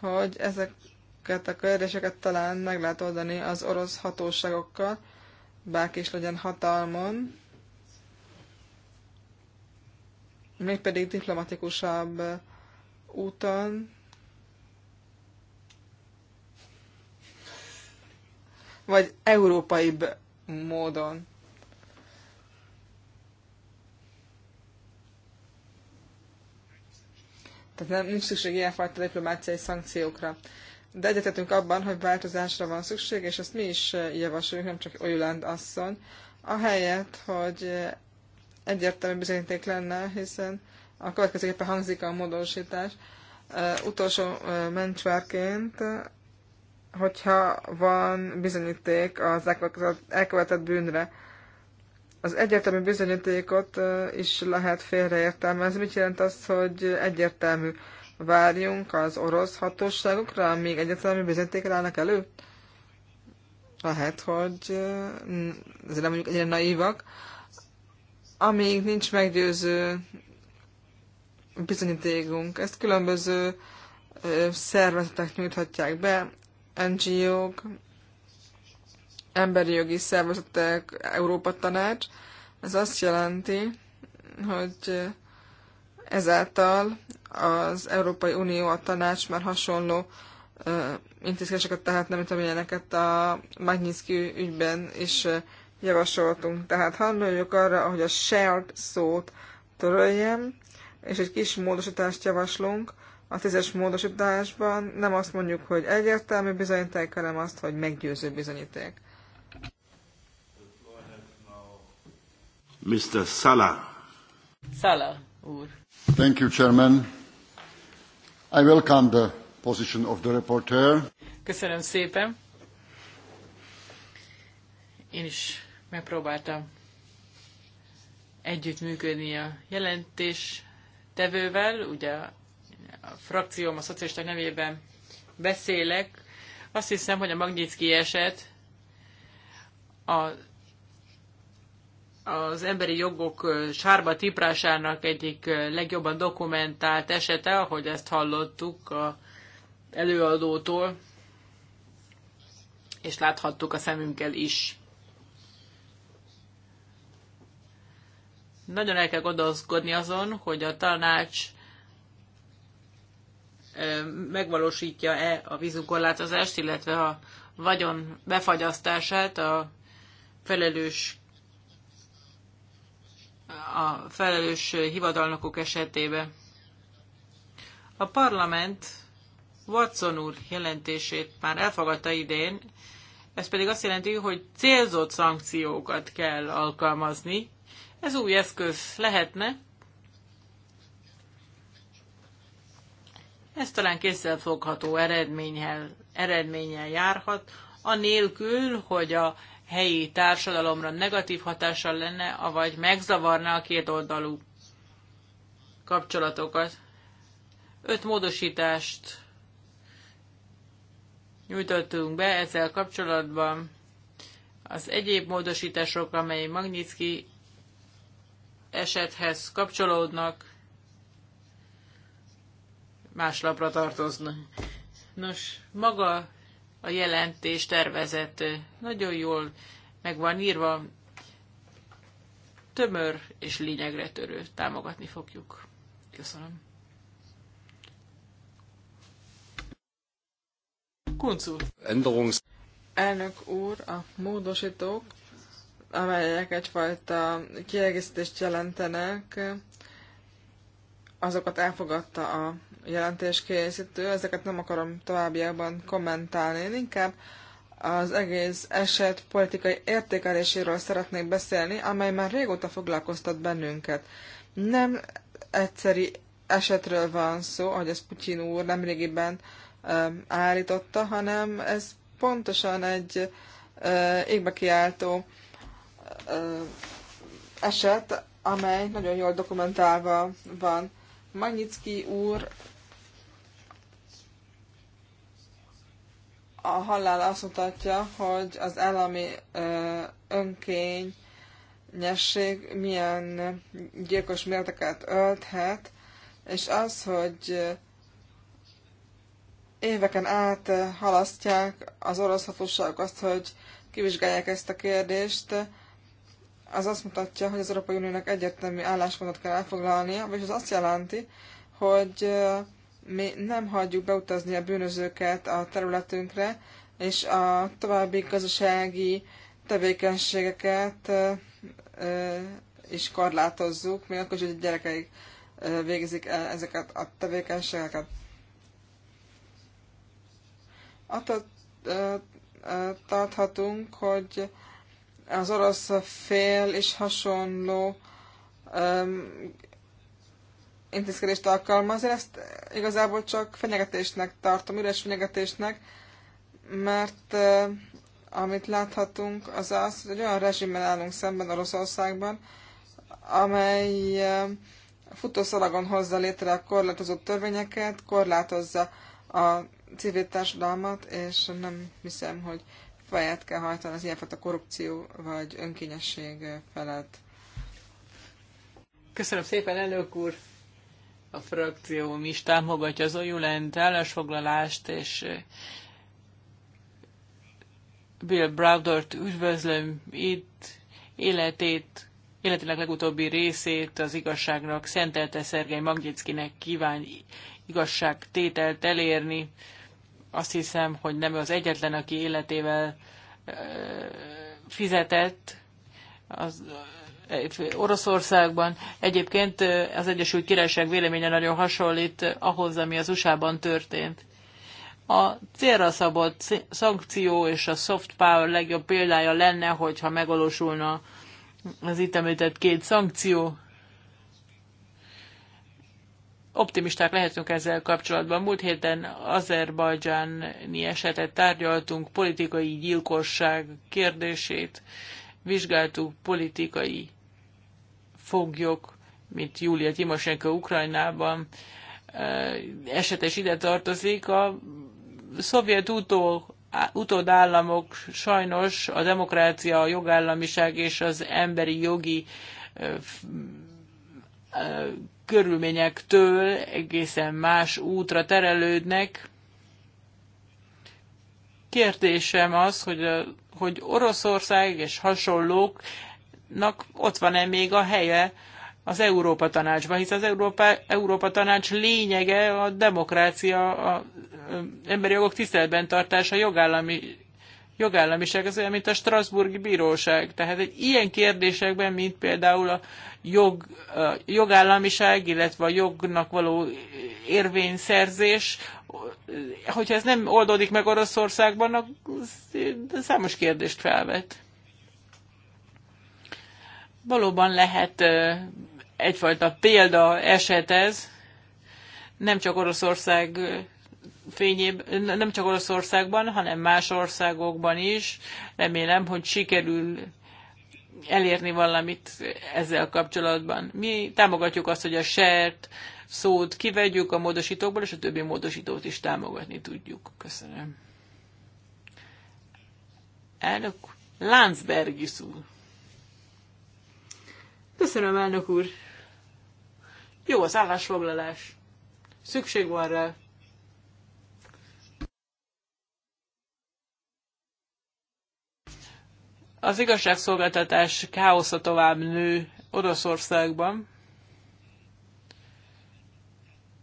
hogy ezek ezeket a kérdéseket talán meg lehet oldani az orosz hatóságokkal, bárki is legyen hatalmon, mégpedig diplomatikusabb úton, vagy európai módon. Tehát nem, nincs szükség ilyenfajta diplomáciai szankciókra de egyetetünk abban, hogy változásra van szükség, és ezt mi is eh, javasoljuk, nem csak Ojuland asszony, ahelyett, hogy eh, egyértelmű bizonyíték lenne, hiszen a következőképpen hangzik a módosítás, eh, utolsó mencsvárként, hogyha van bizonyíték az elkövetett bűnre. Az egyértelmű bizonyítékot is lehet félreértelmezni. Mit jelent az, hogy egyértelmű? várjunk az orosz hatóságokra, amíg egyetemi bizonyítékra állnak elő? Lehet, hogy ezért nem mondjuk egyre naívak. Amíg nincs meggyőző bizonyítékunk, ezt különböző szervezetek nyújthatják be, NGO-k, emberi jogi szervezetek, Európa Tanács. Ez azt jelenti, hogy ezáltal az Európai Unió, a tanács már hasonló intézkedéseket tehetne, mint amilyeneket a Magnitsky ügyben is javasoltunk. Tehát halljuk arra, hogy a shared szót töröljem, és egy kis módosítást javaslunk. A tízes módosításban nem azt mondjuk, hogy egyértelmű bizonyíték, hanem azt, hogy meggyőző bizonyíték. Mr. Sala. Sala úr. Thank you, Chairman. I welcome the position of the reporter. Köszönöm szépen. Én is megpróbáltam együttműködni a jelentés tevővel, ugye a frakcióm a szocialista nevében beszélek. Azt hiszem, hogy a Magnitsky eset a az emberi jogok sárba tiprásának egyik legjobban dokumentált esete, ahogy ezt hallottuk a előadótól, és láthattuk a szemünkkel is. Nagyon el kell gondolkodni azon, hogy a tanács megvalósítja-e a vízunkorlátozást, illetve a vagyon befagyasztását a felelős a felelős hivatalnokok esetében. A parlament Watson úr jelentését már elfogadta idén, ez pedig azt jelenti, hogy célzott szankciókat kell alkalmazni. Ez új eszköz lehetne. Ez talán kézzelfogható eredménnyel, eredménnyel járhat, anélkül, hogy a helyi társadalomra negatív hatással lenne, avagy megzavarná a két oldalú kapcsolatokat. Öt módosítást nyújtottunk be ezzel kapcsolatban. Az egyéb módosítások, amely Magnitsky esethez kapcsolódnak, más lapra tartoznak. Nos, maga a jelentés tervezett. nagyon jól meg van írva, tömör és lényegre törő. Támogatni fogjuk. Köszönöm. Kuncu. Änderungs. Elnök úr, a módosítók, amelyek egyfajta kiegészítést jelentenek, azokat elfogadta a jelentéskészítő, ezeket nem akarom továbbiakban kommentálni, én inkább az egész eset politikai értékeléséről szeretnék beszélni, amely már régóta foglalkoztat bennünket. Nem egyszeri esetről van szó, ahogy ezt Putyin úr nemrégiben állította, hanem ez pontosan egy égbe kiáltó eset, amely nagyon jól dokumentálva van. Magnyicki úr a halál azt mutatja, hogy az állami önkényesség milyen gyilkos mérteket ölthet, és az, hogy éveken át halasztják az orosz hatóságok azt, hogy kivizsgálják ezt a kérdést, az azt mutatja, hogy az Európai Uniónak egyértelmű álláspontot kell elfoglalnia, vagyis az azt jelenti, hogy mi nem hagyjuk beutazni a bűnözőket a területünkre, és a további gazdasági tevékenységeket is korlátozzuk, mi akkor is, hogy a gyerekeik végezik el ezeket a tevékenységeket. Attól tarthatunk, hogy az orosz fél is hasonló intézkedést alkalmaz. Én ezt igazából csak fenyegetésnek tartom, üres fenyegetésnek, mert amit láthatunk, az az, hogy egy olyan rezsimmel állunk szemben Oroszországban, amely futószalagon hozza létre a korlátozott törvényeket, korlátozza a civil társadalmat, és nem hiszem, hogy fejet kell hajtani az ilyenfajta korrupció vagy önkényesség felett. Köszönöm szépen, elnök úr! a frakcióm is támogatja az Ojulent állásfoglalást, és Bill Browdert üdvözlöm itt, életét, életének legutóbbi részét az igazságnak szentelte Szergei Magnyickinek kíván tételt elérni. Azt hiszem, hogy nem az egyetlen, aki életével fizetett, az Oroszországban. Egyébként az Egyesült Királyság véleménye nagyon hasonlít eh, ahhoz, ami az USA-ban történt. A célra szabott szankció és a soft power legjobb példája lenne, hogyha megvalósulna az itt említett két szankció. Optimisták lehetünk ezzel kapcsolatban. Múlt héten azerbajdzsáni esetet tárgyaltunk, politikai gyilkosság kérdését vizsgáltuk, politikai foglyok, mint Júlia Timosenko Ukrajnában, eh, esetes ide tartozik. A szovjet utó, utódállamok sajnos a demokrácia, a jogállamiság és az emberi jogi eh, eh, körülményektől egészen más útra terelődnek. Kérdésem az, hogy, a, hogy Oroszország és hasonlók nak ott van-e még a helye az Európa Tanácsban, hisz az Európa, Európa Tanács lényege a demokrácia, az emberi jogok tiszteletben tartása, jogállami, jogállamiság, az olyan, mint a Strasburgi Bíróság. Tehát egy ilyen kérdésekben, mint például a, jog, a jogállamiság, illetve a jognak való érvényszerzés, hogyha ez nem oldódik meg Oroszországban, akkor számos kérdést felvet. Valóban lehet egyfajta példa eset ez, nem csak Oroszország fényében, nem csak Oroszországban, hanem más országokban is. Remélem, hogy sikerül elérni valamit ezzel kapcsolatban. Mi támogatjuk azt, hogy a sert szót kivegyük a módosítókból, és a többi módosítót is támogatni tudjuk. Köszönöm. Elnök Lánzbergi úr. Köszönöm, elnök úr. Jó az állásfoglalás. Szükség van rá. Az igazságszolgáltatás káosza tovább nő Oroszországban.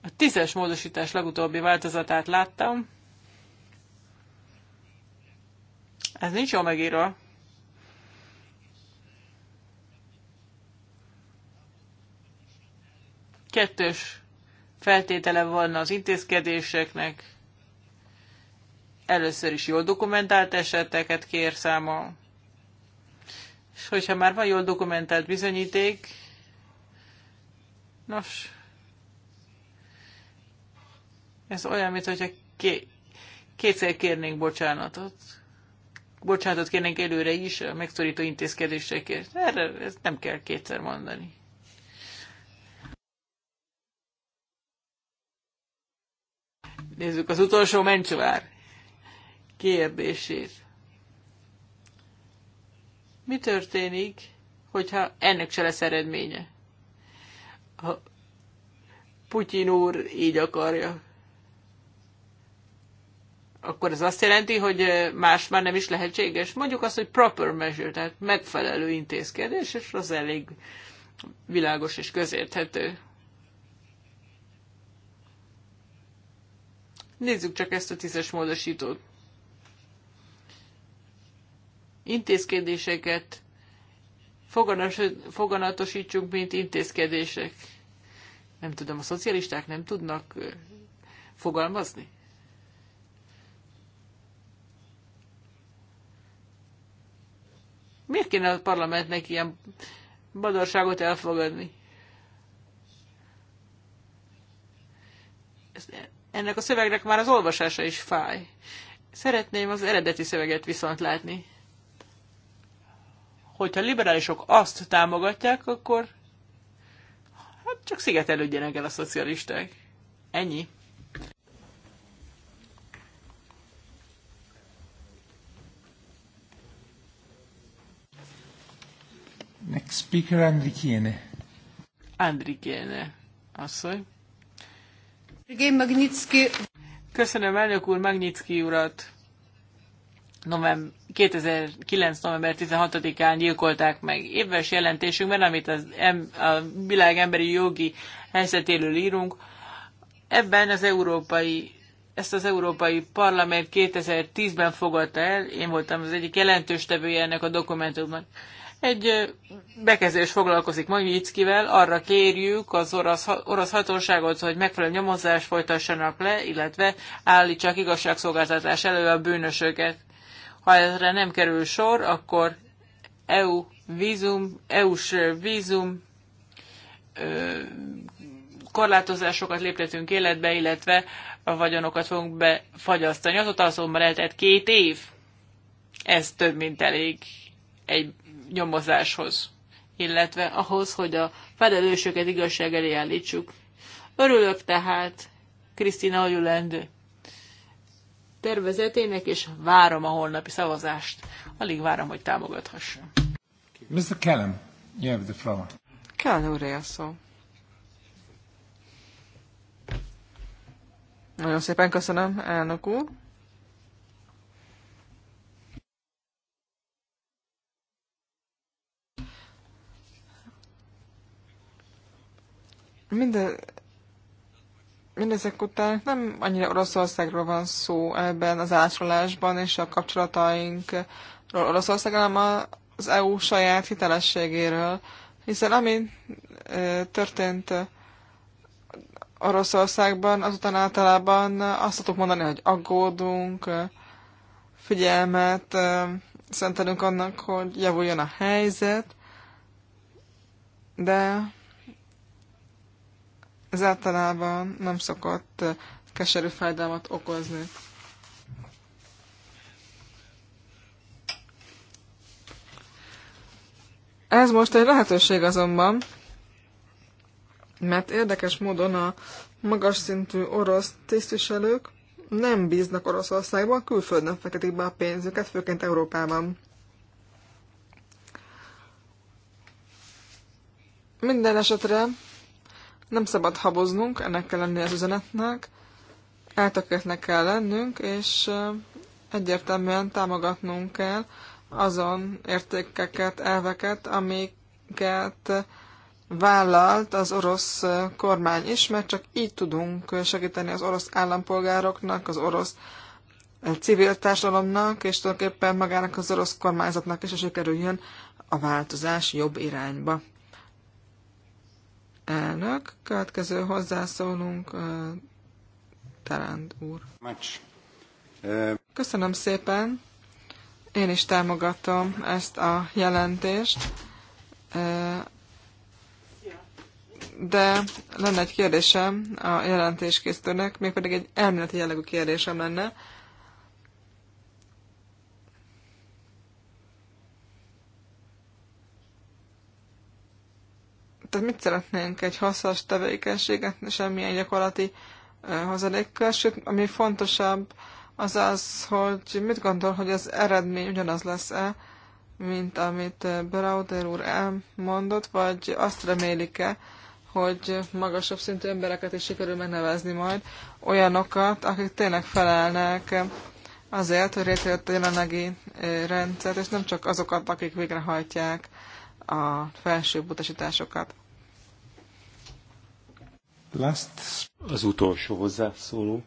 A tízes módosítás legutóbbi változatát láttam. Ez nincs jól megírva. Kettős feltétele van az intézkedéseknek. Először is jól dokumentált eseteket kér száma. És hogyha már van jól dokumentált bizonyíték, nos, ez olyan, mint hogyha ké- kétszer kérnénk bocsánatot. Bocsánatot kérnénk előre is a megszorító intézkedésekért. Erre ezt nem kell kétszer mondani. nézzük az utolsó mencsvár kérdését. Mi történik, hogyha ennek se lesz eredménye? Ha Putyin úr így akarja. Akkor ez azt jelenti, hogy más már nem is lehetséges. Mondjuk azt, hogy proper measure, tehát megfelelő intézkedés, és az elég világos és közérthető. Nézzük csak ezt a tízes módosítót. Intézkedéseket foganatosítsunk, mint intézkedések. Nem tudom, a szocialisták nem tudnak fogalmazni? Miért kéne a parlamentnek ilyen badarságot elfogadni? Ez ennek a szövegnek már az olvasása is fáj. Szeretném az eredeti szöveget viszont látni. Hogyha liberálisok azt támogatják, akkor hát csak szigetelődjenek el a szocialisták. Ennyi. Next speaker, Andrikéne. Andrikéne, Asszony. Köszönöm elnök úr Magnitsky urat. Novemb 2009. november 16-án gyilkolták meg. Éves jelentésünkben, amit az em, a világ emberi jogi helyzetéről írunk, ebben az európai ezt az Európai Parlament 2010-ben fogadta el, én voltam az egyik jelentős tevője ennek a dokumentumnak. Egy bekezdés foglalkozik Magnyickivel, arra kérjük az orosz, orosz hatóságot, hogy megfelelő nyomozás folytassanak le, illetve állítsák igazságszolgáltatás elő a bűnösöket. Ha erre nem kerül sor, akkor EU vízum, EU-s vízum ö, korlátozásokat léptetünk életbe, illetve a vagyonokat fogunk befagyasztani. Azóta azonban eltett két év. Ez több, mint elég egy nyomozáshoz, illetve ahhoz, hogy a felelősöket igazság elé állítsuk. Örülök tehát Krisztina Ajulend tervezetének, és várom a holnapi szavazást. Alig várom, hogy támogathassa. Mr. Kellem, you have the floor. Kellem úr, a szó. Nagyon szépen köszönöm, elnök úr. Minde, mindezek után nem annyira Oroszországról van szó ebben az ásolásban és a kapcsolatainkról Oroszország, hanem az EU saját hitelességéről. Hiszen ami történt Oroszországban, azután általában azt tudtuk mondani, hogy aggódunk, figyelmet szentelünk annak, hogy javuljon a helyzet, de ez általában nem szokott keserű fájdalmat okozni. Ez most egy lehetőség azonban, mert érdekes módon a magas szintű orosz tisztviselők nem bíznak Oroszországban, külföldön feketik be a pénzüket, főként Európában. Minden esetre nem szabad haboznunk, ennek kell lenni az üzenetnek, eltökéletnek kell lennünk, és egyértelműen támogatnunk kell azon értékeket, elveket, amiket vállalt az orosz kormány is, mert csak így tudunk segíteni az orosz állampolgároknak, az orosz civil társadalomnak, és tulajdonképpen magának az orosz kormányzatnak is, és sikerüljön a változás jobb irányba. Elnök, következő hozzászólunk, Taránd úr. Köszönöm szépen. Én is támogatom ezt a jelentést. De lenne egy kérdésem a jelentéskészítőnek, mégpedig egy elméleti jellegű kérdésem lenne. tehát mit szeretnénk egy hasznos tevékenységet, semmilyen gyakorlati hozadékkal, sőt, ami fontosabb, az az, hogy mit gondol, hogy az eredmény ugyanaz lesz-e, mint amit Brauder úr elmondott, vagy azt remélik-e, hogy magasabb szintű embereket is sikerül megnevezni majd, olyanokat, akik tényleg felelnek azért, hogy létrejött a jelenlegi rendszert, és nem csak azokat, akik végrehajtják a felső utasításokat. Last... Az utolsó hozzászóló.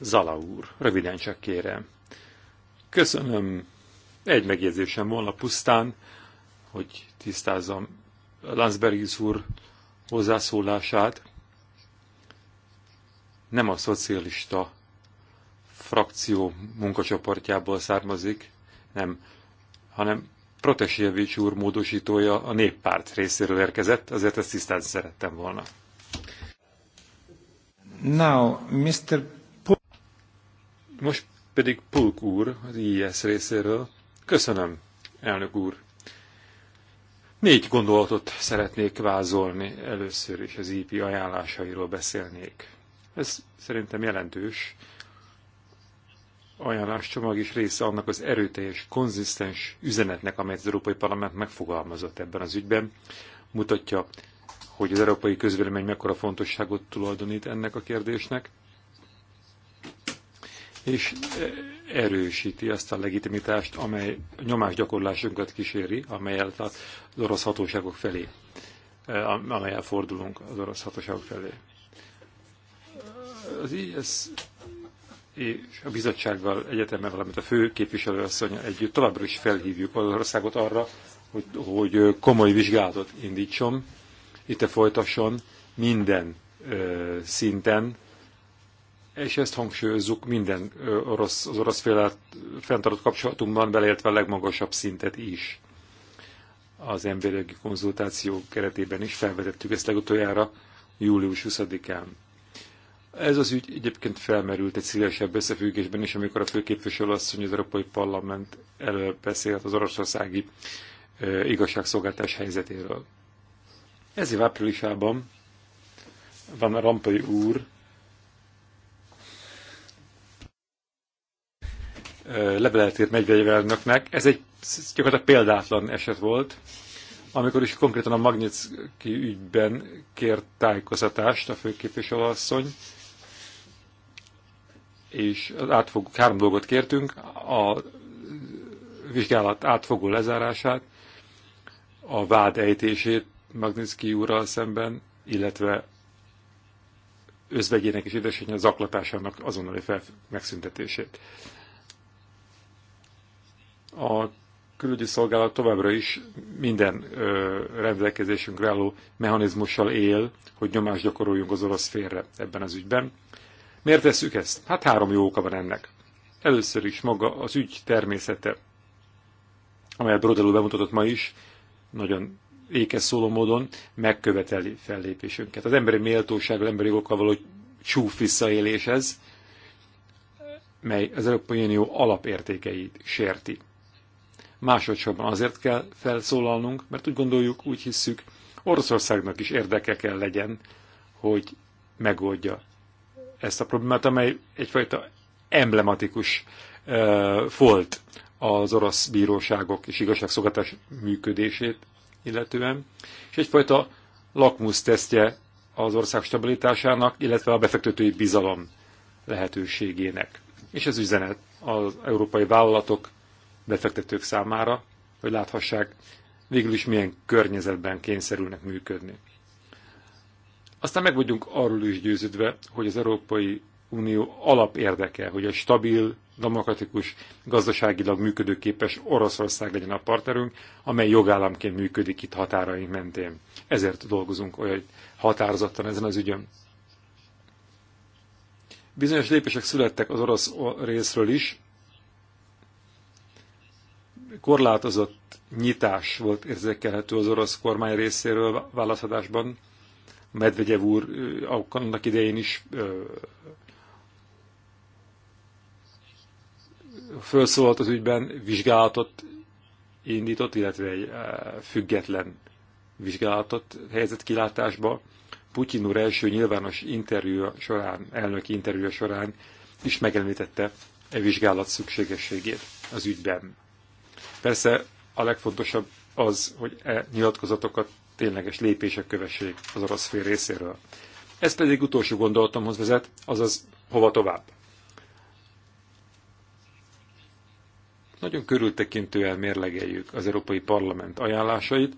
Zala úr, röviden csak kérem. Köszönöm. Egy megjegyzésem volna pusztán, hogy tisztázzam Lansbergis úr hozzászólását. Nem a szocialista frakció munkacsoportjából származik, nem, hanem Protesjevics úr módosítója a néppárt részéről érkezett, azért ezt tisztán szerettem volna. Now, Mr. Pul Most pedig Pulk úr az IES részéről. Köszönöm, elnök úr. Négy gondolatot szeretnék vázolni először is az IP ajánlásairól beszélnék. Ez szerintem jelentős ajánláscsomag is része annak az erőteljes, konzisztens üzenetnek, amelyet az Európai Parlament megfogalmazott ebben az ügyben, mutatja hogy az európai közvélemény mekkora fontosságot tulajdonít ennek a kérdésnek, és erősíti azt a legitimitást, amely a nyomásgyakorlásunkat kíséri, amelyet az orosz hatóságok felé, eh, amelyel fordulunk az orosz hatóságok felé. Az ISZ és a bizottsággal egyetemmel, valamint a fő képviselőasszony együtt továbbra is felhívjuk országot arra, hogy, hogy komoly vizsgálatot indítson itt folytasson minden ö, szinten, és ezt hangsúlyozzuk minden ö, orosz, az orosz féle fenntartott kapcsolatunkban, beleértve a legmagasabb szintet is. Az emberi konzultáció keretében is felvetettük ezt legutoljára július 20-án. Ez az ügy egyébként felmerült egy szélesebb összefüggésben is, amikor a főképviselő asszony az Európai Parlament elől beszélt az oroszországi igazságszolgáltás helyzetéről. Ez év áprilisában Van a Rampai úr levelet írt Medvegyevelnöknek. Ez egy gyakorlatilag példátlan eset volt, amikor is konkrétan a Magnitsky ügyben kért tájékoztatást a főképviselőasszony, és átfog, három dolgot kértünk, a vizsgálat átfogó lezárását, a vád ejtését Magnitsky úrral szemben, illetve özvegyének és édesanyja zaklatásának azonnali fel megszüntetését. A külügyi szolgálat továbbra is minden ö, rendelkezésünkre álló mechanizmussal él, hogy nyomást gyakoroljunk az orosz félre ebben az ügyben. Miért tesszük ezt? Hát három jó oka van ennek. Először is maga az ügy természete, amelyet Brodelú bemutatott ma is, nagyon ékes szóló módon megköveteli fellépésünket. Az emberi méltóság, az emberi jogokkal való csúf visszaélés ez, mely az Európai Unió alapértékeit sérti. Másodszorban azért kell felszólalnunk, mert úgy gondoljuk, úgy hisszük, Oroszországnak is érdeke kell legyen, hogy megoldja ezt a problémát, amely egyfajta emblematikus uh, folt az orosz bíróságok és igazságszolgáltatás működését illetően, és egyfajta lakmusz tesztje az ország stabilitásának, illetve a befektetői bizalom lehetőségének. És ez üzenet az európai vállalatok, befektetők számára, hogy láthassák végül is milyen környezetben kényszerülnek működni. Aztán meg vagyunk arról is győződve, hogy az Európai Unió alapérdeke, hogy egy stabil, demokratikus, gazdaságilag működőképes Oroszország legyen a partnerünk, amely jogállamként működik itt határaink mentén. Ezért dolgozunk olyan határozottan ezen az ügyön. Bizonyos lépések születtek az orosz részről is. Korlátozott nyitás volt érzékelhető az orosz kormány részéről választásban. Medvegyev úr annak idején is felszólalt az ügyben, vizsgálatot indított, illetve egy e, független vizsgálatot helyezett kilátásba. Putyin úr első nyilvános interjú során, elnöki interjú során is megemlítette e vizsgálat szükségességét az ügyben. Persze a legfontosabb az, hogy e nyilatkozatokat tényleges lépések kövessék az orosz fél részéről. Ez pedig utolsó gondolatomhoz vezet, azaz hova tovább. Nagyon körültekintően mérlegeljük az Európai Parlament ajánlásait,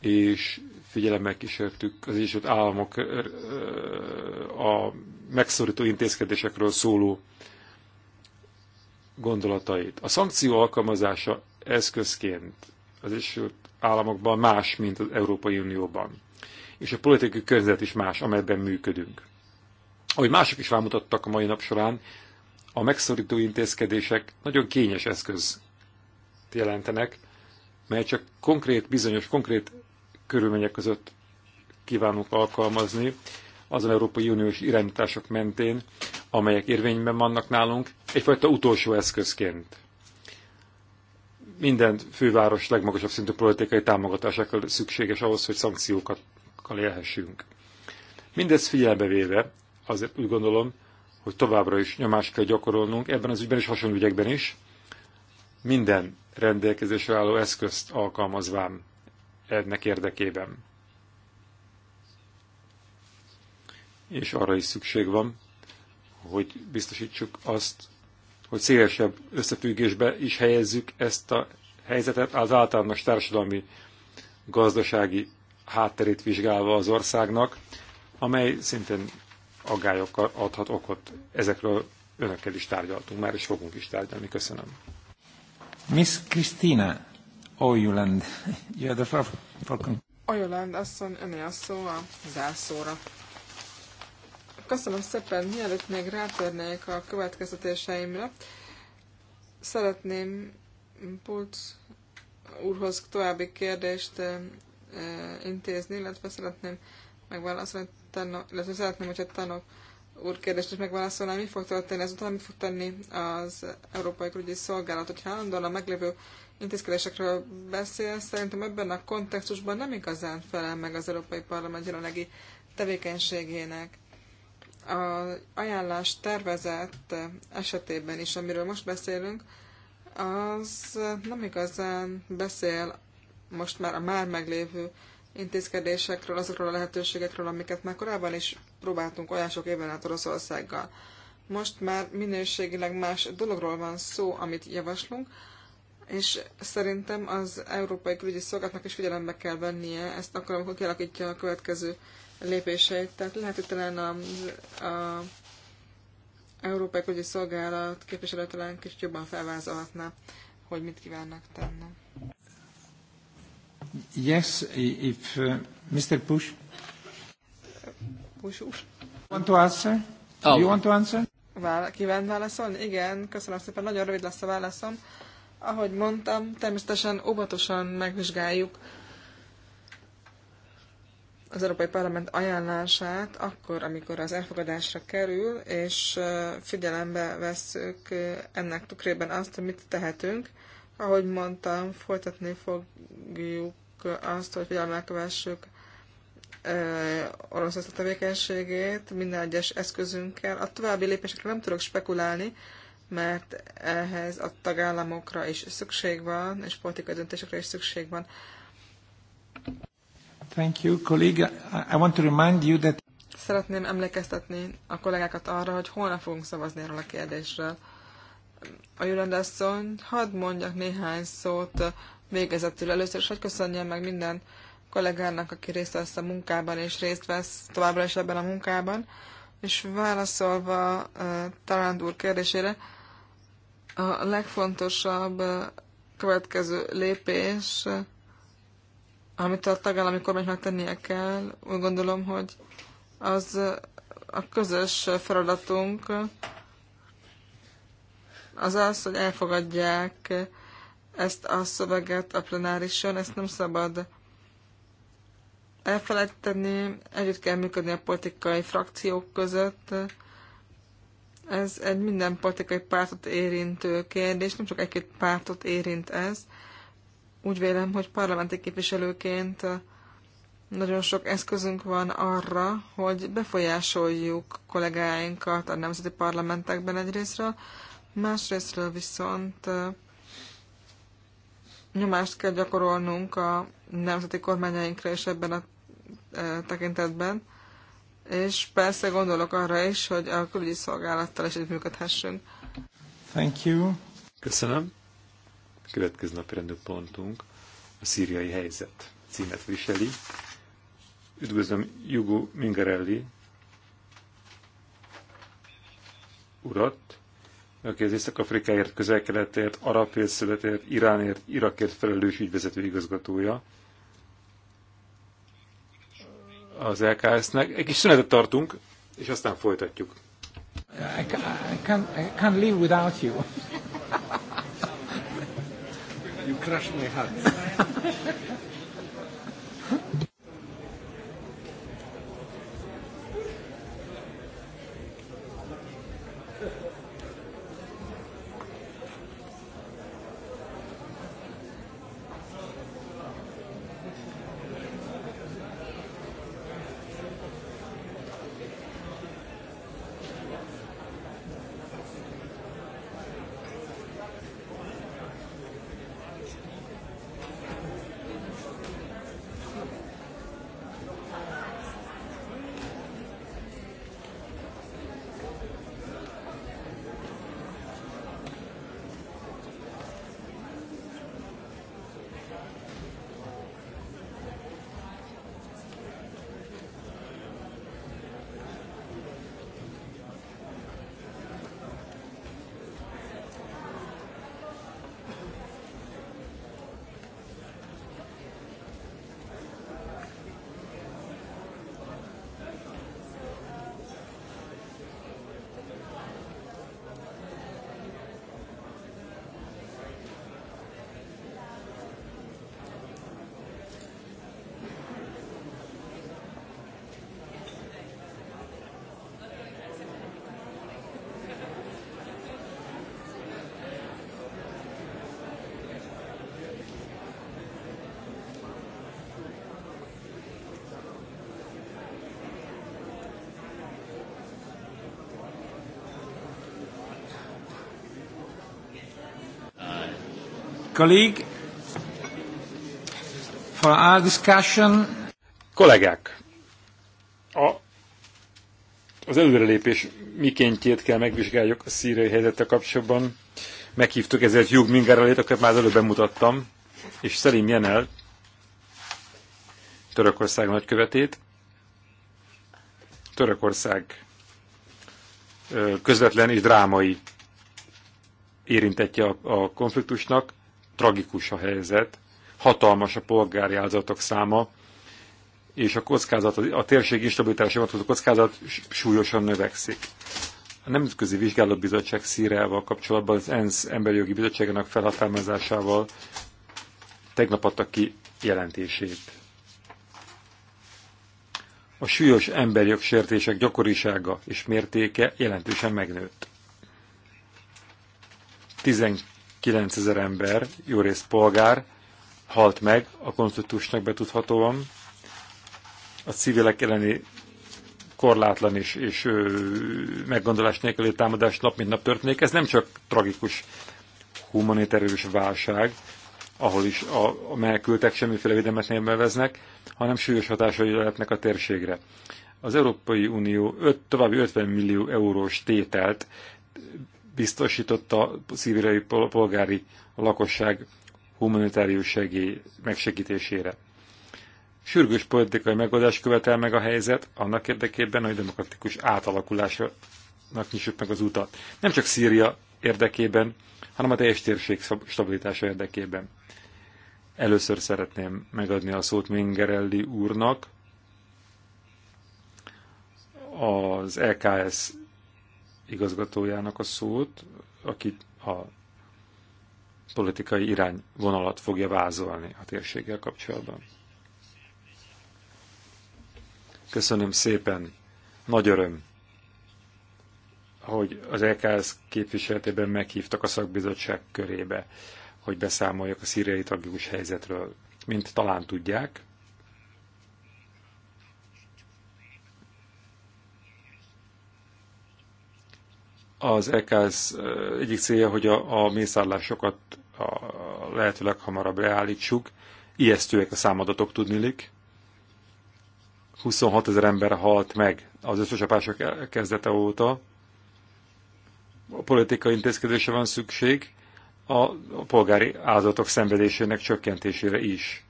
és figyelemmel kísértük az Egyesült Államok a megszorító intézkedésekről szóló gondolatait. A szankció alkalmazása eszközként az Egyesült Államokban más, mint az Európai Unióban. És a politikai környezet is más, amelyben működünk. Ahogy mások is rámutattak a mai nap során, a megszorító intézkedések nagyon kényes eszköz jelentenek, mely csak konkrét, bizonyos, konkrét körülmények között kívánunk alkalmazni azon Európai Uniós irányítások mentén, amelyek érvényben vannak nálunk, egyfajta utolsó eszközként. Minden főváros legmagasabb szintű politikai támogatásákkal szükséges ahhoz, hogy szankciókat élhessünk. Mindez figyelbe véve, azért úgy gondolom, hogy továbbra is nyomást kell gyakorolnunk ebben az ügyben és hasonló ügyekben is, minden rendelkezésre álló eszközt alkalmazván ennek érdekében. És arra is szükség van, hogy biztosítsuk azt, hogy szélesebb összefüggésbe is helyezzük ezt a helyzetet az általános társadalmi gazdasági hátterét vizsgálva az országnak, amely szintén aggályokkal adhat okot. Ezekről önökkel is tárgyaltunk, már is fogunk is tárgyalni. Köszönöm. Miss Kristina Ojuland, you are the Ojuland asszony, öné a szó a zászóra. Köszönöm szépen, mielőtt még rátérnék a következtetéseimre, szeretném Pult úrhoz további kérdést eh, intézni, illetve szeretném megválaszolni, tanok, illetve szeretném, hogyha tanok úr kérdést is megválaszolná, mi fog történni ezután, mit fog tenni az Európai Külügyi Szolgálat, hogyha állandóan a meglévő intézkedésekről beszél, szerintem ebben a kontextusban nem igazán felel meg az Európai Parlament jelenlegi tevékenységének. A ajánlás tervezett esetében is, amiről most beszélünk, az nem igazán beszél most már a már meglévő intézkedésekről, azokról a lehetőségekről, amiket már korábban is próbáltunk olyan sok éven át Oroszországgal. Most már minőségileg más dologról van szó, amit javaslunk, és szerintem az Európai Külügyi Szolgálatnak is figyelembe kell vennie ezt akkor, amikor kialakítja a következő lépéseit. Tehát lehet, hogy talán az Európai Külügyi Szolgálat képviselőtelen kicsit jobban felvázolhatná, hogy mit kívánnak tenni. Yes, if uh, Mr. Push. Push úr. Want to answer? Oh. You want to answer? Oh. Vála- kíván válaszolni? Igen, köszönöm szépen, nagyon rövid lesz a válaszom. Ahogy mondtam, természetesen óvatosan megvizsgáljuk az Európai Parlament ajánlását akkor, amikor az elfogadásra kerül, és figyelembe vesszük ennek tükrében azt, hogy mit tehetünk. Ahogy mondtam, folytatni fogjuk azt, hogy figyelemmel kövessük Oroszország tevékenységét minden egyes eszközünkkel. A további lépésekre nem tudok spekulálni, mert ehhez a tagállamokra is szükség van, és politikai döntésekre is szükség van. Thank you, colleague. I want to remind you that... Szeretném emlékeztetni a kollégákat arra, hogy holnap fogunk szavazni erről a kérdésről a asszony, hadd mondjak néhány szót végezetül először, és hogy köszönjem meg minden kollégának, aki részt vesz a munkában, és részt vesz továbbra is ebben a munkában. És válaszolva uh, Taránd úr kérdésére, a legfontosabb uh, következő lépés, uh, amit a tagállami kormánynak tennie kell, úgy gondolom, hogy az uh, a közös feladatunk, az az, hogy elfogadják ezt a szöveget a plenárison, ezt nem szabad elfelejteni, együtt kell működni a politikai frakciók között. Ez egy minden politikai pártot érintő kérdés, nem csak egy-két pártot érint ez. Úgy vélem, hogy parlamenti képviselőként nagyon sok eszközünk van arra, hogy befolyásoljuk kollégáinkat a nemzeti parlamentekben egyrésztről, Másrésztről viszont nyomást kell gyakorolnunk a nemzeti kormányainkra is ebben a tekintetben, és persze gondolok arra is, hogy a külügyi szolgálattal is együttműködhessünk. Thank you. Köszönöm. Következő napi pontunk a szíriai helyzet címet viseli. Üdvözlöm Jugo Mingarelli urat, aki az Észak-Afrikáért, közel-keletért, arab félszövetért, Iránért, Irakért felelős ügyvezető igazgatója az LKS-nek. Egy kis szünetet tartunk, és aztán folytatjuk. I can't, I can't live without you. you crush my heart. (laughs) colleague for our discussion. Kollégák, a, az előrelépés mikéntjét kell megvizsgáljuk a szíriai helyzettel kapcsolatban. Meghívtuk ezért Hugh Mingarelét, akit már előbb bemutattam, és Szelim Jenel, Törökország nagykövetét. Törökország közvetlen és drámai érintetje a, a konfliktusnak tragikus a helyzet, hatalmas a polgári áldozatok száma, és a kockázat, a térség instabilitásra vonatkozó kockázat súlyosan növekszik. A Nemzetközi Vizsgálóbizottság szírával kapcsolatban az ENSZ Emberi Jogi Bizottságának felhatalmazásával tegnap adta ki jelentését. A súlyos emberi jogsértések gyakorisága és mértéke jelentősen megnőtt. 9000 ember, jó rész polgár, halt meg a konfliktusnak betudhatóan. A civilek elleni korlátlan és, és ö, meggondolás nélküli támadás nap mint nap történik. Ez nem csak tragikus humanitárius válság, ahol is a, a menekültek semmiféle védelmet nem veznek, hanem súlyos hatásai lehetnek a térségre. Az Európai Unió öt, további 50 millió eurós tételt biztosította a szíriai polgári lakosság humanitárius segély megsegítésére. Sürgős politikai megoldás követel meg a helyzet, annak érdekében, hogy demokratikus átalakulásnak nyissuk meg az utat. Nem csak Szíria érdekében, hanem a teljes térség stabilitása érdekében. Először szeretném megadni a szót Mingerelli úrnak, az LKS igazgatójának a szót, aki a politikai irányvonalat fogja vázolni a térséggel kapcsolatban. Köszönöm szépen, nagy öröm, hogy az EKSZ képviseletében meghívtak a szakbizottság körébe, hogy beszámoljak a szíriai tragikus helyzetről. Mint talán tudják, Az EKSZ eh, egyik célja, hogy a, a mészárlásokat a, a lehetőleg hamarabb leállítsuk. Ijesztőek a számadatok tudnilik. 26 ezer ember halt meg az összecsapások kezdete óta. A politikai intézkedése van szükség, a polgári áldozatok szenvedésének csökkentésére is.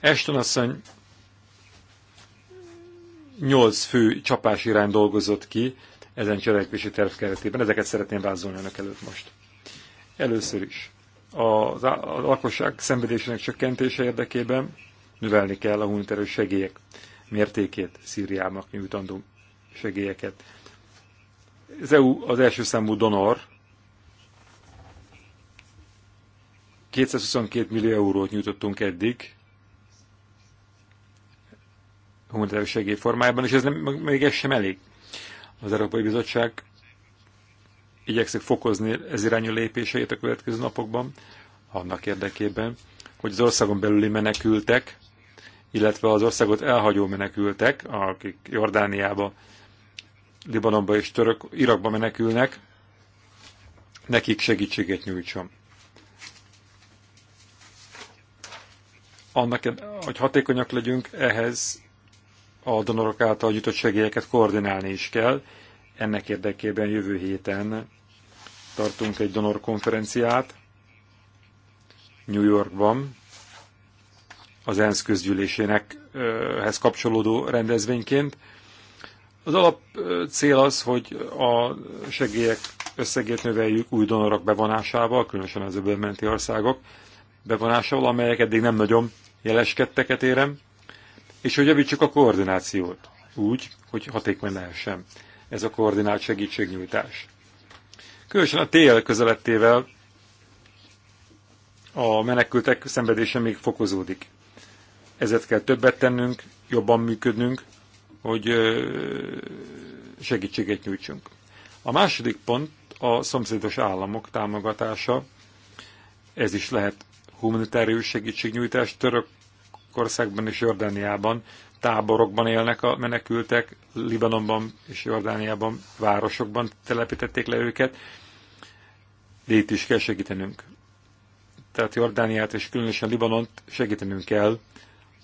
Eston asszony 8 fő csapás irány dolgozott ki, ezen cselekvési terv keretében. Ezeket szeretném vázolni önök előtt most. Először is a a lakosság szenvedésének csökkentése érdekében növelni kell a humanitárius segélyek mértékét Szíriának nyújtandó segélyeket. Az EU az első számú donor, 222 millió eurót nyújtottunk eddig humanitárius segély formájában, és ez nem, még ez sem elég. Az Európai Bizottság igyekszik fokozni ez irányú lépéseit a következő napokban, annak érdekében, hogy az országon belüli menekültek, illetve az országot elhagyó menekültek, akik Jordániába, Libanonba és Török, Irakba menekülnek, nekik segítséget nyújtson. Annak, hogy hatékonyak legyünk, ehhez a donorok által jutott segélyeket koordinálni is kell. Ennek érdekében jövő héten tartunk egy donorkonferenciát New Yorkban, az ENSZ közgyűlésénekhez kapcsolódó rendezvényként. Az alap cél az, hogy a segélyek összegét növeljük új donorok bevonásával, különösen az öbölmenti országok bevonásával, amelyek eddig nem nagyon jeleskedtek érem és hogy javítsuk a koordinációt úgy, hogy hatékony lehessen ez a koordinált segítségnyújtás. Különösen a tél közelettével a menekültek szenvedése még fokozódik. Ezért kell többet tennünk, jobban működnünk, hogy segítséget nyújtsunk. A második pont a szomszédos államok támogatása. Ez is lehet humanitárius segítségnyújtás. Török Törökországban és Jordániában táborokban élnek a menekültek, Libanonban és Jordániában, városokban telepítették le őket, de itt is kell segítenünk. Tehát Jordániát és különösen Libanont segítenünk kell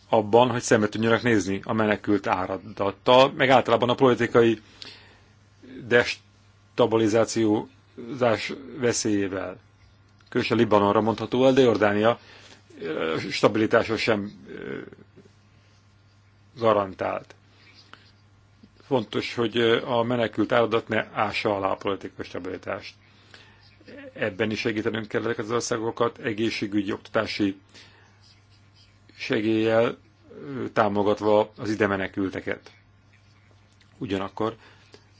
abban, hogy szembe tudjanak nézni a menekült áradattal, meg általában a politikai destabilizációzás veszélyével. Különösen Libanonra mondható el, de Jordánia stabilitása sem garantált. Fontos, hogy a menekült áradat ne ássa alá a politikai stabilitást. Ebben is segítenünk kell ezeket az országokat, egészségügyi, oktatási segéllyel támogatva az ide menekülteket. Ugyanakkor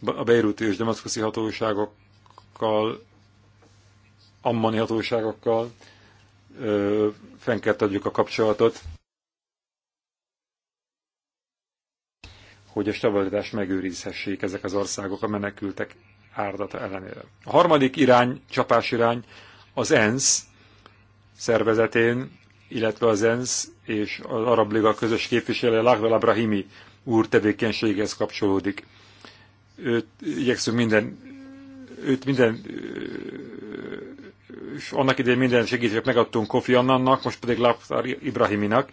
a Beiruti és Damaszkuszi hatóságokkal, ammani hatóságokkal fenn kell adjuk a kapcsolatot, hogy a stabilitást megőrizhessék ezek az országok a menekültek áradata ellenére. A harmadik irány, csapás irány az ENSZ szervezetén, illetve az ENSZ és az Arab Liga közös képviselője Lagvel Abrahimi úr tevékenységhez kapcsolódik. Őt igyekszünk minden, őt minden és annak idején minden segítséget megadtunk Kofi Annannak, most pedig Laptár Ibrahiminak,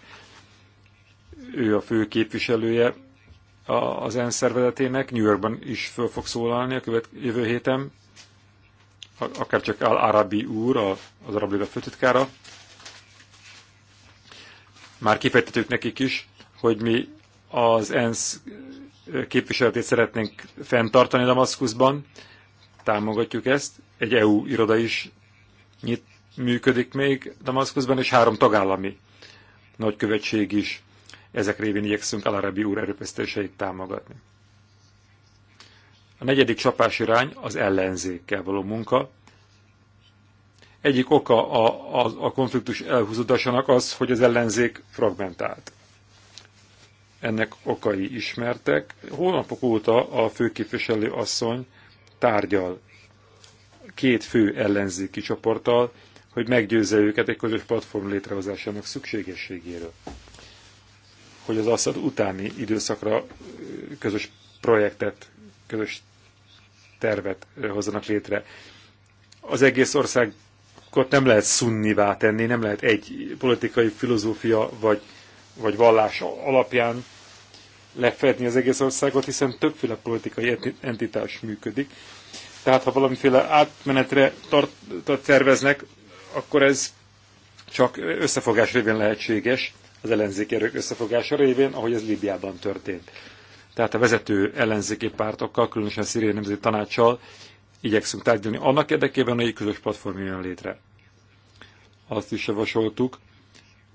ő a fő képviselője az ENSZ szervezetének, New Yorkban is föl fog szólalni a követ, jövő héten, akár csak Al Arabi úr, az Arab Liga főtitkára. Már kifejtettük nekik is, hogy mi az ENSZ képviseletét szeretnénk fenntartani Damaszkuszban, támogatjuk ezt, egy EU iroda is nyit, működik még Damaszkuszban, és három tagállami nagykövetség is. Ezek révén igyekszünk Alarabi úr erőpesztéseit támogatni. A negyedik csapás irány az ellenzékkel való munka. Egyik oka a, a, a konfliktus elhúzódásának az, hogy az ellenzék fragmentált. Ennek okai ismertek. Hónapok óta a főképviselő asszony tárgyal két fő ellenzéki csoporttal, hogy meggyőzze őket egy közös platform létrehozásának szükségességéről. Hogy az Assad utáni időszakra közös projektet, közös tervet hozzanak létre. Az egész országot nem lehet szunnivá tenni, nem lehet egy politikai filozófia vagy, vagy vallás alapján lefedni az egész országot, hiszen többféle politikai entitás működik, tehát ha valamiféle átmenetre tart, tart terveznek, akkor ez csak összefogás révén lehetséges, az ellenzék erők összefogása révén, ahogy ez Líbiában történt. Tehát a vezető ellenzéki pártokkal, különösen a Szíriai Nemzeti Tanácssal igyekszünk tárgyalni annak érdekében, hogy egy közös platform jön létre. Azt is javasoltuk,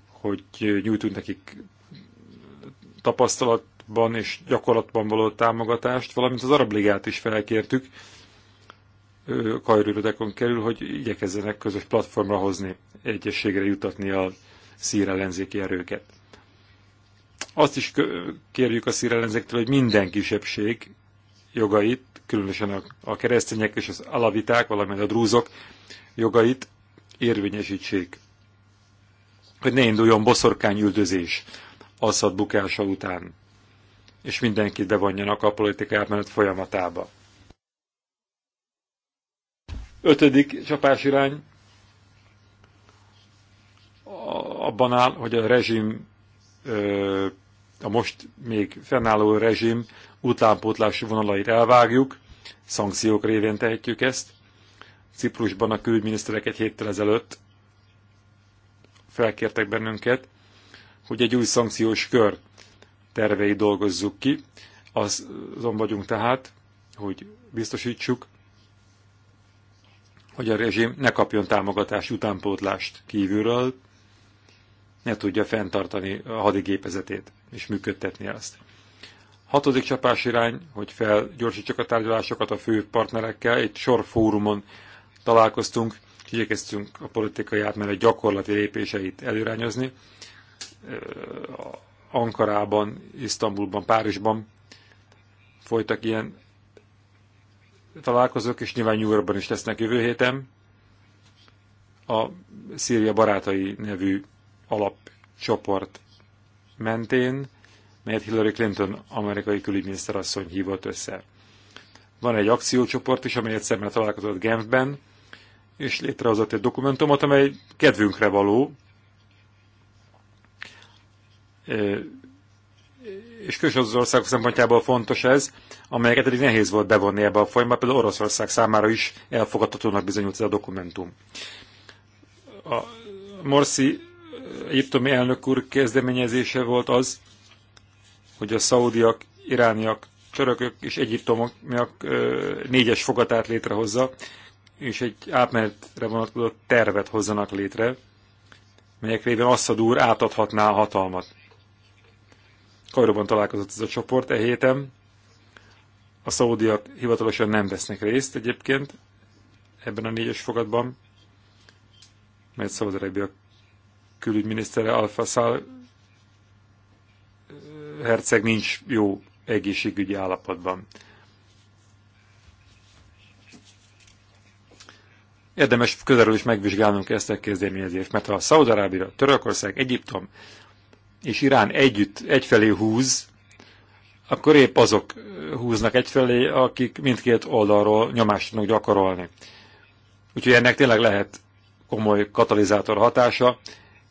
hogy nyújtunk nekik tapasztalatban és gyakorlatban való támogatást, valamint az Arab Ligát is felkértük, kajrőrödekon kerül, hogy igyekezzenek közös platformra hozni, egyességre jutatni a szír erőket. Azt is kérjük a szír hogy minden kisebbség jogait, különösen a, a keresztények és az alaviták, valamint a drúzok jogait érvényesítsék. Hogy ne induljon üldözés Assad bukása után, és mindenkit bevonjanak a politikai átmenet folyamatába. Ötödik csapásirány abban áll, hogy a rezsim, a most még fennálló rezsim utánpótlási vonalait elvágjuk, szankciók révén tehetjük ezt. Ciprusban a külügyminiszterek egy héttel ezelőtt felkértek bennünket, hogy egy új szankciós kör tervei dolgozzuk ki. Azon vagyunk tehát, hogy biztosítsuk, hogy a rezsim ne kapjon támogatást, utánpótlást kívülről, ne tudja fenntartani a hadigépezetét és működtetni azt. Hatodik csapás irány, hogy felgyorsítsak a tárgyalásokat a fő partnerekkel, egy sor fórumon találkoztunk, és igyekeztünk a politikai átmenet gyakorlati lépéseit előrányozni. Ankarában, Isztambulban, Párizsban folytak ilyen találkozók, és nyilván New Yorkban is lesznek jövő héten, a Szíria Barátai nevű alapcsoport mentén, melyet Hillary Clinton amerikai külügyminiszterasszony hívott össze. Van egy akciócsoport is, amelyet szemben találkozott Genfben, és létrehozott egy dokumentumot, amely kedvünkre való, és különösen az országok szempontjából fontos ez, amelyeket eddig nehéz volt bevonni ebbe a folyamba, például Oroszország számára is elfogadhatónak bizonyult ez a dokumentum. A Morsi egyiptomi elnök úr kezdeményezése volt az, hogy a szaudiak, irániak, csörökök és egyiptomiak négyes fogatát létrehozza, és egy átmenetre vonatkozó tervet hozzanak létre, melyek révén Assad úr átadhatná a hatalmat Kajróban találkozott ez a csoport e héten. A szaudiak hivatalosan nem vesznek részt egyébként ebben a négyes fogadban, mert Szaudarábia külügyminisztere Al-Fasal eh, herceg nincs jó egészségügyi állapotban. Érdemes közelről is megvizsgálnunk ezt a kezdeményezést, mert ha Szaudarábia, Törökország, Egyiptom és Irán együtt egyfelé húz, akkor épp azok húznak egyfelé, akik mindkét oldalról nyomást tudnak gyakorolni. Úgyhogy ennek tényleg lehet komoly katalizátor hatása.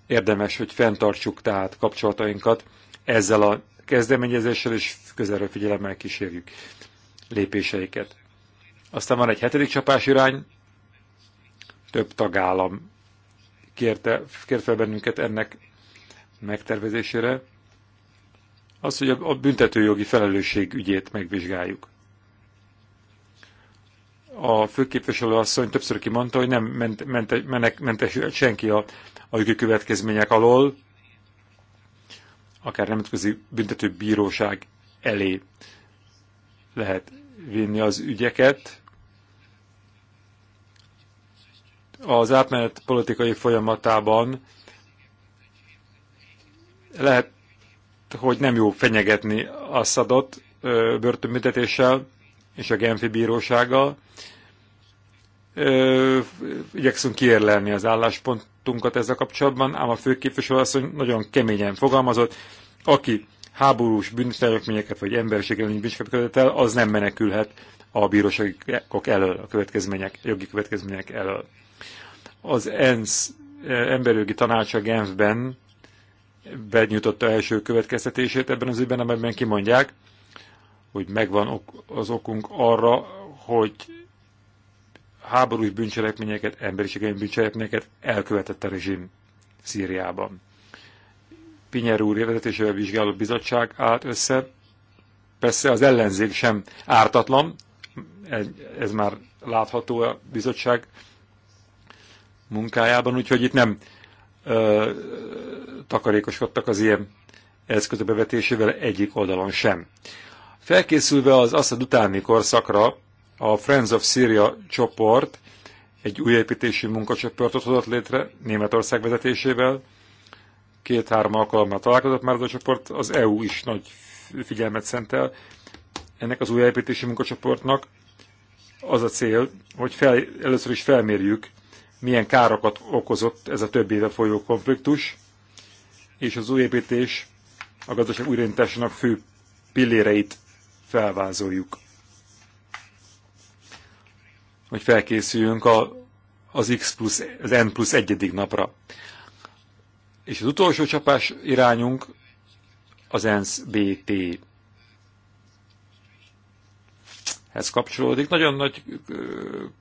Érdemes, hogy fenntartsuk tehát kapcsolatainkat ezzel a kezdeményezéssel, és közelről figyelemmel kísérjük lépéseiket. Aztán van egy hetedik csapás irány, több tagállam kérte, kért fel bennünket ennek megtervezésére, az, hogy a büntetőjogi felelősség ügyét megvizsgáljuk. A főképviselő asszony többször kimondta, hogy nem ment, ment, mentesült senki a, a jogi következmények alól, akár nemzetközi büntetőbíróság elé lehet vinni az ügyeket. Az átmenet politikai folyamatában lehet, hogy nem jó fenyegetni Assadot börtönbüntetéssel és a Genfi bírósággal. Igyekszünk kiérlelni az álláspontunkat ezzel kapcsolatban, ám a főképviselő asszony nagyon keményen fogalmazott, aki háborús bűncselekményeket vagy emberiség elleni bűncselekményeket el, az nem menekülhet a bíróságok elől, a következmények, jogi következmények elől. Az ENSZ emberjogi tanácsa Genfben benyújtotta első következtetését ebben az ügyben, amelyben kimondják, hogy megvan ok, az okunk arra, hogy háborús bűncselekményeket, emberiségei bűncselekményeket elkövetett a rezsim Szíriában. Pinyer úr vezetésével vizsgáló bizottság állt össze. Persze az ellenzék sem ártatlan, ez már látható a bizottság munkájában, úgyhogy itt nem ö, takarékoskodtak az ilyen eszközök bevetésével egyik oldalon sem. Felkészülve az Assad utáni korszakra, a Friends of Syria csoport egy újépítési munkacsoportot hozott létre Németország vezetésével. Két-három alkalommal találkozott már az a csoport, az EU is nagy figyelmet szentel. Ennek az újépítési munkacsoportnak az a cél, hogy fel, először is felmérjük milyen károkat okozott ez a több éve folyó konfliktus, és az új építés a gazdaság újraindításának fő pilléreit felvázoljuk. Hogy felkészüljünk a, az X plusz, az N plusz egyedik napra. És az utolsó csapás irányunk az ENSZ BT ez kapcsolódik. Nagyon nagy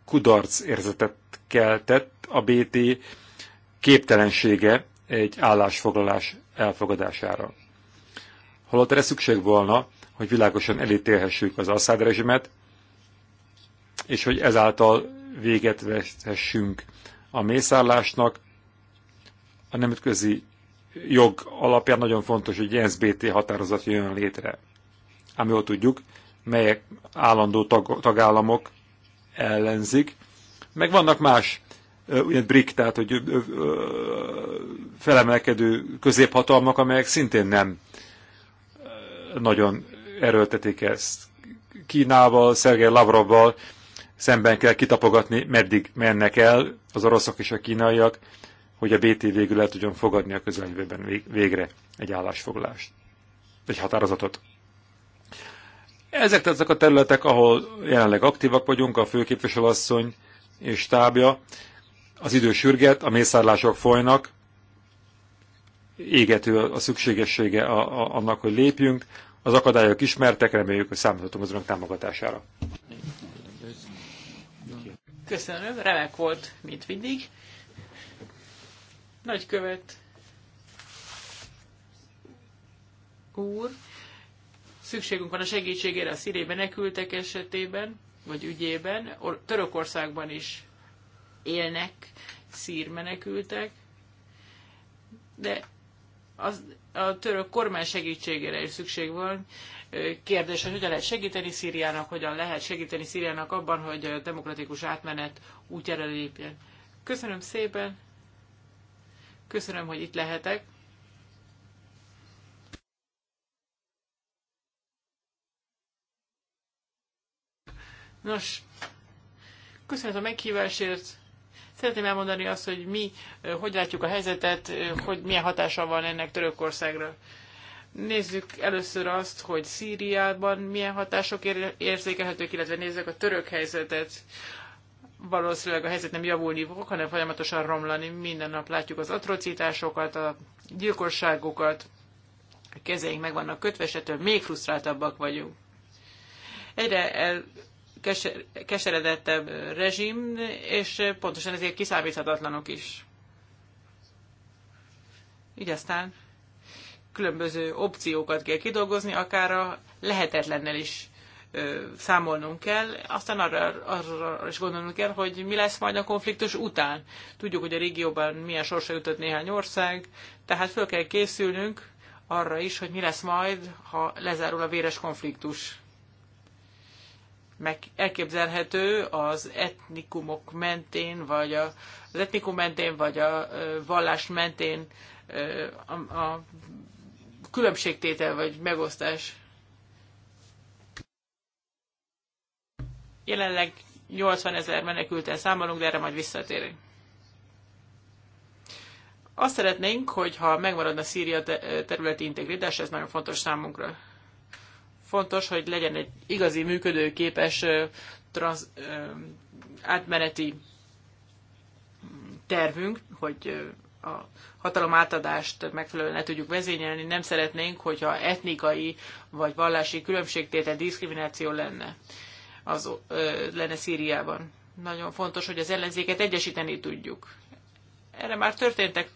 kudarc érzetet keltett a BT képtelensége egy állásfoglalás elfogadására. Holott erre szükség volna, hogy világosan elítélhessük az Assad rezsimet, és hogy ezáltal véget vethessünk a mészárlásnak. A nemzetközi jog alapján nagyon fontos, hogy egy NSBT határozat jön létre. Ám jól tudjuk, melyek állandó tag, tagállamok ellenzik, meg vannak más ugye BRIC, tehát hogy felemelkedő középhatalmak, amelyek szintén nem nagyon erőltetik ezt. Kínával, Szergei Lavrovval szemben kell kitapogatni, meddig mennek el az oroszok és a kínaiak, hogy a BT végül el tudjon fogadni a közeljövőben végre egy állásfoglalást, egy határozatot. Ezek ezek a területek, ahol jelenleg aktívak vagyunk, a főképviselőasszony és tábja, az idő sürget, a mészárlások folynak, égető a szükségessége a, a, annak, hogy lépjünk, az akadályok ismertek, reméljük, hogy számíthatunk az önök támogatására. Köszönöm, remek volt, mint mindig. Nagykövet úr, Szükségünk van a segítségére a szíriai menekültek esetében, vagy ügyében. Törökországban is élnek szír menekültek, de az, a török kormány segítségére is szükség van. Kérdés, hogy hogyan lehet segíteni Szíriának, hogyan lehet segíteni Szíriának abban, hogy a demokratikus átmenet útjára lépjen. Köszönöm szépen, köszönöm, hogy itt lehetek. Nos, köszönöm a meghívásért. Szeretném elmondani azt, hogy mi eh, hogy látjuk a helyzetet, eh, hogy milyen hatása van ennek Törökországra. Nézzük először azt, hogy Szíriában milyen hatások érzékelhetők, illetve nézzük a török helyzetet. Valószínűleg a helyzet nem javulni fog, hanem folyamatosan romlani. Minden nap látjuk az atrocitásokat, a gyilkosságokat, a kezeink meg vannak kötve, ettől még frusztráltabbak vagyunk. Egyre el keseredettebb rezsim, és pontosan ezért kiszámíthatatlanok is. Így aztán különböző opciókat kell kidolgozni, akár a lehetetlennel is ö, számolnunk kell, aztán arra, arra is gondolnunk kell, hogy mi lesz majd a konfliktus után. Tudjuk, hogy a régióban milyen sorsa jutott néhány ország, tehát föl kell készülnünk arra is, hogy mi lesz majd, ha lezárul a véres konfliktus meg elképzelhető az etnikumok mentén, vagy a, az etnikum mentén, vagy a vallás mentén a, a különbségtétel, vagy megosztás. Jelenleg 80 ezer menekültel számolunk, de erre majd visszatérünk. Azt szeretnénk, hogyha megmaradna Szíria területi integritás, ez nagyon fontos számunkra. Fontos, hogy legyen egy igazi működőképes trans, átmeneti tervünk, hogy a hatalom átadást megfelelően le tudjuk vezényelni. Nem szeretnénk, hogyha etnikai vagy vallási különbségtétel diszkrimináció lenne, az, ö, lenne Szíriában. Nagyon fontos, hogy az ellenzéket egyesíteni tudjuk. Erre már történtek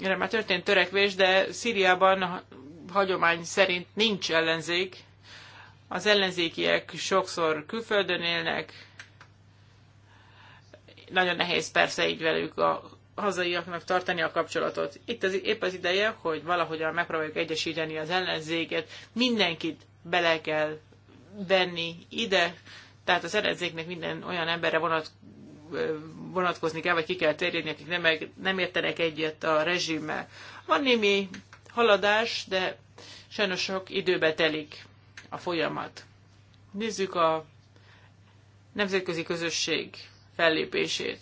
erre már történt törekvés, de Szíriában hagyomány szerint nincs ellenzék. Az ellenzékiek sokszor külföldön élnek, nagyon nehéz persze így velük a hazaiaknak tartani a kapcsolatot. Itt az, épp az ideje, hogy valahogyan megpróbáljuk egyesíteni az ellenzéket, mindenkit bele kell venni ide, tehát az ellenzéknek minden olyan emberre vonat, vonatkozni kell, vagy ki kell térjedni, akik nem, nem értenek egyet a rezsimmel. Van némi haladás, de sajnos sok időbe telik a folyamat. Nézzük a nemzetközi közösség fellépését.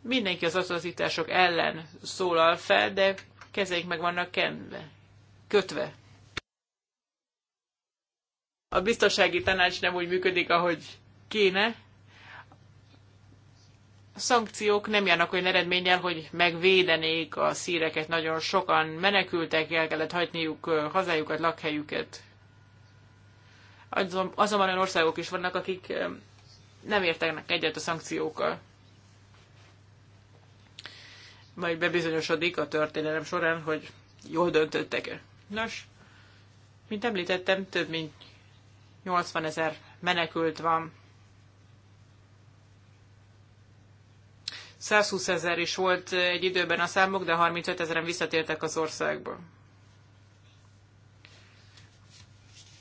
Mindenki az atrocitások ellen szólal fel, de kezeik meg vannak kenve, kötve. A biztonsági tanács nem úgy működik, ahogy kéne, szankciók nem járnak olyan eredménnyel, hogy megvédenék a szíreket. Nagyon sokan menekültek, el kellett hagyniuk hazájukat, lakhelyüket. Azonban olyan országok is vannak, akik nem értenek egyet a szankciókkal. Majd bebizonyosodik a történelem során, hogy jól döntöttek-e. Nos, mint említettem, több mint 80 ezer menekült van 120 ezer is volt egy időben a számok, de 35 ezeren visszatértek az országba.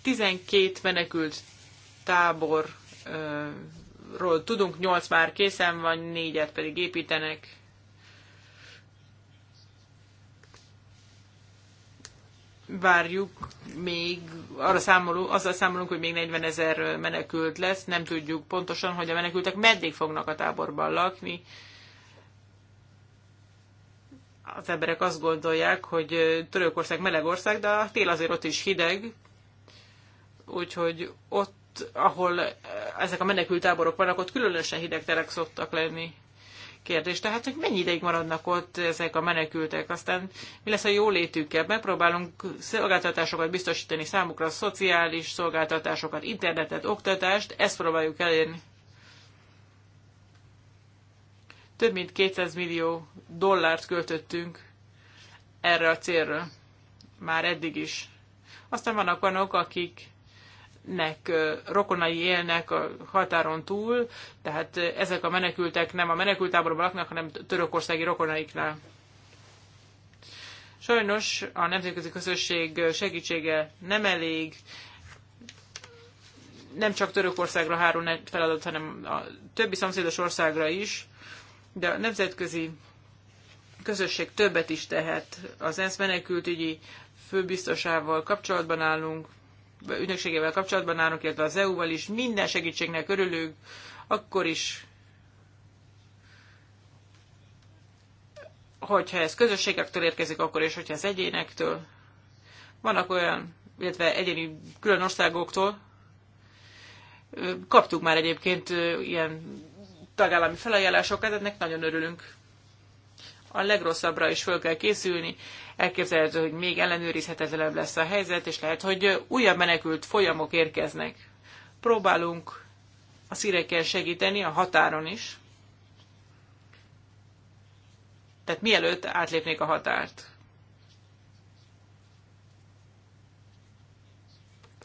12 menekült táborról tudunk, 8 már készen van, 4-et pedig építenek. Várjuk még, arra számolunk, azzal számolunk, hogy még 40 ezer menekült lesz, nem tudjuk pontosan, hogy a menekültek meddig fognak a táborban lakni az emberek azt gondolják, hogy Törökország meleg ország, de a tél azért ott is hideg, úgyhogy ott, ahol ezek a menekültáborok vannak, ott különösen hideg terek szoktak lenni. Kérdés tehát, hogy mennyi ideig maradnak ott ezek a menekültek, aztán mi lesz a létükkel? Megpróbálunk szolgáltatásokat biztosítani számukra, szociális szolgáltatásokat, internetet, oktatást, ezt próbáljuk elérni. Több mint 200 millió dollárt költöttünk erre a célra. Már eddig is. Aztán vannak olyanok, akik nek rokonai élnek a határon túl, tehát ezek a menekültek nem a menekültáborban laknak, hanem törökországi rokonaiknál. Sajnos a nemzetközi közösség segítsége nem elég, nem csak Törökországra hárul feladat, hanem a többi szomszédos országra is de a nemzetközi közösség többet is tehet. Az ENSZ menekültügyi főbiztosával kapcsolatban állunk, ügynökségével kapcsolatban állunk, illetve az EU-val is minden segítségnek örülünk, akkor is, hogyha ez közösségektől érkezik, akkor is, hogyha ez egyénektől. Vannak olyan, illetve egyéni külön országoktól, kaptuk már egyébként ilyen tagállami felajánlásokat, ennek nagyon örülünk. A legrosszabbra is föl kell készülni, elképzelhető, hogy még ellenőrizhetetlenebb lesz a helyzet, és lehet, hogy újabb menekült folyamok érkeznek. Próbálunk a szírekkel segíteni a határon is. Tehát mielőtt átlépnék a határt.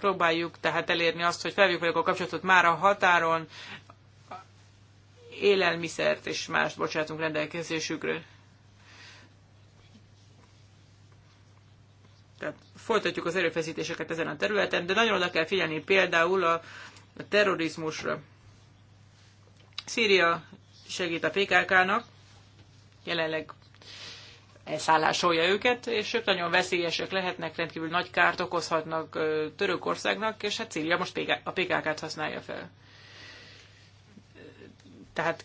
próbáljuk tehát elérni azt, hogy felvívjuk a kapcsolatot már a határon, élelmiszert és más bocsátunk rendelkezésükre. Tehát folytatjuk az erőfeszítéseket ezen a területen, de nagyon oda kell figyelni például a, a terrorizmusra. Szíria segít a PKK-nak, jelenleg elszállásolja őket, és ők nagyon veszélyesek lehetnek, rendkívül nagy kárt okozhatnak Törökországnak, és hát Szíria most a PKK-t használja fel. Tehát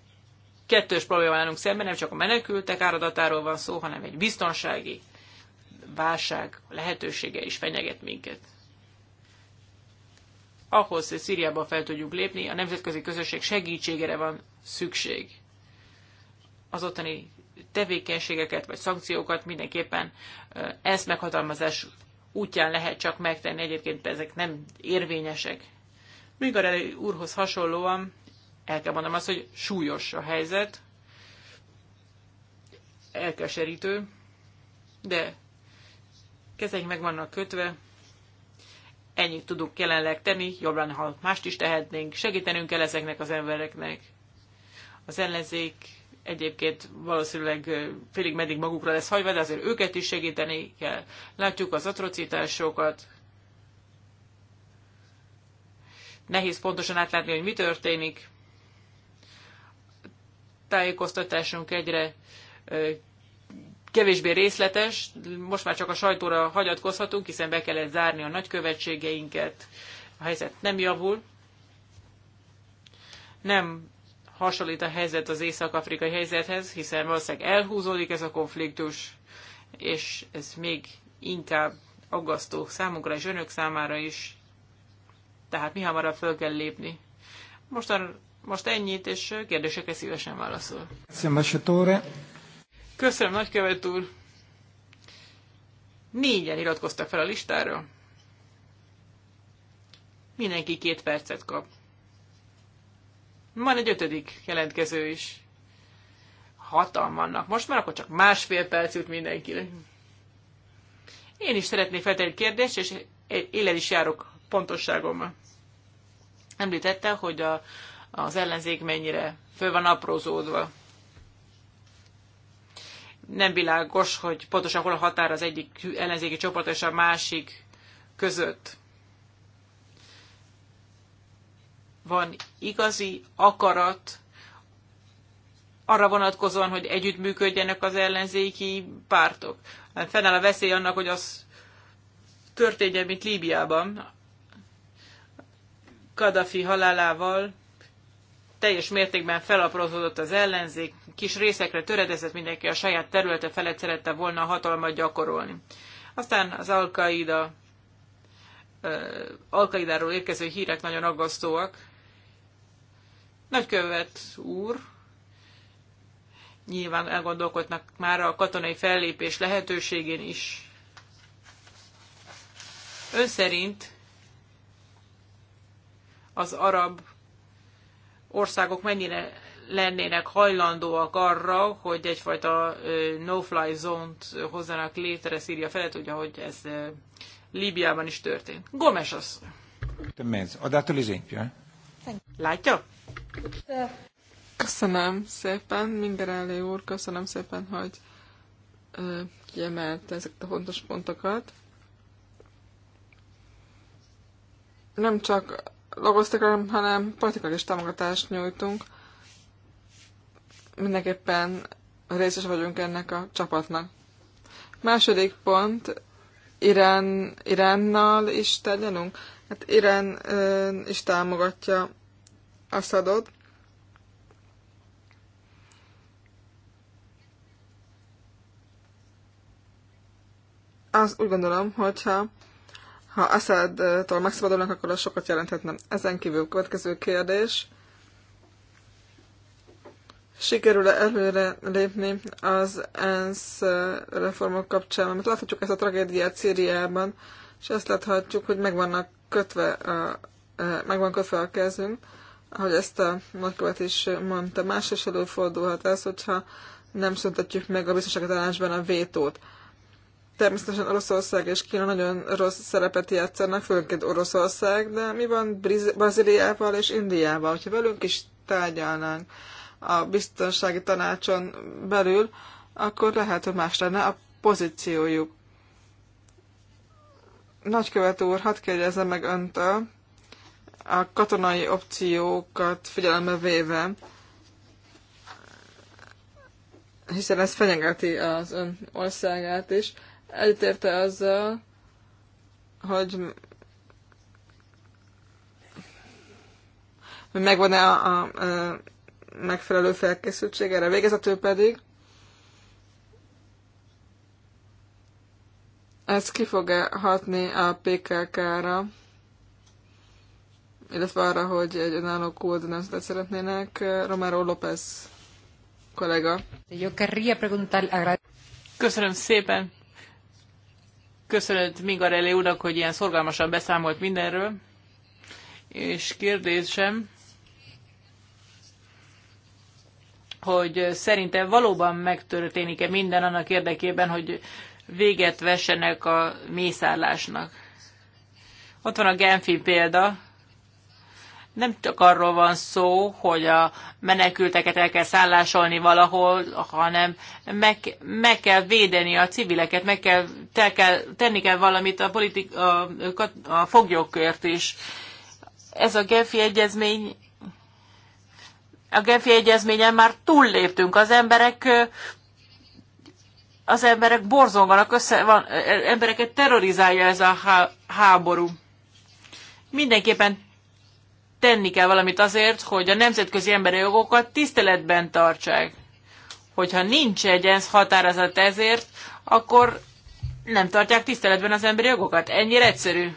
kettős probléma állunk szemben, nem csak a menekültek áradatáról van szó, hanem egy biztonsági válság lehetősége is fenyeget minket. Ahhoz, hogy Szíriába fel tudjuk lépni, a nemzetközi közösség segítségére van szükség. Az ottani tevékenységeket vagy szankciókat mindenképpen ezt meghatalmazás útján lehet csak megtenni, egyébként ezek nem érvényesek. Migarelli úrhoz hasonlóan el kell mondanom azt, hogy súlyos a helyzet, elkeserítő, de kezeink meg vannak kötve, ennyit tudunk jelenleg tenni, jobban, ha mást is tehetnénk, segítenünk kell ezeknek az embereknek. Az ellenzék egyébként valószínűleg félig meddig magukra lesz hagyva, de azért őket is segíteni kell. Látjuk az atrocitásokat, nehéz pontosan átlátni, hogy mi történik, tájékoztatásunk egyre kevésbé részletes, most már csak a sajtóra hagyatkozhatunk, hiszen be kellett zárni a nagykövetségeinket, a helyzet nem javul. Nem hasonlít a helyzet az észak-afrikai helyzethez, hiszen valószínűleg elhúzódik ez a konfliktus, és ez még inkább aggasztó számunkra és önök számára is. Tehát mi hamarabb föl kell lépni. Mostan most ennyit, és kérdésekre szívesen válaszol. Köszönöm, nagykövet úr! Négyen iratkoztak fel a listára. Mindenki két percet kap. Van egy ötödik jelentkező is. Hatan vannak. Most már akkor csak másfél perc jut mindenkinek. Én is szeretnék feltenni egy kérdést, és élen is járok pontosságommal. Említette, hogy a az ellenzék mennyire föl van aprózódva. Nem világos, hogy pontosan hol a határ az egyik ellenzéki csoport és a másik között. Van igazi akarat arra vonatkozóan, hogy együttműködjenek az ellenzéki pártok. Fennáll a veszély annak, hogy az történjen, mint Líbiában. Kadafi halálával teljes mértékben felaprózódott az ellenzék, kis részekre töredezett mindenki a saját területe felett szerette volna a hatalmat gyakorolni. Aztán az Al-Qaida, al érkező hírek nagyon aggasztóak. Nagykövet úr, nyilván elgondolkodnak már a katonai fellépés lehetőségén is. Ön szerint az arab országok mennyire lennének hajlandóak arra, hogy egyfajta no-fly zont hozzanak létre Szíria felett, ugye, hogy ez Líbiában is történt. Gomes az. Látja? Köszönöm szépen, minden elé úr, köszönöm szépen, hogy kiemelt kiemelte ezeket a fontos pontokat. Nem csak logoztak, hanem politikai támogatást nyújtunk. Mindenképpen részes vagyunk ennek a csapatnak. Második pont, Irán, Iránnal is tegyenünk, Hát Irán ö, is támogatja Assadot. Azt úgy gondolom, hogyha ha Assad-tól megszabadulnak, akkor az sokat jelenthetne. Ezen kívül következő kérdés. Sikerül-e előre lépni az ENSZ reformok kapcsán? Mert láthatjuk ezt a tragédiát Szíriában, és ezt láthatjuk, hogy megvannak kötve a, van kötve a kezünk, ahogy ezt a nagykövet is mondta. Más is előfordulhat ez, hogyha nem szüntetjük meg a biztonsági tanácsban a vétót. Természetesen Oroszország és Kína nagyon rossz szerepet játszanak, főként Oroszország, de mi van Briz- Brazíliával és Indiával? Hogyha velünk is tárgyalnánk a biztonsági tanácson belül, akkor lehet, hogy más lenne a pozíciójuk. Nagykövet úr, hadd kérdezzem meg öntől, a katonai opciókat figyelembe véve, hiszen ez fenyegeti az ön országát is eltérte azzal, hogy hogy megvan-e a, a, a megfelelő felkészültség erre. Végezetül pedig ez ki fog -e hatni a PKK-ra, illetve arra, hogy egy önálló koordinációt szeretnének. Romero López kollega. Köszönöm szépen. Köszönet Mingarelli úrnak, hogy ilyen szorgalmasan beszámolt mindenről. És kérdésem, hogy szerintem valóban megtörténik-e minden annak érdekében, hogy véget vessenek a mészárlásnak. Ott van a Genfi példa, nem csak arról van szó, hogy a menekülteket el kell szállásolni valahol, hanem meg, meg kell védeni a civileket, meg kell, te kell tenni kell valamit a, politik, a, a foglyokért is. Ez a Genfi egyezmény a Genfi egyezményen már túlléptünk. Az emberek az emberek borzonganak össze, van, embereket terrorizálja ez a há, háború. Mindenképpen tenni kell valamit azért, hogy a nemzetközi emberi jogokat tiszteletben tartsák. Hogyha nincs egy ENSZ határozat ezért, akkor nem tartják tiszteletben az emberi jogokat. Ennyire egyszerű.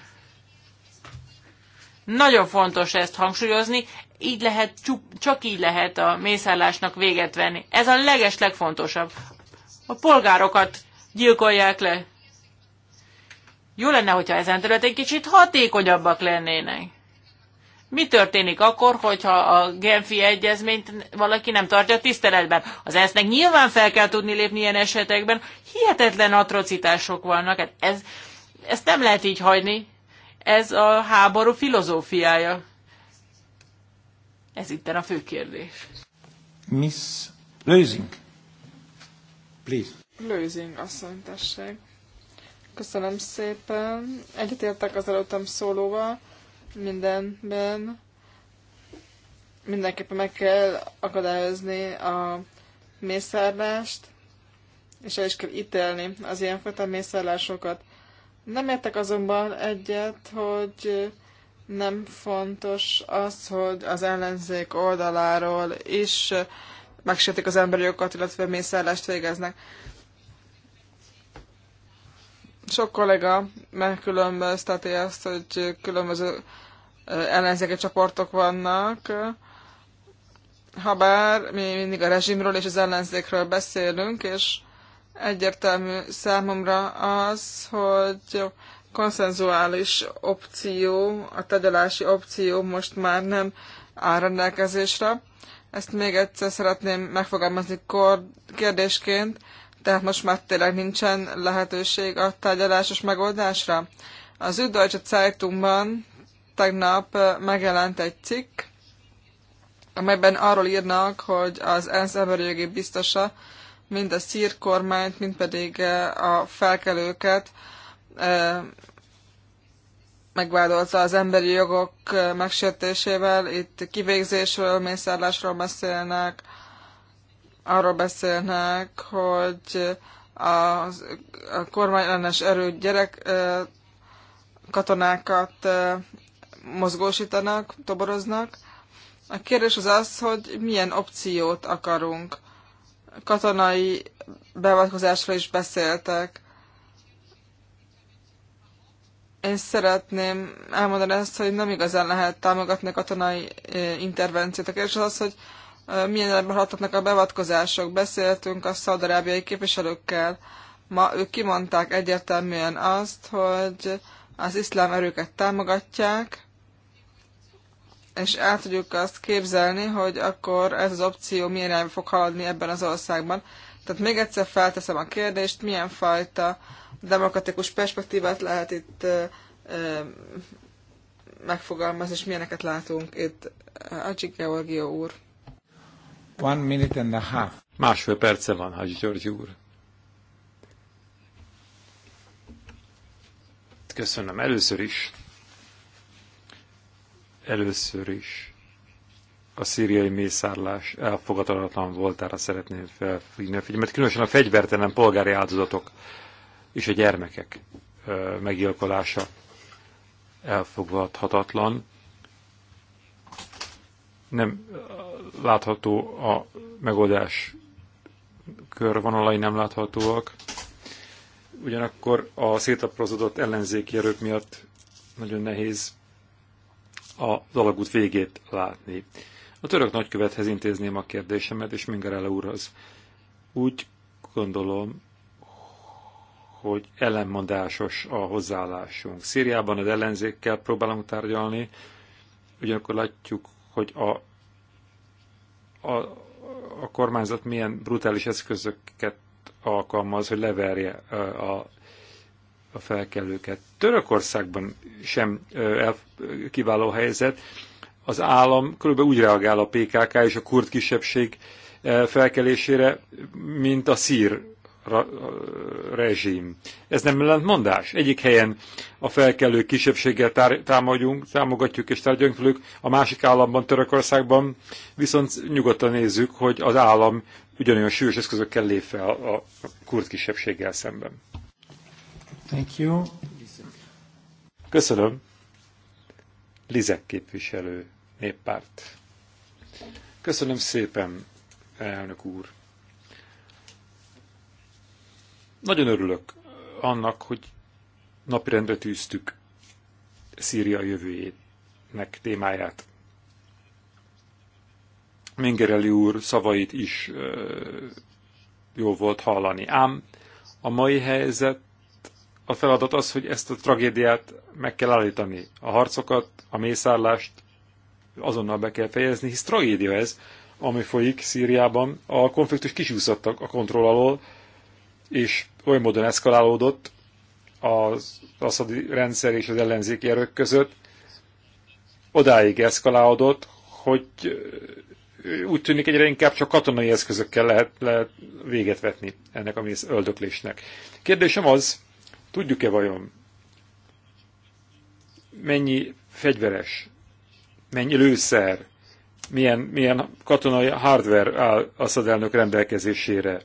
Nagyon fontos ezt hangsúlyozni, így lehet, csak így lehet a mészállásnak véget venni. Ez a leges legfontosabb. A polgárokat gyilkolják le. Jó lenne, hogyha ezen terület egy kicsit hatékonyabbak lennének. Mi történik akkor, hogyha a Genfi egyezményt valaki nem tartja tiszteletben? Az ENSZ-nek nyilván fel kell tudni lépni ilyen esetekben. Hihetetlen atrocitások vannak. Hát ez, ezt nem lehet így hagyni. Ez a háború filozófiája. Ez itt a fő kérdés. Miss Lőzing. Please. Lőzing, asszony, tessék. Köszönöm szépen. Egyetértek az előttem szólóval mindenben mindenképpen meg kell akadályozni a mészárlást, és el is kell ítélni az ilyenfajta mészárlásokat. Nem értek azonban egyet, hogy nem fontos az, hogy az ellenzék oldaláról is megsértik az emberi jogokat, illetve mészállást végeznek. Sok kollega megkülönbözteti azt, hogy különböző ellenzéki csoportok vannak, habár mi mindig a rezsimről és az ellenzékről beszélünk, és egyértelmű számomra az, hogy konszenzuális opció, a tegyelási opció most már nem áll rendelkezésre. Ezt még egyszer szeretném megfogalmazni kérdésként, tehát most már tényleg nincsen lehetőség a tárgyalásos megoldásra. Az a Zeitungban tegnap megjelent egy cikk, amelyben arról írnak, hogy az ENSZ jogi biztosa mind a szír kormányt, mind pedig a felkelőket megvádolta az emberi jogok megsértésével. Itt kivégzésről, mészárlásról beszélnek, arról beszélnek, hogy a, a kormány ellenes erő gyerek katonákat mozgósítanak, toboroznak. A kérdés az az, hogy milyen opciót akarunk. Katonai beavatkozásról is beszéltek. Én szeretném elmondani ezt, hogy nem igazán lehet támogatni a katonai intervenciót. A kérdés az az, hogy milyen elben a beavatkozások. Beszéltünk a szaudarábiai képviselőkkel. Ma ők kimondták egyértelműen azt, hogy az iszlám erőket támogatják, és el tudjuk azt képzelni, hogy akkor ez az opció milyen irányba fog haladni ebben az országban. Tehát még egyszer felteszem a kérdést, milyen fajta demokratikus perspektívát lehet itt ö, ö, megfogalmazni, és milyeneket látunk itt. Hadzsi Georgió úr. One minute and a half. Másfél perce van, Hagyi György úr. Köszönöm először is Először is a szíriai mészárlás elfogadhatatlan voltára szeretném felfigyelni a figyelmet, különösen a fegyvertelen polgári áldozatok és a gyermekek meggyilkolása elfogadhatatlan. Nem látható a megoldás körvonalai nem láthatóak. Ugyanakkor a szétaprozódott ellenzéki erők miatt nagyon nehéz az alagút végét látni. A török nagykövethez intézném a kérdésemet, és Mingarele úrhoz. Úgy gondolom, hogy ellenmondásos a hozzáállásunk. Szíriában az ellenzékkel próbálunk tárgyalni, ugyanakkor látjuk, hogy a, a, a kormányzat milyen brutális eszközöket alkalmaz, hogy leverje a a felkelőket. Törökországban sem kiváló helyzet. Az állam körülbelül úgy reagál a PKK és a kurd kisebbség felkelésére, mint a szír rezsim. Ez nem ellentmondás. Egyik helyen a felkelő kisebbséggel támogatjuk, támogatjuk és tárgyalunk velük, a másik államban, Törökországban viszont nyugodtan nézzük, hogy az állam ugyanolyan sűrűs eszközökkel lép fel a kurd kisebbséggel szemben. Thank you. Köszönöm. Lizek képviselő, néppárt. Köszönöm szépen, elnök úr. Nagyon örülök annak, hogy napirendre tűztük Szíria jövőjének témáját. Mingereli úr szavait is jó volt hallani. Ám a mai helyzet a feladat az, hogy ezt a tragédiát meg kell állítani. A harcokat, a mészárlást azonnal be kell fejezni, hisz tragédia ez, ami folyik Szíriában. A konfliktus kisúszottak a kontroll alól, és oly módon eszkalálódott az aszadi rendszer és az ellenzéki erők között, odáig eszkalálódott, hogy úgy tűnik egyre inkább csak katonai eszközökkel lehet, lehet véget vetni ennek a mész öldöklésnek. Kérdésem az, Tudjuk-e vajon, mennyi fegyveres, mennyi lőszer, milyen, milyen katonai hardware áll a szadelnök rendelkezésére,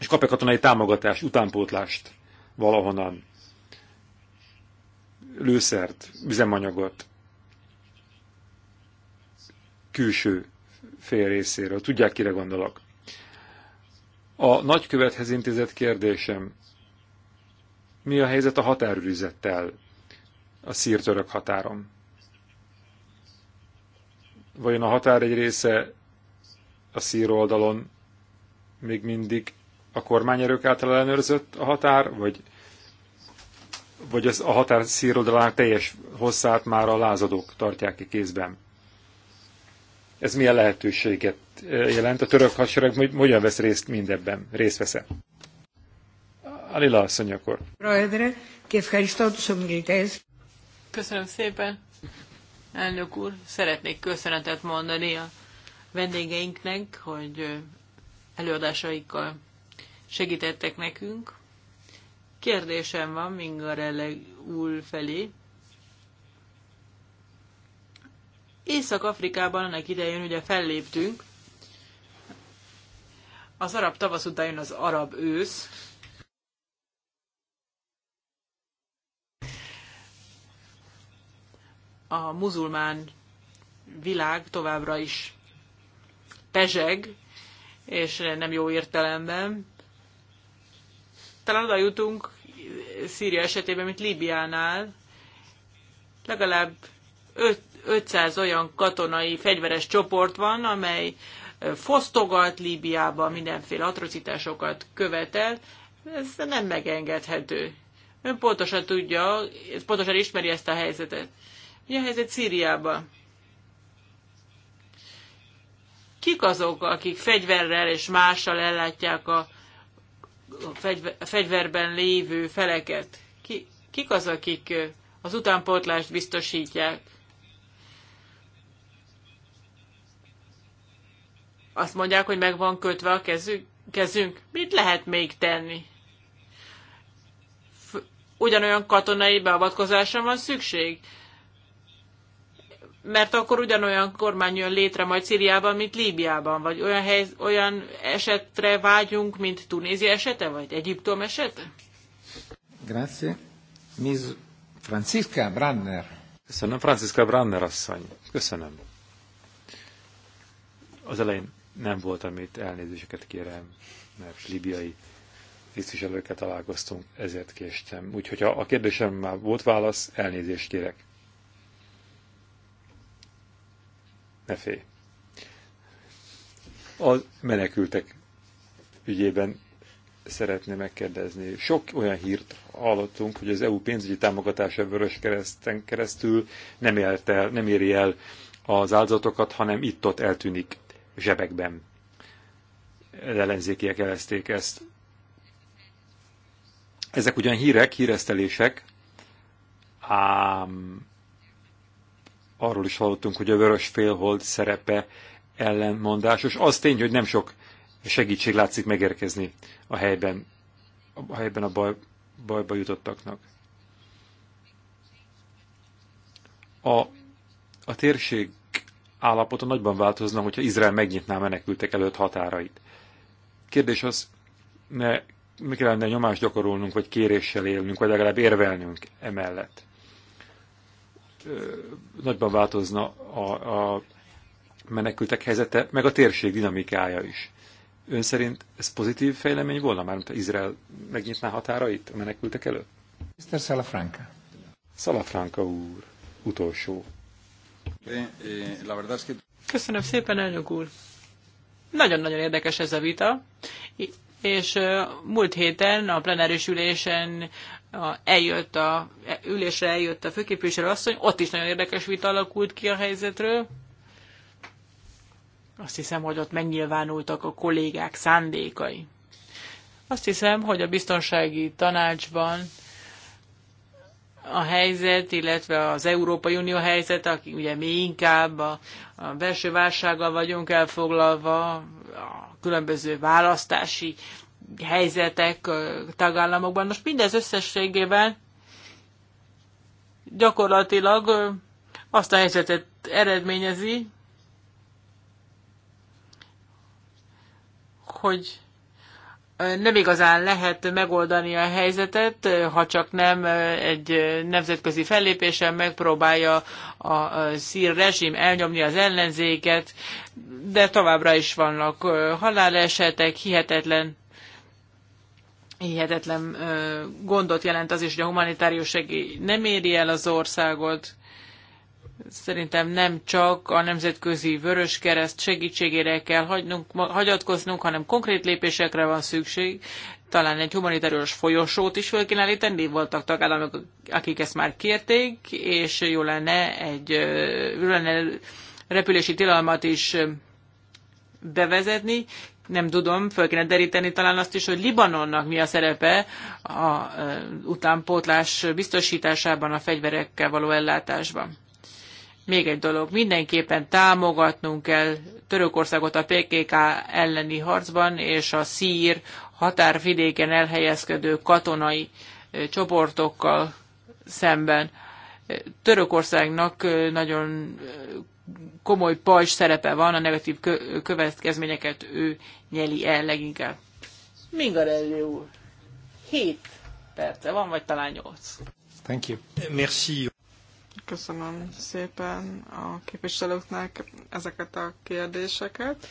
és kap-e katonai támogatást, utánpótlást valahonnan, lőszert, üzemanyagot, külső fél részéről. Tudják, kire gondolok. A nagykövethez intézett kérdésem mi a helyzet a határőrizettel a szírtörök határon? Vajon a határ egy része a szír oldalon még mindig a kormányerők által ellenőrzött a határ, vagy, vagy az a határ oldalán teljes hosszát már a lázadók tartják ki kézben? Ez milyen lehetőséget jelent? A török hadsereg hogyan vesz részt mindebben? Részt vesz Alila asszony akkor. Köszönöm szépen. Elnök úr, szeretnék köszönetet mondani a vendégeinknek, hogy előadásaikkal segítettek nekünk. Kérdésem van Mingarelle úr felé. Észak-Afrikában annak idején ugye felléptünk, az arab tavasz után jön az arab ősz, a muzulmán világ továbbra is pezseg, és nem jó értelemben. Talán oda jutunk Szíria esetében, mint Líbiánál, legalább 500 olyan katonai fegyveres csoport van, amely fosztogat Líbiába, mindenféle atrocitásokat követel, ez nem megengedhető. Ön pontosan tudja, pontosan ismeri ezt a helyzetet. Mi a helyzet Szíriában? Kik azok, akik fegyverrel és mással ellátják a, fegyver, a fegyverben lévő feleket? Ki, kik az, akik az utánpótlást biztosítják? Azt mondják, hogy meg van kötve a kezünk. Mit lehet még tenni? F ugyanolyan katonai beavatkozásra van szükség? mert akkor ugyanolyan kormány jön létre majd Szíriában, mint Líbiában, vagy olyan, hely, olyan esetre vágyunk, mint Tunézia esete, vagy Egyiptom esete? Grazie. Miss Franziska Branner. Köszönöm, Franziska Branner asszony. Köszönöm. Az elején nem voltam amit elnézéseket kérem, mert libiai tisztviselőkkel találkoztunk, ezért késtem. Úgyhogy ha a kérdésem már volt válasz, elnézést kérek. ne félj. A menekültek ügyében szeretném megkérdezni. Sok olyan hírt hallottunk, hogy az EU pénzügyi támogatása vörös kereszten keresztül nem, élt el, nem éri el az áldozatokat, hanem itt-ott eltűnik zsebekben. Ellenzékiek elezték ezt. Ezek ugyan hírek, híresztelések, ám arról is hallottunk, hogy a vörös félhold szerepe ellenmondásos. Az tény, hogy nem sok segítség látszik megérkezni a helyben, a, helyben a baj, bajba jutottaknak. A, a térség állapota nagyban változna, hogyha Izrael megnyitná menekültek előtt határait. Kérdés az, ne, mi kellene nyomást gyakorolnunk, vagy kéréssel élnünk, vagy legalább érvelnünk emellett nagyban változna a, a menekültek helyzete, meg a térség dinamikája is. Ön szerint ez pozitív fejlemény volna, már Izrael megnyitná határait a menekültek előtt? Mr. Salafranca. Salafranca úr, utolsó. Eh, Köszönöm szépen, elnök úr. Nagyon-nagyon érdekes ez a vita, és múlt héten a plenáris ülésen a, eljött a ülésre eljött a főképviselő asszony, ott is nagyon érdekes vita alakult ki a helyzetről. Azt hiszem, hogy ott megnyilvánultak a kollégák szándékai. Azt hiszem, hogy a biztonsági tanácsban a helyzet, illetve az Európai Unió helyzet, aki ugye mi inkább a, a belső válsággal vagyunk elfoglalva, a különböző választási helyzetek tagállamokban. Most mindez összességében gyakorlatilag azt a helyzetet eredményezi, hogy nem igazán lehet megoldani a helyzetet, ha csak nem egy nemzetközi fellépésen megpróbálja a szír rezsim elnyomni az ellenzéket, de továbbra is vannak halálesetek, hihetetlen hihetetlen gondot jelent az is, hogy a humanitárius segély nem éri el az országot. Szerintem nem csak a Nemzetközi Vörös Kereszt segítségére kell hagynunk, hagyatkoznunk, hanem konkrét lépésekre van szükség. Talán egy humanitárius folyosót is föl kéne állítani, voltak tagállamok, akik ezt már kérték, és jó lenne egy jó lenne repülési tilalmat is bevezetni, nem tudom, föl kéne deríteni talán azt is, hogy Libanonnak mi a szerepe a utánpótlás biztosításában, a fegyverekkel való ellátásban. Még egy dolog, mindenképpen támogatnunk kell Törökországot a PKK elleni harcban és a szír határvidéken elhelyezkedő katonai csoportokkal szemben. Törökországnak nagyon komoly pajzs szerepe van, a negatív következményeket ő nyeli el leginkább. Mingarelli úr, 7 perce van, vagy talán 8. Thank you. Merci. Köszönöm szépen a képviselőknek ezeket a kérdéseket.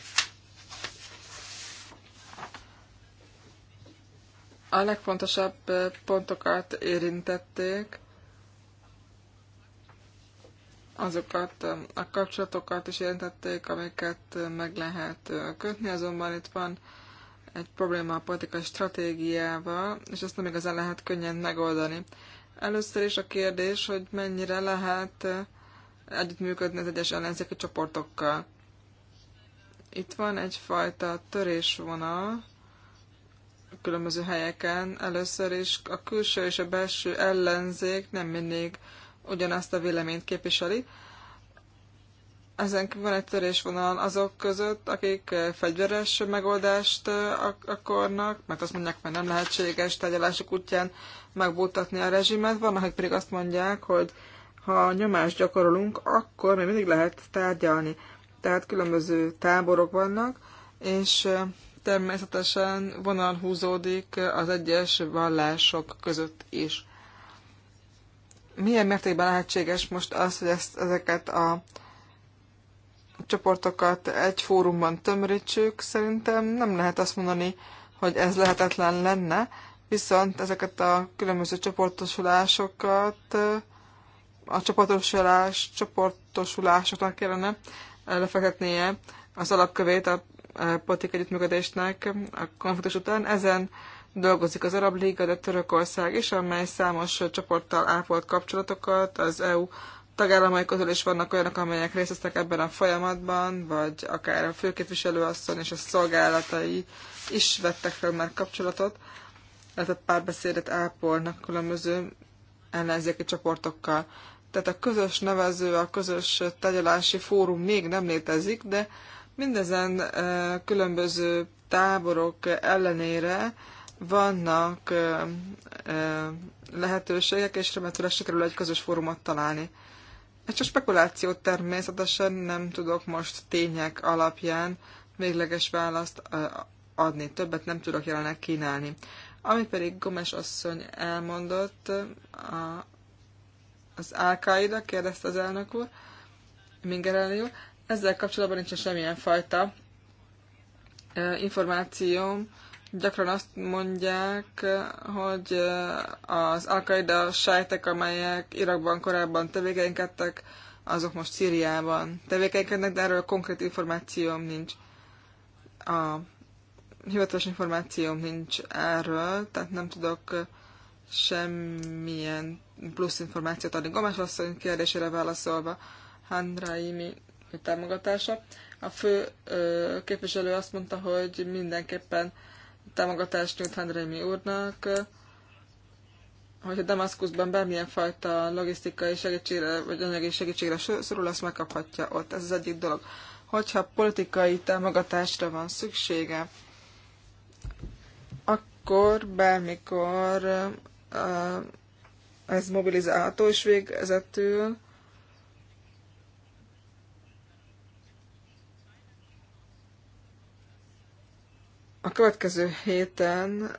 A legfontosabb pontokat érintették azokat a kapcsolatokat is érintették, amiket meg lehet kötni, azonban itt van egy probléma a politikai stratégiával, és ezt nem igazán lehet könnyen megoldani. Először is a kérdés, hogy mennyire lehet együttműködni az egyes ellenzéki csoportokkal. Itt van egyfajta törésvonal különböző helyeken. Először is a külső és a belső ellenzék nem mindig ugyanazt a véleményt képviseli. Ezen van egy törésvonal azok között, akik eh, fegyveres megoldást eh, akarnak, mert azt mondják, hogy nem lehetséges tárgyalások útján megbútatni a rezsimet. Van akik pedig azt mondják, hogy ha nyomást gyakorolunk, akkor még mindig lehet tárgyalni. Tehát különböző táborok vannak, és eh, természetesen vonal húzódik az egyes vallások között is milyen mértékben lehetséges most az, hogy ezt, ezeket a csoportokat egy fórumban tömörítsük? Szerintem nem lehet azt mondani, hogy ez lehetetlen lenne, viszont ezeket a különböző csoportosulásokat a csoportosulás, csoportosulásoknak kellene eh, lefektetnie az alapkövét a eh, politikai együttműködésnek a konfliktus után. Ezen dolgozik az Arab Liga, de Törökország is, amely számos csoporttal ápolt kapcsolatokat, az EU tagállamai közül is vannak olyanok, amelyek részt vesznek ebben a folyamatban, vagy akár a főképviselőasszony és a szolgálatai is vettek fel már kapcsolatot, illetve párbeszédet ápolnak különböző ellenzéki csoportokkal. Tehát a közös nevező, a közös tagyalási fórum még nem létezik, de mindezen eh, különböző táborok ellenére vannak ö, ö, lehetőségek, és remélhetőleg sikerül egy közös fórumot találni. Ez csak spekuláció természetesen, nem tudok most tények alapján végleges választ adni, többet nem tudok jelenleg kínálni. Amit pedig Gomes asszony elmondott, a, az Alkaida, kérdezte az elnök úr, Mingerelio, ezzel kapcsolatban nincsen semmilyen fajta információm, Gyakran azt mondják, hogy eh, az Al-Qaeda sejtek, amelyek Irakban korábban tevékenykedtek, azok most Szíriában tevékenykednek, de erről konkrét információm nincs. A hivatalos információm nincs erről, tehát nem tudok eh, semmilyen plusz információt adni. Gomes asszony kérdésére válaszolva, Handraimi támogatása. A fő ö, eh, képviselő azt mondta, hogy mindenképpen támogatást nyújt Hendrémi úrnak, hogyha Damaszkuszban bármilyen fajta logisztikai segítségre, vagy anyagi segítségre szorul, azt megkaphatja ott. Ez az egyik dolog. Hogyha politikai támogatásra van szüksége, akkor bármikor ez mobilizálható, és végezetül A következő héten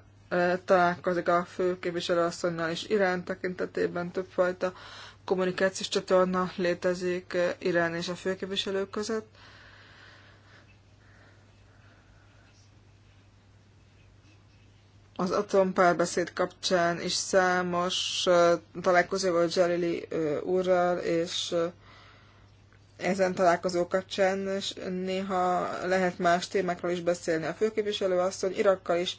találkozik a főképviselőasszonynal is Irán tekintetében többfajta kommunikációs csatorna létezik Irán és a főképviselők között. Az atompárbeszéd kapcsán is számos találkozó volt Jalili úrral és ezen találkozó kapcsán és néha lehet más témákról is beszélni. A főképviselő asszony Irakkal is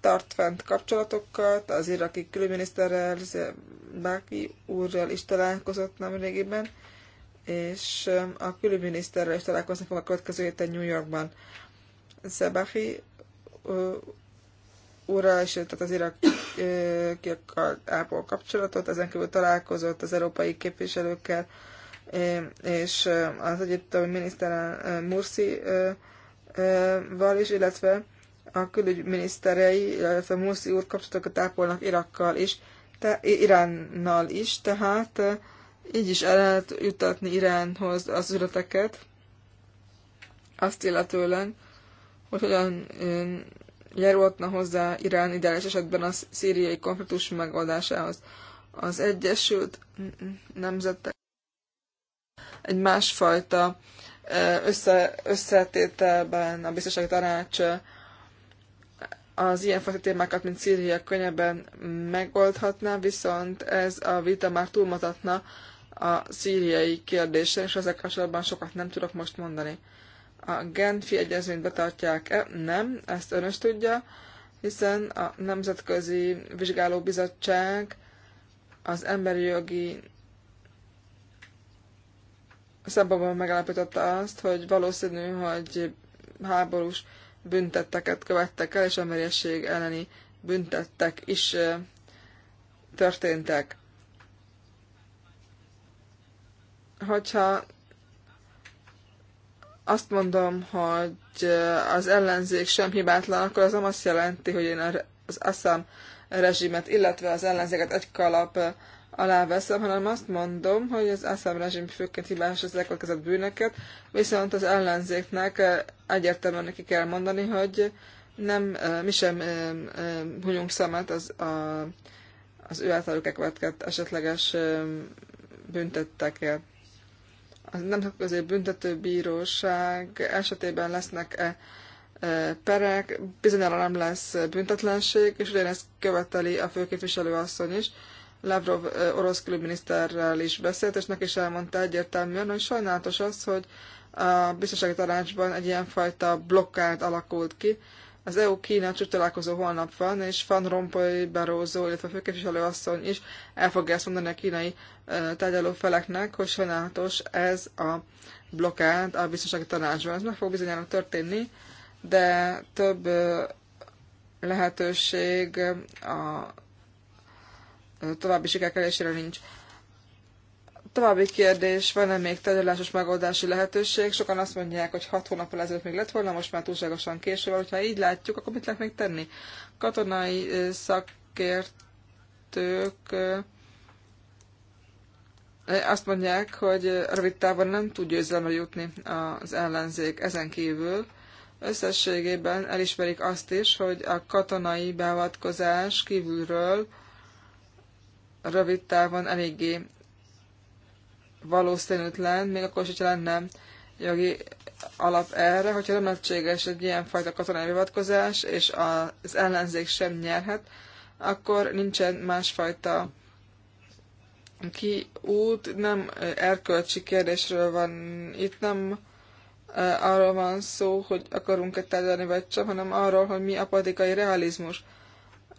tart fent kapcsolatokat, az iraki külügyminiszterrel, Báki úrral is találkozott nemrégiben, és a külügyminiszterrel is találkozni fog a következő héten New Yorkban. Szebahi úrra, is, tehát az irakiakkal ápol kapcsolatot, ezen kívül találkozott az európai képviselőkkel, és az egyiptomi miniszter Mursi-val is, illetve a külügyminiszterei, illetve Mursi úr kapcsolatokat ápolnak Irakkal is, te, Iránnal is, tehát így is el lehet jutatni Iránhoz az üzleteket, azt illetően, hogy hogyan járultna hozzá Irán ideális esetben a szíriai konfliktus megoldásához. Az Egyesült Nemzetek egy másfajta össze, összetételben a biztonsági tanács az ilyenfajta témákat, mint Szíria könnyebben megoldhatná, viszont ez a vita már túlmutatna a szíriai kérdésre, és ezek kapcsolatban sokat nem tudok most mondani. A Genfi egyezményt betartják-e? Nem, ezt ön is tudja, hiszen a Nemzetközi Vizsgálóbizottság az emberi jogi Szababban megállapította azt, hogy valószínű, hogy háborús büntetteket követtek el, és emberiesség elleni büntettek is történtek. Hogyha azt mondom, hogy az ellenzék sem hibátlan, akkor az nem azt jelenti, hogy én az Assam rezsimet, illetve az ellenzéket egy kalap aláveszem, hanem azt mondom, hogy az Assam rezsim főként hibás az elkövetkezett bűnöket, viszont az ellenzéknek eh, egyértelműen neki kell mondani, hogy nem, eh, mi sem eh, hunyunk szemet az, a, az ő általuk elkövetkezett esetleges büntettekért. A Nemzetközi Büntetőbíróság esetében lesznek-e perek, bizonyára nem lesz büntetlenség, és ugyanezt követeli a főképviselő asszony is. Lavrov orosz külügyminiszterrel is beszélt, és neki is elmondta egyértelműen, hogy sajnálatos az, hogy a biztonsági tanácsban egy ilyenfajta blokkát alakult ki. Az EU-Kína találkozó holnap van, és Van Rompuy, Barroso, illetve a főképviselő asszony is el fogja ezt mondani a kínai tárgyaló feleknek, hogy sajnálatos ez a blokkát a biztonsági tanácsban. Ez meg fog bizonyára történni, de több lehetőség a további sikerkelésére nincs. További kérdés, van-e még tárgyalásos megoldási lehetőség? Sokan azt mondják, hogy hat hónap ezelőtt még lett volna, most már túlságosan késő van, hogyha így látjuk, akkor mit lehet még tenni? Katonai szakértők azt mondják, hogy rövid távon nem tud győzelemre jutni az ellenzék ezen kívül. Összességében elismerik azt is, hogy a katonai beavatkozás kívülről rövid távon eléggé valószínűtlen, még akkor is, hogyha lenne jogi alap erre, hogyha nem lehetséges egy ilyenfajta katonai beavatkozás, és az ellenzék sem nyerhet, akkor nincsen másfajta kiút, nem erkölcsi kérdésről van itt, nem arról van szó, hogy akarunk-e tárgyalni vagy sem, hanem arról, hogy mi a politikai realizmus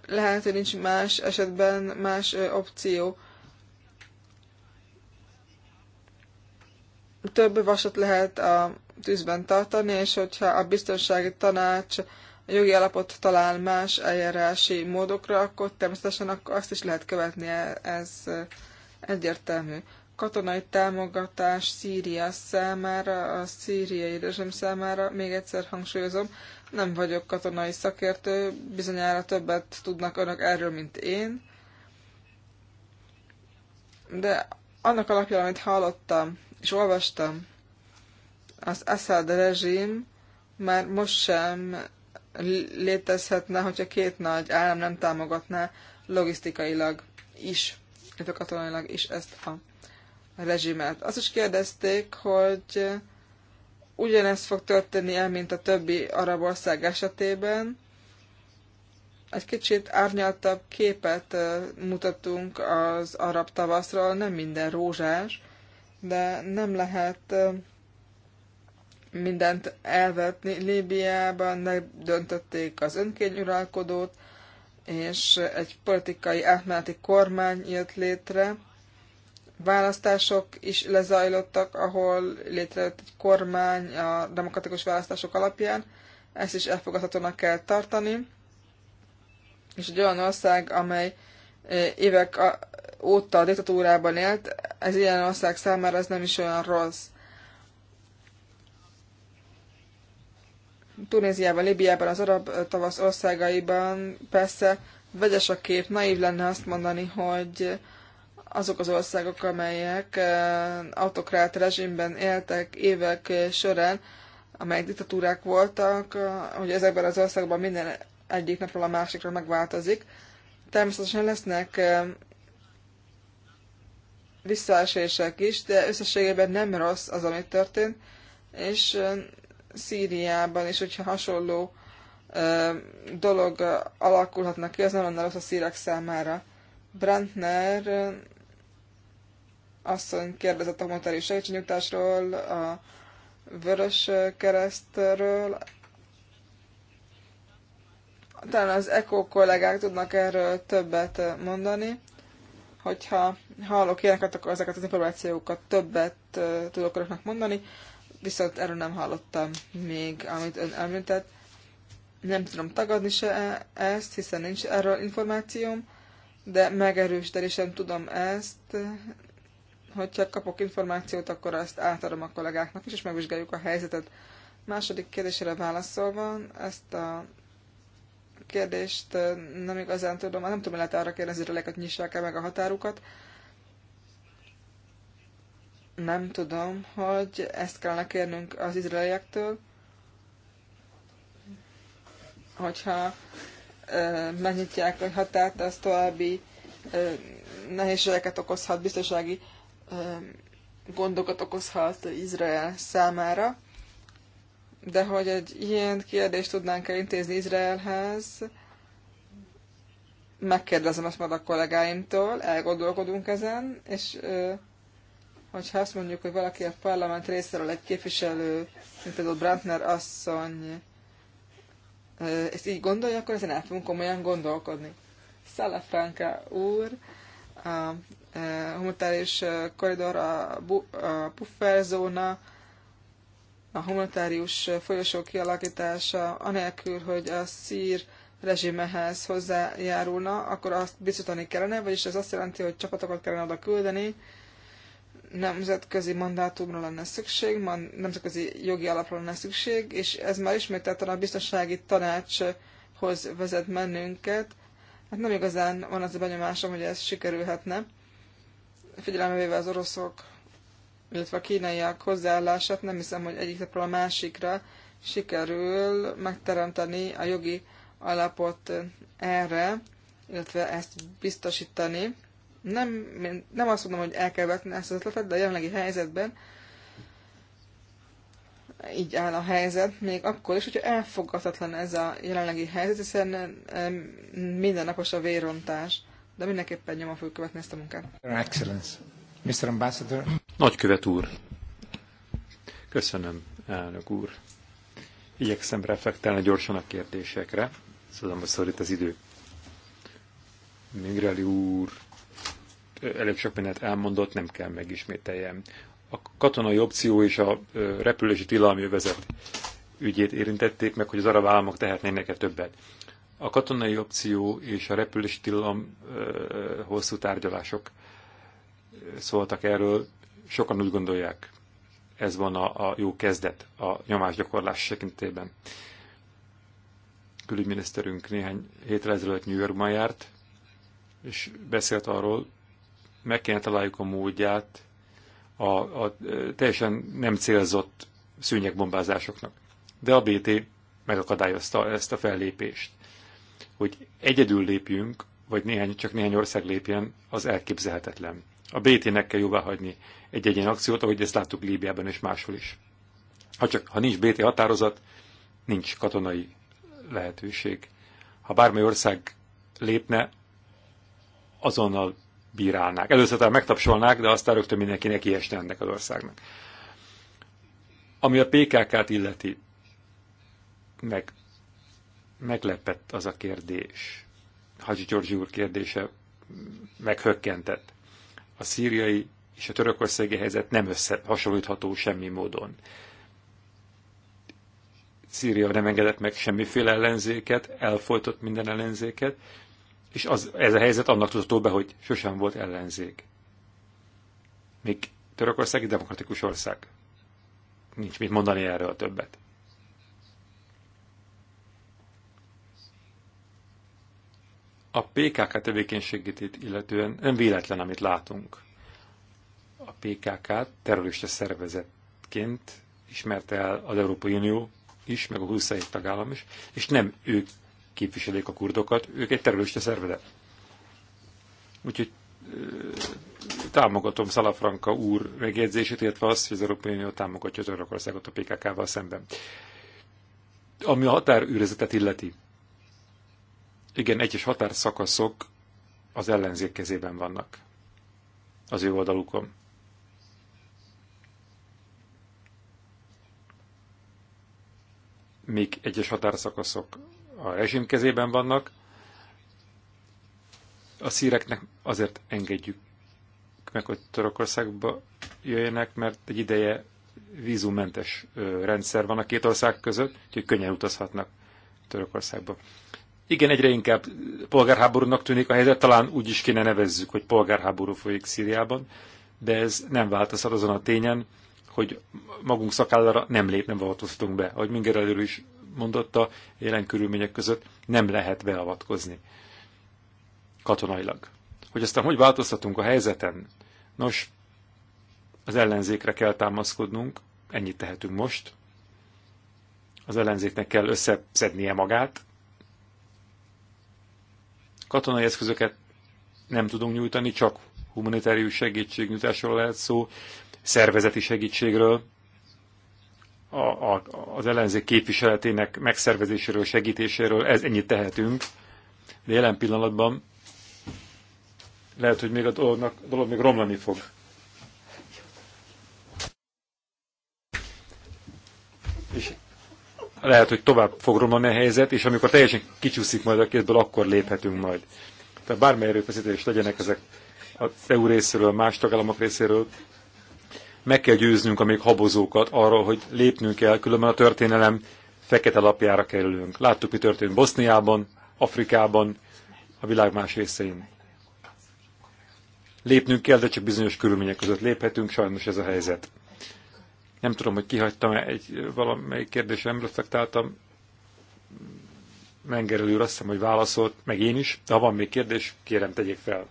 lehet, hogy nincs más esetben más opció. Több vasat lehet a tűzben tartani, és hogyha a biztonsági tanács a jogi alapot talál más eljárási módokra, akkor természetesen akkor azt is lehet követni, e- ez egyértelmű. Katonai támogatás Szíria számára, a szíriai rezsim számára, még egyszer hangsúlyozom, nem vagyok katonai szakértő, bizonyára többet tudnak önök erről, mint én. De annak alapján, amit hallottam és olvastam, az Assad rezsim már most sem létezhetne, hogyha két nagy állam nem támogatná logisztikailag is, illetve katonailag is ezt a rezsimet. Azt is kérdezték, hogy Ugyanezt fog történni el, mint a többi arab ország esetében. Egy kicsit árnyaltabb képet mutatunk az arab tavaszról, nem minden rózsás, de nem lehet mindent elvetni. Líbiában megdöntötték az önkényuralkodót, és egy politikai átmeneti kormány jött létre, választások is lezajlottak, ahol létrejött egy kormány a demokratikus választások alapján. Ezt is elfogadhatónak kell tartani. És egy olyan ország, amely e, évek óta a diktatúrában élt, ez ilyen ország számára ez nem is olyan rossz. Tunéziában, Libiában, az arab e, tavasz országaiban persze vegyes a kép, naív lenne azt mondani, hogy azok az országok, amelyek autokrát rezsimben éltek évek során, amelyek diktatúrák voltak, hogy ezekben az országban minden egyik napról a másikra megváltozik. Természetesen lesznek visszaesések is, de összességében nem rossz az, ami történt, és Szíriában is, hogyha hasonló dolog alakulhatnak ki, az nem lenne rossz a szírek számára. Brandner asszony kérdezett a humanitárius segítségnyújtásról, a Vörös Keresztről. Talán az ECO kollégák tudnak erről többet mondani. Hogyha hallok ilyeneket, akkor ezeket az információkat többet tudok önöknek mondani, viszont erről nem hallottam még, amit ön említett. Nem tudom tagadni se e- ezt, hiszen nincs erről információm, de megerősíteni sem tudom ezt, hogy csak kapok információt, akkor azt átadom a kollégáknak is, és megvizsgáljuk a helyzetet. Második kérdésére válaszolva, ezt a kérdést nem igazán tudom, nem tudom, lehet arra kérdezni, hogy a nyissák-e meg a határukat. Nem tudom, hogy ezt kellene kérnünk az izraeliektől, hogyha e, megnyitják a határt, az további nehézségeket okozhat biztonsági gondokat okozhat Izrael számára. De hogy egy ilyen kérdést tudnánk-e intézni Izraelhez, megkérdezem ezt majd a kollégáimtól, elgondolkodunk ezen, és hogyha azt mondjuk, hogy valaki a parlament részéről egy képviselő, mint például Brandner asszony, ezt így gondolja, akkor ezen el fogunk komolyan gondolkodni. Franka úr, humanitárius koridor, a, bu- a pufferzóna, a humanitárius folyosó kialakítása, anélkül, hogy a szír rezsimehez hozzájárulna, akkor azt biztosítani kellene, vagyis ez azt jelenti, hogy csapatokat kellene oda küldeni, nemzetközi mandátumra lenne szükség, nemzetközi jogi alapra lenne szükség, és ez már ismételten a biztonsági tanácshoz vezet mennünket. Hát nem igazán van az a benyomásom, hogy ez sikerülhetne figyelembe véve az oroszok, illetve a kínaiak hozzáállását, nem hiszem, hogy egyik napról a másikra sikerül megteremteni a jogi alapot erre, illetve ezt biztosítani. Nem, nem azt mondom, hogy el kell vetni ezt az ötletet, de a jelenlegi helyzetben így áll a helyzet, még akkor is, hogyha elfogadhatatlan ez a jelenlegi helyzet, hiszen mindennapos a vérontás de mindenképpen nyomon fogjuk követni ezt a munkát. Excellence. Mr. Ambassador. Nagykövet úr. Köszönöm, elnök úr. Igyekszem reflektálni gyorsan a kérdésekre. Szóval most szorít az idő. Mingreli úr elég sok mindent elmondott, nem kell megismételjem. A katonai opció és a repülési tilalmi övezet ügyét érintették meg, hogy az arab államok tehetnének-e többet a katonai opció és a repülés tilalom hosszú tárgyalások szóltak erről. Sokan úgy gondolják, ez van a, a jó kezdet a nyomásgyakorlás tekintében. Külügyminiszterünk néhány héttel ezelőtt New Yorkban járt, és beszélt arról, meg kéne találjuk a módját a, a teljesen nem célzott szűnyegbombázásoknak. De a BT megakadályozta ezt a fellépést hogy egyedül lépjünk, vagy néhány, csak néhány ország lépjen, az elképzelhetetlen. A BT-nek kell jóvá hagyni egy egyen akciót, ahogy ezt láttuk Líbiában és máshol is. Ha csak ha nincs BT határozat, nincs katonai lehetőség. Ha bármely ország lépne, azonnal bírálnák. Először talán megtapsolnák, de aztán rögtön mindenkinek ilyesne ennek az országnak. Ami a PKK-t illeti, meg meglepett az a kérdés. Hagyi Gyorgyi úr kérdése meghökkentett. A szíriai és a törökországi helyzet nem összehasonlítható semmi módon. Szíria nem engedett meg semmiféle ellenzéket, elfolytott minden ellenzéket, és az, ez a helyzet annak tudható be, hogy sosem volt ellenzék. Még Törökország egy demokratikus ország. Nincs mit mondani erről többet. A PKK tevékenységét illetően nem véletlen, amit látunk. A PKK terrorista szervezetként ismerte el az Európai Unió is, meg a 27 tagállam is, és nem ők képviselik a kurdokat, ők egy terrorista szervezet. Úgyhogy támogatom Szalafranka úr megjegyzését, illetve azt, hogy az Európai Unió támogatja az Törökországot a PKK-val szemben. Ami a határőrzetet illeti, igen, egyes határszakaszok az ellenzék kezében vannak az ő oldalukon. Míg egyes határszakaszok a rezsim kezében vannak, a szíreknek azért engedjük meg, hogy Törökországba jöjjenek, mert egy ideje vízumentes rendszer van a két ország között, úgyhogy könnyen utazhatnak Törökországba. Igen, egyre inkább polgárháborúnak tűnik a helyzet, talán úgy is kéne nevezzük, hogy polgárháború folyik Szíriában, de ez nem változhat azon a tényen, hogy magunk szakállára nem lép, nem be. Ahogy Minger előről is mondotta, jelen körülmények között nem lehet beavatkozni katonailag. Hogy aztán hogy változtatunk a helyzeten? Nos, az ellenzékre kell támaszkodnunk, ennyit tehetünk most. Az ellenzéknek kell összeszednie magát, Katonai eszközöket nem tudunk nyújtani, csak humanitárius segítségnyújtásról lehet szó, szervezeti segítségről, a, a, az ellenzék képviseletének megszervezéséről, segítéséről, ez ennyit tehetünk. De jelen pillanatban lehet, hogy még a, dolognak, dolog még romlani fog. És lehet, hogy tovább fog romlani a helyzet, és amikor teljesen kicsúszik majd a kézből, akkor léphetünk majd. Tehát bármely erőfeszítés legyenek ezek az EU részéről, más tagállamok részéről, meg kell győznünk a még habozókat arról, hogy lépnünk kell, különben a történelem fekete lapjára kerülünk. Láttuk, mi történt Boszniában, Afrikában, a világ más részein. Lépnünk kell, de csak bizonyos körülmények között léphetünk, sajnos ez a helyzet. Nem tudom, hogy kihagytam -e egy valamelyik kérdésre, nem reflektáltam. Menger úr azt hiszem, hogy válaszolt, meg én is. De ha van még kérdés, kérem, tegyék fel.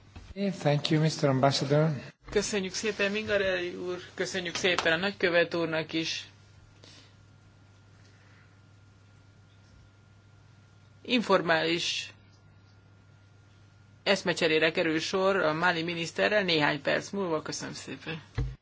Thank you, Mr. Ambassador. Köszönjük szépen Mingarelli úr, köszönjük szépen a nagykövet úrnak is. Informális eszmecserére kerül sor a Máli miniszterrel néhány perc múlva. Köszönöm szépen.